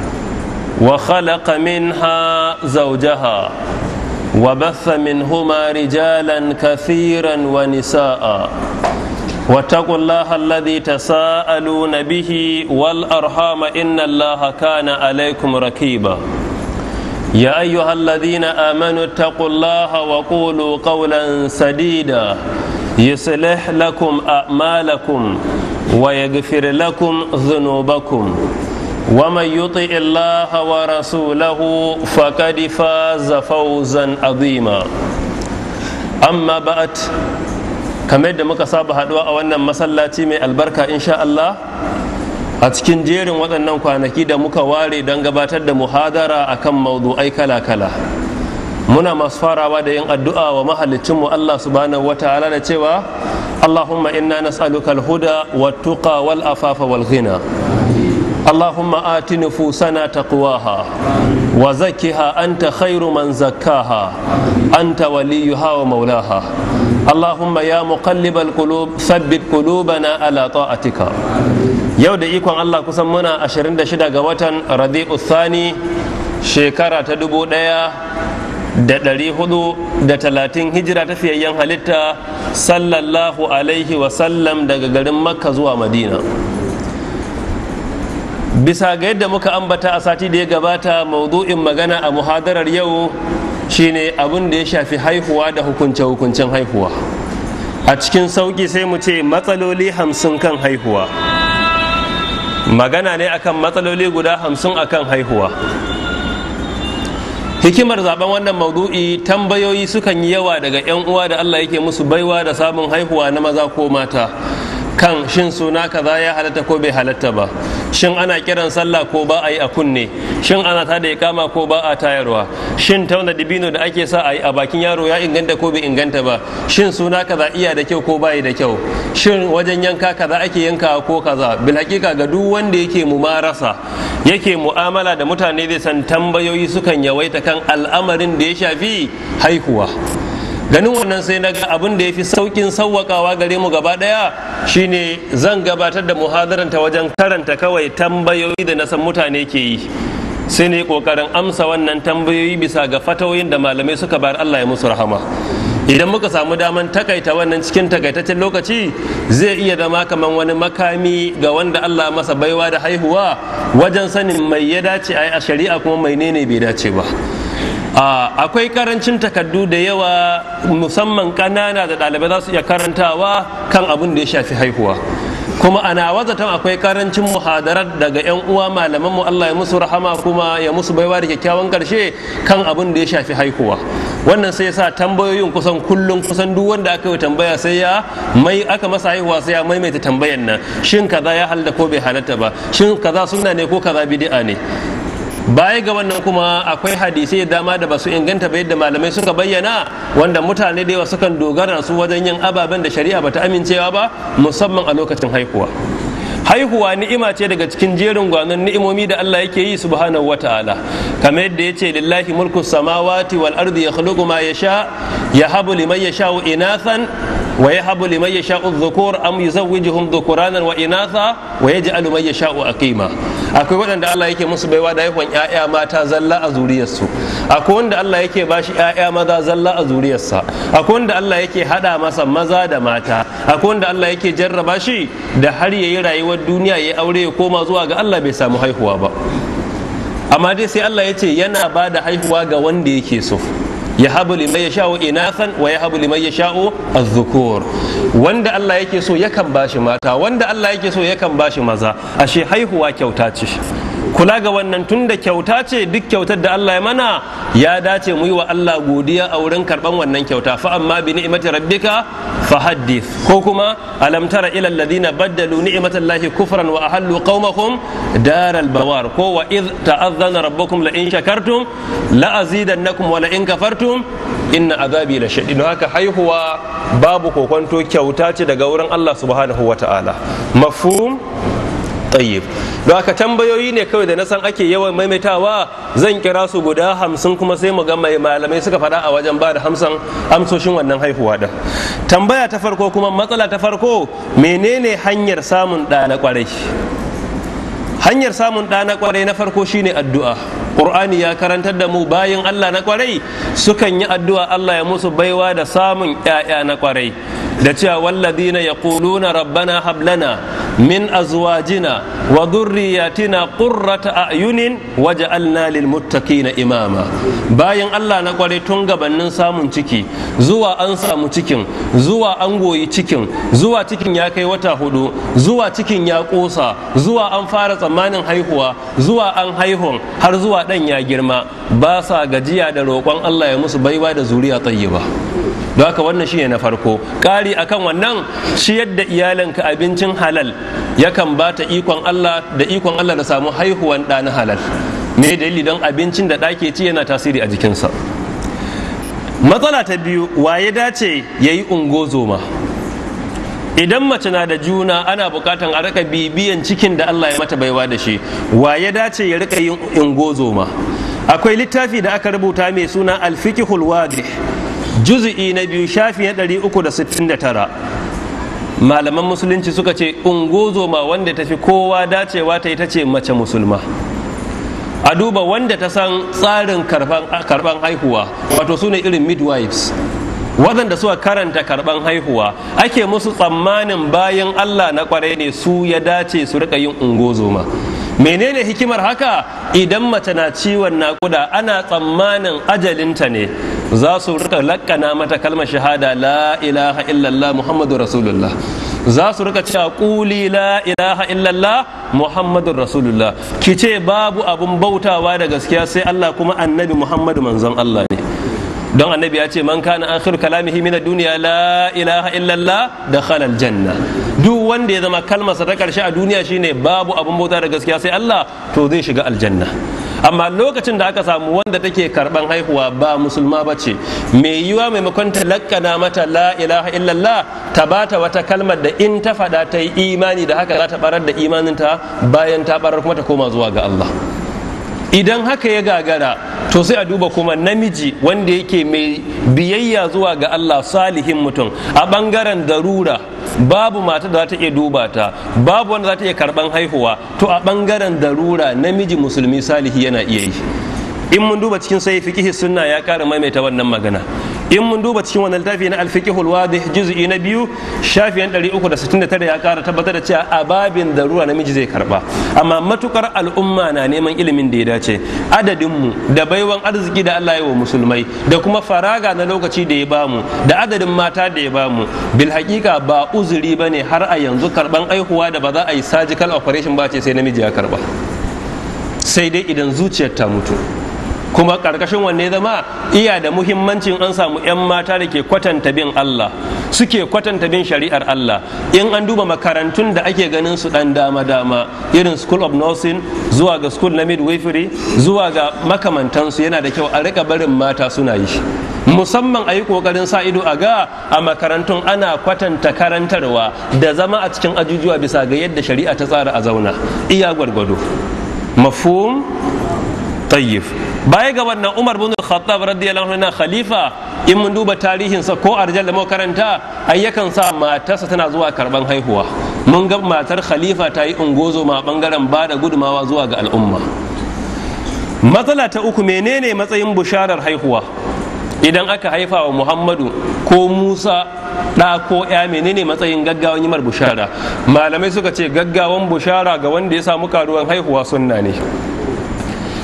وخلق منها زوجها وبث منهما رجالا كثيرا ونساء واتقوا الله الذي تساءلون به والارحام ان الله كان عليكم ركيبا يا ايها الذين امنوا اتقوا الله وقولوا قولا سديدا يصلح لكم اعمالكم ويغفر لكم ذنوبكم ومن يطع الله ورسوله فقد فاز فوزا عظيما أما بعد kamar da muka saba haduwa a wannan masallaci mai albarka insha a cikin jerin waɗannan kwanaki da muka ware don gabatar da muhadara akan maudu'ai kala-kala muna masu farawa da yin addu'a wa mahalicinmu Allah subhanahu wa ta'ala da cewa Allahumma inna nas'aluka al-huda wa tuqa wal-afafa wal-ghina اللهم آت نفوسنا تقواها وزكها أنت خير من زكاها أنت وليها ومولاها اللهم يا مقلب القلوب ثبت قلوبنا على طاعتك yau da ikon Allah kusan muna 26 ga watan Rabi'u Thani shekara ta 1430 hijira ta fiyayyen halitta sallallahu alaihi wasallam daga garin Makka zuwa Madina bisa ga yadda muka ambata a sati da ya gabata maudu'in magana a muhadarar yau shine abin da ya shafi haihuwa da hukunce-hukuncen haihuwa a cikin sauƙi sai mu ce matsaloli hamsin kan haihuwa magana ne akan matsaloli guda hamsin akan haihuwa hikimar zaben wannan maudu'i tambayoyi sukan yi yawa daga 'yan uwa da allah yake musu baiwa da samun haihuwa na maza ko mata kan shin suna kaza ya halatta ko bai halatta ba shin ana kiran sallah ko ba a yi a kunne shin ana tada ya kama ko ba a tayarwa shin tauna dibino da ake sa a yi a bakin yaro ya inganta ko bai inganta ba shin suna kaza iya da kyau ko yi da kyau shin wajen yanka kaza ake yanka ko kaza bil hakika ga duk wanda yake marasa yake mu'amala da mutane zai san tambayoyi sukan yawaita kan al'amarin da ya shafi haihuwa ganin wannan sai na ga abin da ya fi saukin sauwakawa gare mu gaba daya shine zan gabatar da muhadaranta wajen karanta kawai tambayoyi da na san mutane ke yi sai ne kokarin amsa wannan tambayoyi bisa ga fatawoyin da malamai suka bar Allah ya musu rahama idan muka samu daman takaita wannan cikin takaitaccen lokaci zai iya zama kamar wani makami ga wanda Allah masa baiwa da haihuwa wajen sanin mai ya dace a shari'a kuma mai ne bai dace ba Ah, akwai karancin takardu da yawa musamman ƙanana da ɗalibai za su iya karantawa kan abin da ya shafi haihuwa kuma ana wazatan akwai karancin muhadarar daga 'yan uwa malaman mu Allah ya musu rahama kuma ya musu baiwa da kyakkyawan karshe kan abin da ya shafi haihuwa wannan sai sa tambayoyin kusan kullum kusan duk wanda aka yi tambaya sai ya mai aka masa haihuwa sai ya maimaita tambayan nan shin kaza ya halda ko bai halatta ba shin kaza sunna ne ko kaza bid'a ne baya ga wannan kuma akwai hadisai dama da basu inganta ba yadda malamai suka bayyana wanda mutane da yawa sukan dogara su wajen yin ababen da shari'a bata amincewa ba musamman a lokacin haihuwa. haihuwa ni'ima ce daga cikin jerin gwanon ni'imomi da Allah yake yi subhanahu wata'ala kamar yadda yace lillahi mulku samawati wal ardi yakhluqu ma yasha yahabu liman yasha'u inathan wa yahabu liman yasha'u dhukur am yuzawwijuhum dhukuranan wa inatha wa yaj'alu man yasha aqima akwai waɗanda Allah yake musu baiwa da haihuwan ƴaƴa mata zalla a zuriyarsu akwai wanda Allah yake bashi yaya maza zalla a zuriyarsa akwai wanda Allah yake hada masa maza da mata akwai wanda Allah yake jarraba shi da har yayi rayuwar duniya ya aure ya koma zuwa ga Allah bai samu haihuwa ba amma dai sai Allah ya ce yana ba da haihuwa ga wanda yake so ya habu liman ya sha'o inasan wa ya habu liman ya sha'o azzukur wanda Allah yake so yakan bashi mata wanda Allah yake so yakan bashi maza ashe haihuwa kyauta ce kula ga wannan tun da kyauta ce duk kyautar da Allah ya mana ya dace mu yi wa Allah godiya a wurin karban wannan kyauta fa amma bi ni'mati rabbika fa haddith ko kuma alam tara ila alladhina baddalu ni'matallahi kufran wa ahallu qaumahum daral bawar ko wa id ta'azzana rabbukum la in shakartum la azidannakum wa la in kafartum inna azabi la shadid haka haihuwa babu kokonto kyauta ce daga wurin Allah subhanahu wata'ala mafhum tsayyib don haka tambayoyi ne kawai da na san ake yawan maimaitawa zan kira su guda hamsin kuma sai mu ga mai malamai suka faɗa a wajen ba da hamsin amsoshin wannan haihuwa da tambaya ta farko kuma matsala ta farko menene hanyar samun ɗa na hanyar samun ɗa na ƙwarai na farko shine addu'a qur'ani ya karantar da mu bayan Allah na kwarai sukan yi addu'a Allah ya musu baiwa da samun ƴaƴa na kwarai da cewa walladina kuluna rabbana hablana min azwajina wa ya a qurrata a'yunin waj'alna lil na imama bayan Allah na kwarai tun gabanin samun ciki zuwa an samu cikin zuwa an goyi cikin zuwa cikin ya kai wata hudu zuwa cikin ya kosa zuwa an fara tsammanin haihuwa zuwa an haihun har zuwa ɗan ya girma ba sa gajiya da roƙon Allah ya musu baiwa da zuriya tayyiba don haka wannan shi ne na farko ƙari akan wannan shi yadda iyalinka abincin halal yakan ba ta ikon Allah da ikon Allah da samu haihuwan ɗa na halal me dalili don abincin da ɗake ci yana tasiri a jikinsa matsala ta biyu waye dace ya yi ungozoma idan mace na da juna ana bukatan a rika bibiyan cikin da Allah ya mata baiwa da shi wa ya dace ya rika yin ingozoma akwai littafi da aka rubuta mai suna alfikihul wadi juz'i na biyu shafi na tara. malaman musulunci suka ce ungozoma wanda tafi kowa dacewa ta ita ce mace musulma a duba wanda ta san tsarin karban haihuwa wato su ne irin midwives waɗanda suka karanta karɓan haihuwa ake musu tsammanin bayan Allah na kwarai ne su ya dace su rika yin ungozoma menene hikimar haka idan mace na ciwon naƙuda ana tsammanin ajalinta ne za su rika laƙana mata kalmar shahada la ilaha illallah muhammadu rasulullah za su rika cewa kuli la ilaha illallah muhammadun rasulullah ki ce babu abun bautawa da gaskiya sai Allah kuma annabi muhammadu manzon Allah ne don annabi ya ce man kana akhir kalamihi min duniya la ilaha illallah da khalal janna duk wanda ya zama kalmarsa ta karshe a duniya shine babu abun bauta da gaskiya sai Allah to zai shiga aljanna amma lokacin da aka samu wanda take karban haihuwa ba musulma bace mai yiwa maimakon ta lakkana mata la ilaha illallah ta bata wata kalmar da in ta faɗa ta yi imani da haka za ta barar da imaninta bayan ta barar kuma ta koma zuwa ga Allah idan haka ya gagara to sai a duba kuma namiji wanda yake mai biyayya zuwa ga Allah salihin mutum a bangaren darura babu mata da za ta iya duba ta babu wanda za ta iya karban haihuwa to a bangaren darura namiji musulmi salihi yana iya yi in mun duba cikin sai fikihi sunna ya kara maimaita wannan magana in mun duba cikin wannan littafi na al-fiqhul wadih juz'i na biyu shafiyan 369 ya kara tabbatar da cewa ababin ruwa namiji zai karba amma matukar al'umma na neman ilimin da ya dace adadin mu da baiwan arziki da Allah ya wa musulmai da kuma faraga na lokaci da ya bamu da adadin mata da ya bamu bil hakika ba uzuri bane har a yanzu karban aihuwa da ba za a yi surgical operation ba ce sai namiji ya karba sai dai idan zuciyar ta mutu kuma karkashin wanne zama iya da muhimmancin an samu 'yan mata da ke kwatanta bin Allah suke kwatanta bin shari'ar Allah in an duba makarantun da ake ganin su dan dama-dama irin school of nursing zuwa ga school na midwifery zuwa ga makamantansu yana da kyau a rika barin mata suna yi musamman a yi ƙoƙarin sa ido a ga a makarantun ana kwatanta karantarwa da zama a cikin ajujuwa bisa ga yadda shari'a ta tsara a zauna iya gwargwado mafhum tayyib baya ga wannan umar bin khattab radiyallahu anhu khalifa in mun duba tarihin sa ko arjal da makaranta a yakan sa matarsa tana zuwa karban haihuwa mun ga matar khalifa ta yi ungozo ma bangaren ba da gudumawa zuwa ga al'umma matsala ta uku menene matsayin busharar haihuwa idan aka haifa wa muhammadu ko musa ɗa ko ya menene matsayin gaggawan yimar bushara malamai suka ce gaggawan bushara ga wanda ya samu karuwan haihuwa sunna ne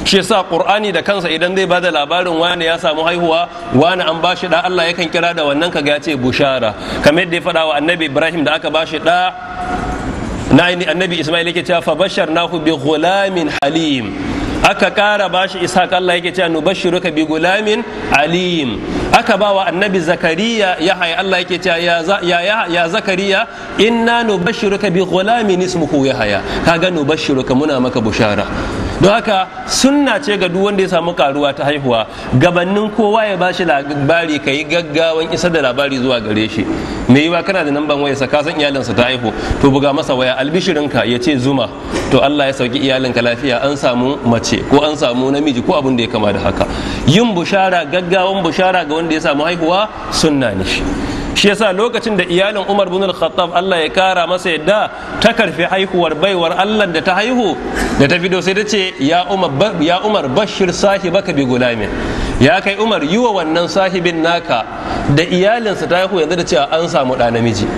shi yasa qur'ani da kansa idan zai bada labarin wani ya samu haihuwa wani an bashi da Allah yakan kira da wannan kaga ya ce bushara kamar yadda ya faɗa wa annabi Ibrahim da aka bashi da na annabi Ismail yake cewa fa basharnahu bi ghulamin halim aka kara bashi ishaq Allah yake cewa nubashshiruka bi gulamin alim aka ba wa annabi zakariya ya haya Allah yake cewa ya ya ya zakariya inna nubashshiruka bi ghulamin ismuhu ya haya kaga nubashshiruka muna maka bushara don haka sunna ce ga duk wanda ya samu karuwa ta haihuwa gabanin kowa ya bashi labari ka yi gaggawan isa da labari zuwa gare shi me wa kana da namban wayarsa ka san iyalinsa ta haihu to buga masa waya albishirinka ya ce zuma to Allah ya sauki iyalinka lafiya an samu mace ko an samu namiji ko abin da ya kama da haka yin bushara gaggawan bushara ga wanda ya samu haihuwa sunna ne shi shi yasa lokacin da iyalin Umar bin Al-Khattab Allah ya kara masa yadda ta karfi haihuwar baiwar Allah da ta haihu da ta fido sai ta ce ya Umar ya Umar bashir sahibaka bi gulamin ya kai Umar yi wa wannan sahibin naka da iyalinsa ta haihu yanzu da cewa an samu ɗa namiji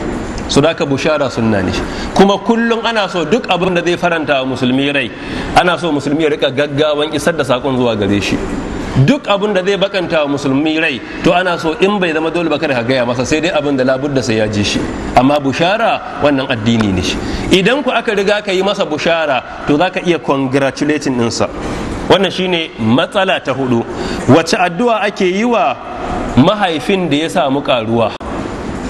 su da ka bushara sunna ne kuma kullum ana so duk abin da zai faranta wa musulmi rai ana so musulmi ya rika gaggawan isar da saƙon zuwa gare shi duk abin da zai bakanta wa musulmi rai to ana so in bai zama dole ba kada ka gaya masa sai dai abin da labudda sai ya ji shi amma bushara wannan addini ne shi idan ku aka riga ka yi masa bushara to za ka iya congratulating ɗinsa wannan shine matsala ta hudu wacce addu'a ake yi wa mahaifin da ya samu karuwa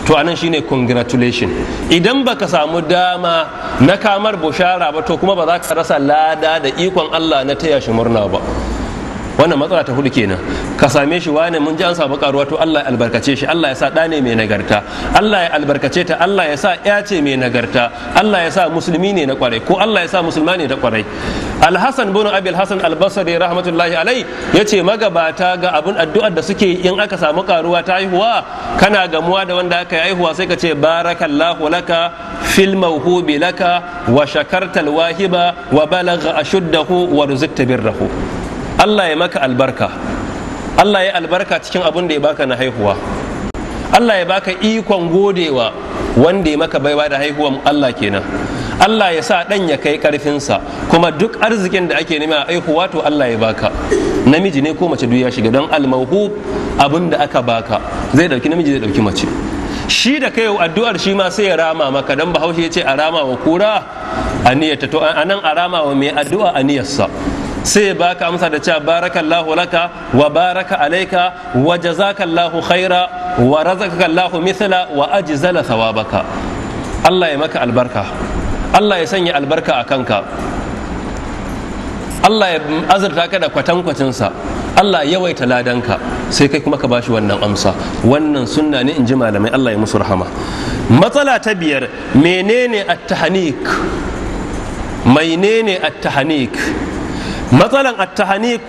to anan shine congratulation idan baka samu dama na kamar bushara ba to kuma ba za ka rasa lada da ikon Allah na taya shi murna ba wannan matsala ta hudu kenan ka same shi wani mun ji an samu karuwa to Allah ya albarkace shi Allah ya sa ɗa ne mai nagarta Allah ya albarkace ta Allah ya sa ya ce mai nagarta Allah ya sa musulmi ne na kwarai ko Allah ya sa musulma ne na kwarai alhassan bin abil hassan ya rahmatullahi alai ya ce magabata ga abun addu'ar da suke in aka samu karuwa ta haihuwa kana gamuwa da wanda aka yi haihuwa sai ka ce barakallahu laka fil mawhubi laka wa shakartal wahiba wa balagha ashuddahu wa ruzqta birrahu Allah ya maka albarka Allah ya albarka cikin abin da ya baka na haihuwa Allah ya baka ikon godewa wanda ya maka baiwa da haihuwan Allah kenan Allah ya sa ɗan ya kai ƙarfinsa kuma duk arzikin da ake nema a haihuwa to Allah ya baka namiji ne ko mace duk ya shiga don almahu abin da aka baka zai ɗauki namiji zai ɗauki mace shi da kai addu'ar shi ma sai ya rama maka dan bahaushe ya ce a rama wa kura aniyarta to anan a rama wa mai addu'a a aniyarsa sai ya baka amsa da cewa baraka allahu laka wa baraka alaika wa allahu khaira wa allahu mithla wa ajzala thawabaka Allah ya maka albarka Allah ya sanya albarka a kanka Allah ya azurta ka da kwatankwacinsa Allah ya yawaita ladanka sai kai kuma ka bashi wannan amsa wannan sunna ne in ji malamai Allah ya musu rahama matsala ta biyar menene at-tahnik menene at-tahnik matsalan at-tahaniq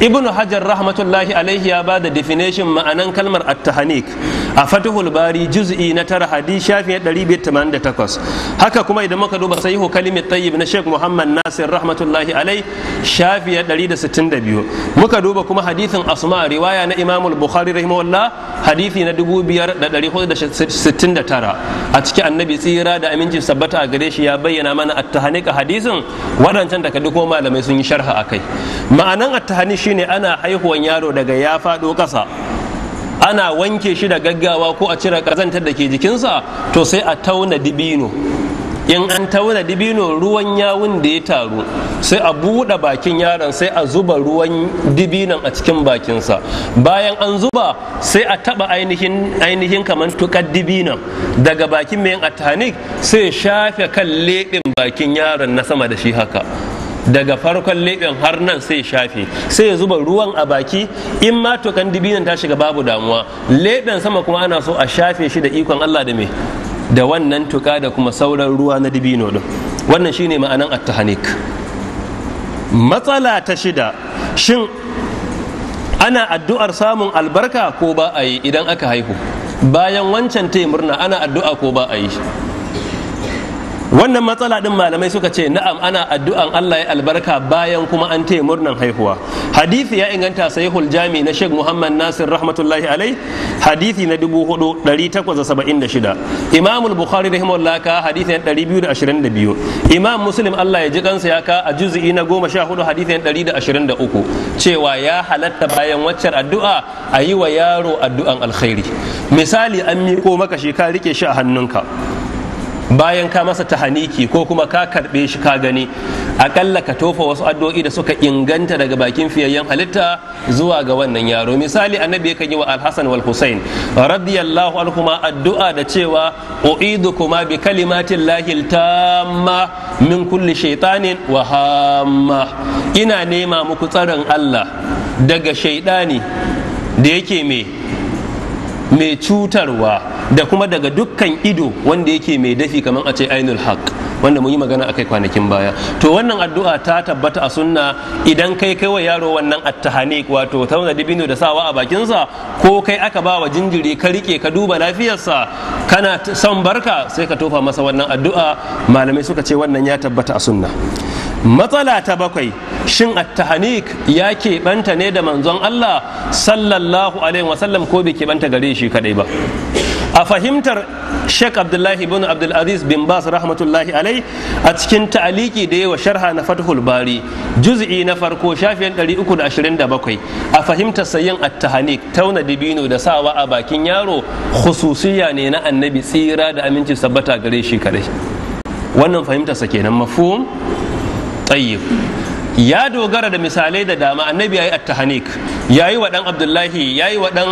ibn hajar rahmatullahi alaihi ya ba da definition ma'anan kalmar attahanik a fatihul bari juz'i na tara hadis shafi 188 haka kuma idan muka duba sahihu kalimat tayyib na sheikh muhammad nasir rahmatullahi alaihi shafi 162 muka duba kuma hadithin asma riwaya na imam al-bukhari rahimahullah hadithi na 2469 a cikin annabi tsira da amincin sabbata a gare shi ya bayyana mana attahanik a hadisin waɗancan daga kuma malamai sun yi sharha akai ma'anan at-tahanik shine ana haihuwan yaro daga ya faɗo ƙasa ana wanke shi da gaggawa ko a cire ƙazantar da ke jikinsa to sai a tauna dibino in an tauna dibino ruwan yawun da ya taru sai a buɗe bakin yaron sai a zuba ruwan dibinon a cikin bakinsa bayan an zuba sai a taɓa ainihin ainihin kamar tukar dibinon daga bakin mai atanik sai shafe kan leɓin bakin yaron na sama da shi haka daga farkon leɓen har nan sai shafe sai ya zuba ruwan a baki in ma kan dibinan ta shiga babu damuwa leɓen sama kuma ana so a shafe shi da ikon Allah da me da wannan tuka da kuma sauran ruwa na dibino din wannan shine ma'anan at tahnik matsala ta shida shin ana addu'ar samun albarka ko ba a yi idan aka haihu bayan wancan ta murna ana addu'a ko ba a yi wannan matsala din malamai suka ce na'am ana addu'an Allah ya albarka bayan kuma an taya murnan haihuwa hadisi ya inganta sahihul jami na Sheikh Muhammad Nasir rahmatullahi alai hadisi na 4876 Imam al-Bukhari rahimahullah ka hadisi na 222 Imam Muslim Allah ya ji kansa ya ka a juz'i na 14 hadisi na 123 cewa ya halatta bayan waccar addu'a a yi wa yaro addu'an alkhairi misali an miko maka shi ka rike shi a hannunka bayan ka masa tahaniki ko kuma ka karɓe shi ka gani akalla ka tofa wasu addu'o'i da suka inganta daga bakin fiyayyen halitta zuwa ga wannan yaro misali annabi yakan yi wa alhassan wal husain radiyallahu anhuma addu'a da cewa u'idu kuma bi kalimatin lahil tamma min kulli shaitanin wa hamma ina nema muku tsaron Allah daga shaidani da yake mai mai cutarwa da kuma daga dukkan ido wanda yake mai dafi kamar a ce ainul haq wanda mun yi magana akai kwanakin baya to wannan addu'a ta tabbata a sunna idan kai kai wa yaro wannan attahani wato tauna dibino da sawa a bakinsa ko kai aka ba wa jinjiri ka rike ka duba lafiyarsa kana son barka sai ka tofa masa wannan addu'a malamai suka ce wannan ya tabbata a sunna matsala ta bakwai shin attahanik ya keɓanta ne da manzon Allah sallallahu alaihi wasallam ko bai keɓanta gare shi shi kadai ba a fahimtar sheikh abdullahi ibn abdulaziz bin bas rahmatullahi alai a cikin ta'aliki da yawa sharha na fathul bari juz'i na farko shafiyan 327 a fahimtar sayin at tauna dibino da sawa a bakin yaro khususiya ne na annabi tsira da aminci sabbata gare shi kadai wannan fahimtarsa kenan mafhum tayyib ya dogara da misalai da dama annabi yayi at-tahanik yi wa dan abdullahi ya yi wa dan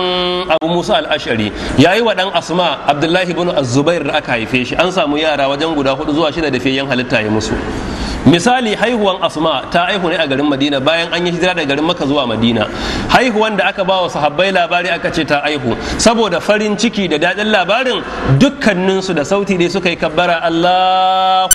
abu musa al'ashari ya yi wa dan asma abdullahi bin az-zubair da aka haife shi an samu yara wajen guda hudu zuwa shida da fiyen halitta ya musu misali haihuwan asma ta haihu ne a garin madina bayan an yi hijira da garin maka zuwa madina haihuwan da aka ba wa sahabbai labari aka ce ta haihu saboda farin ciki da daɗin labarin dukkaninsu da sauti dai suka yi kabbara allah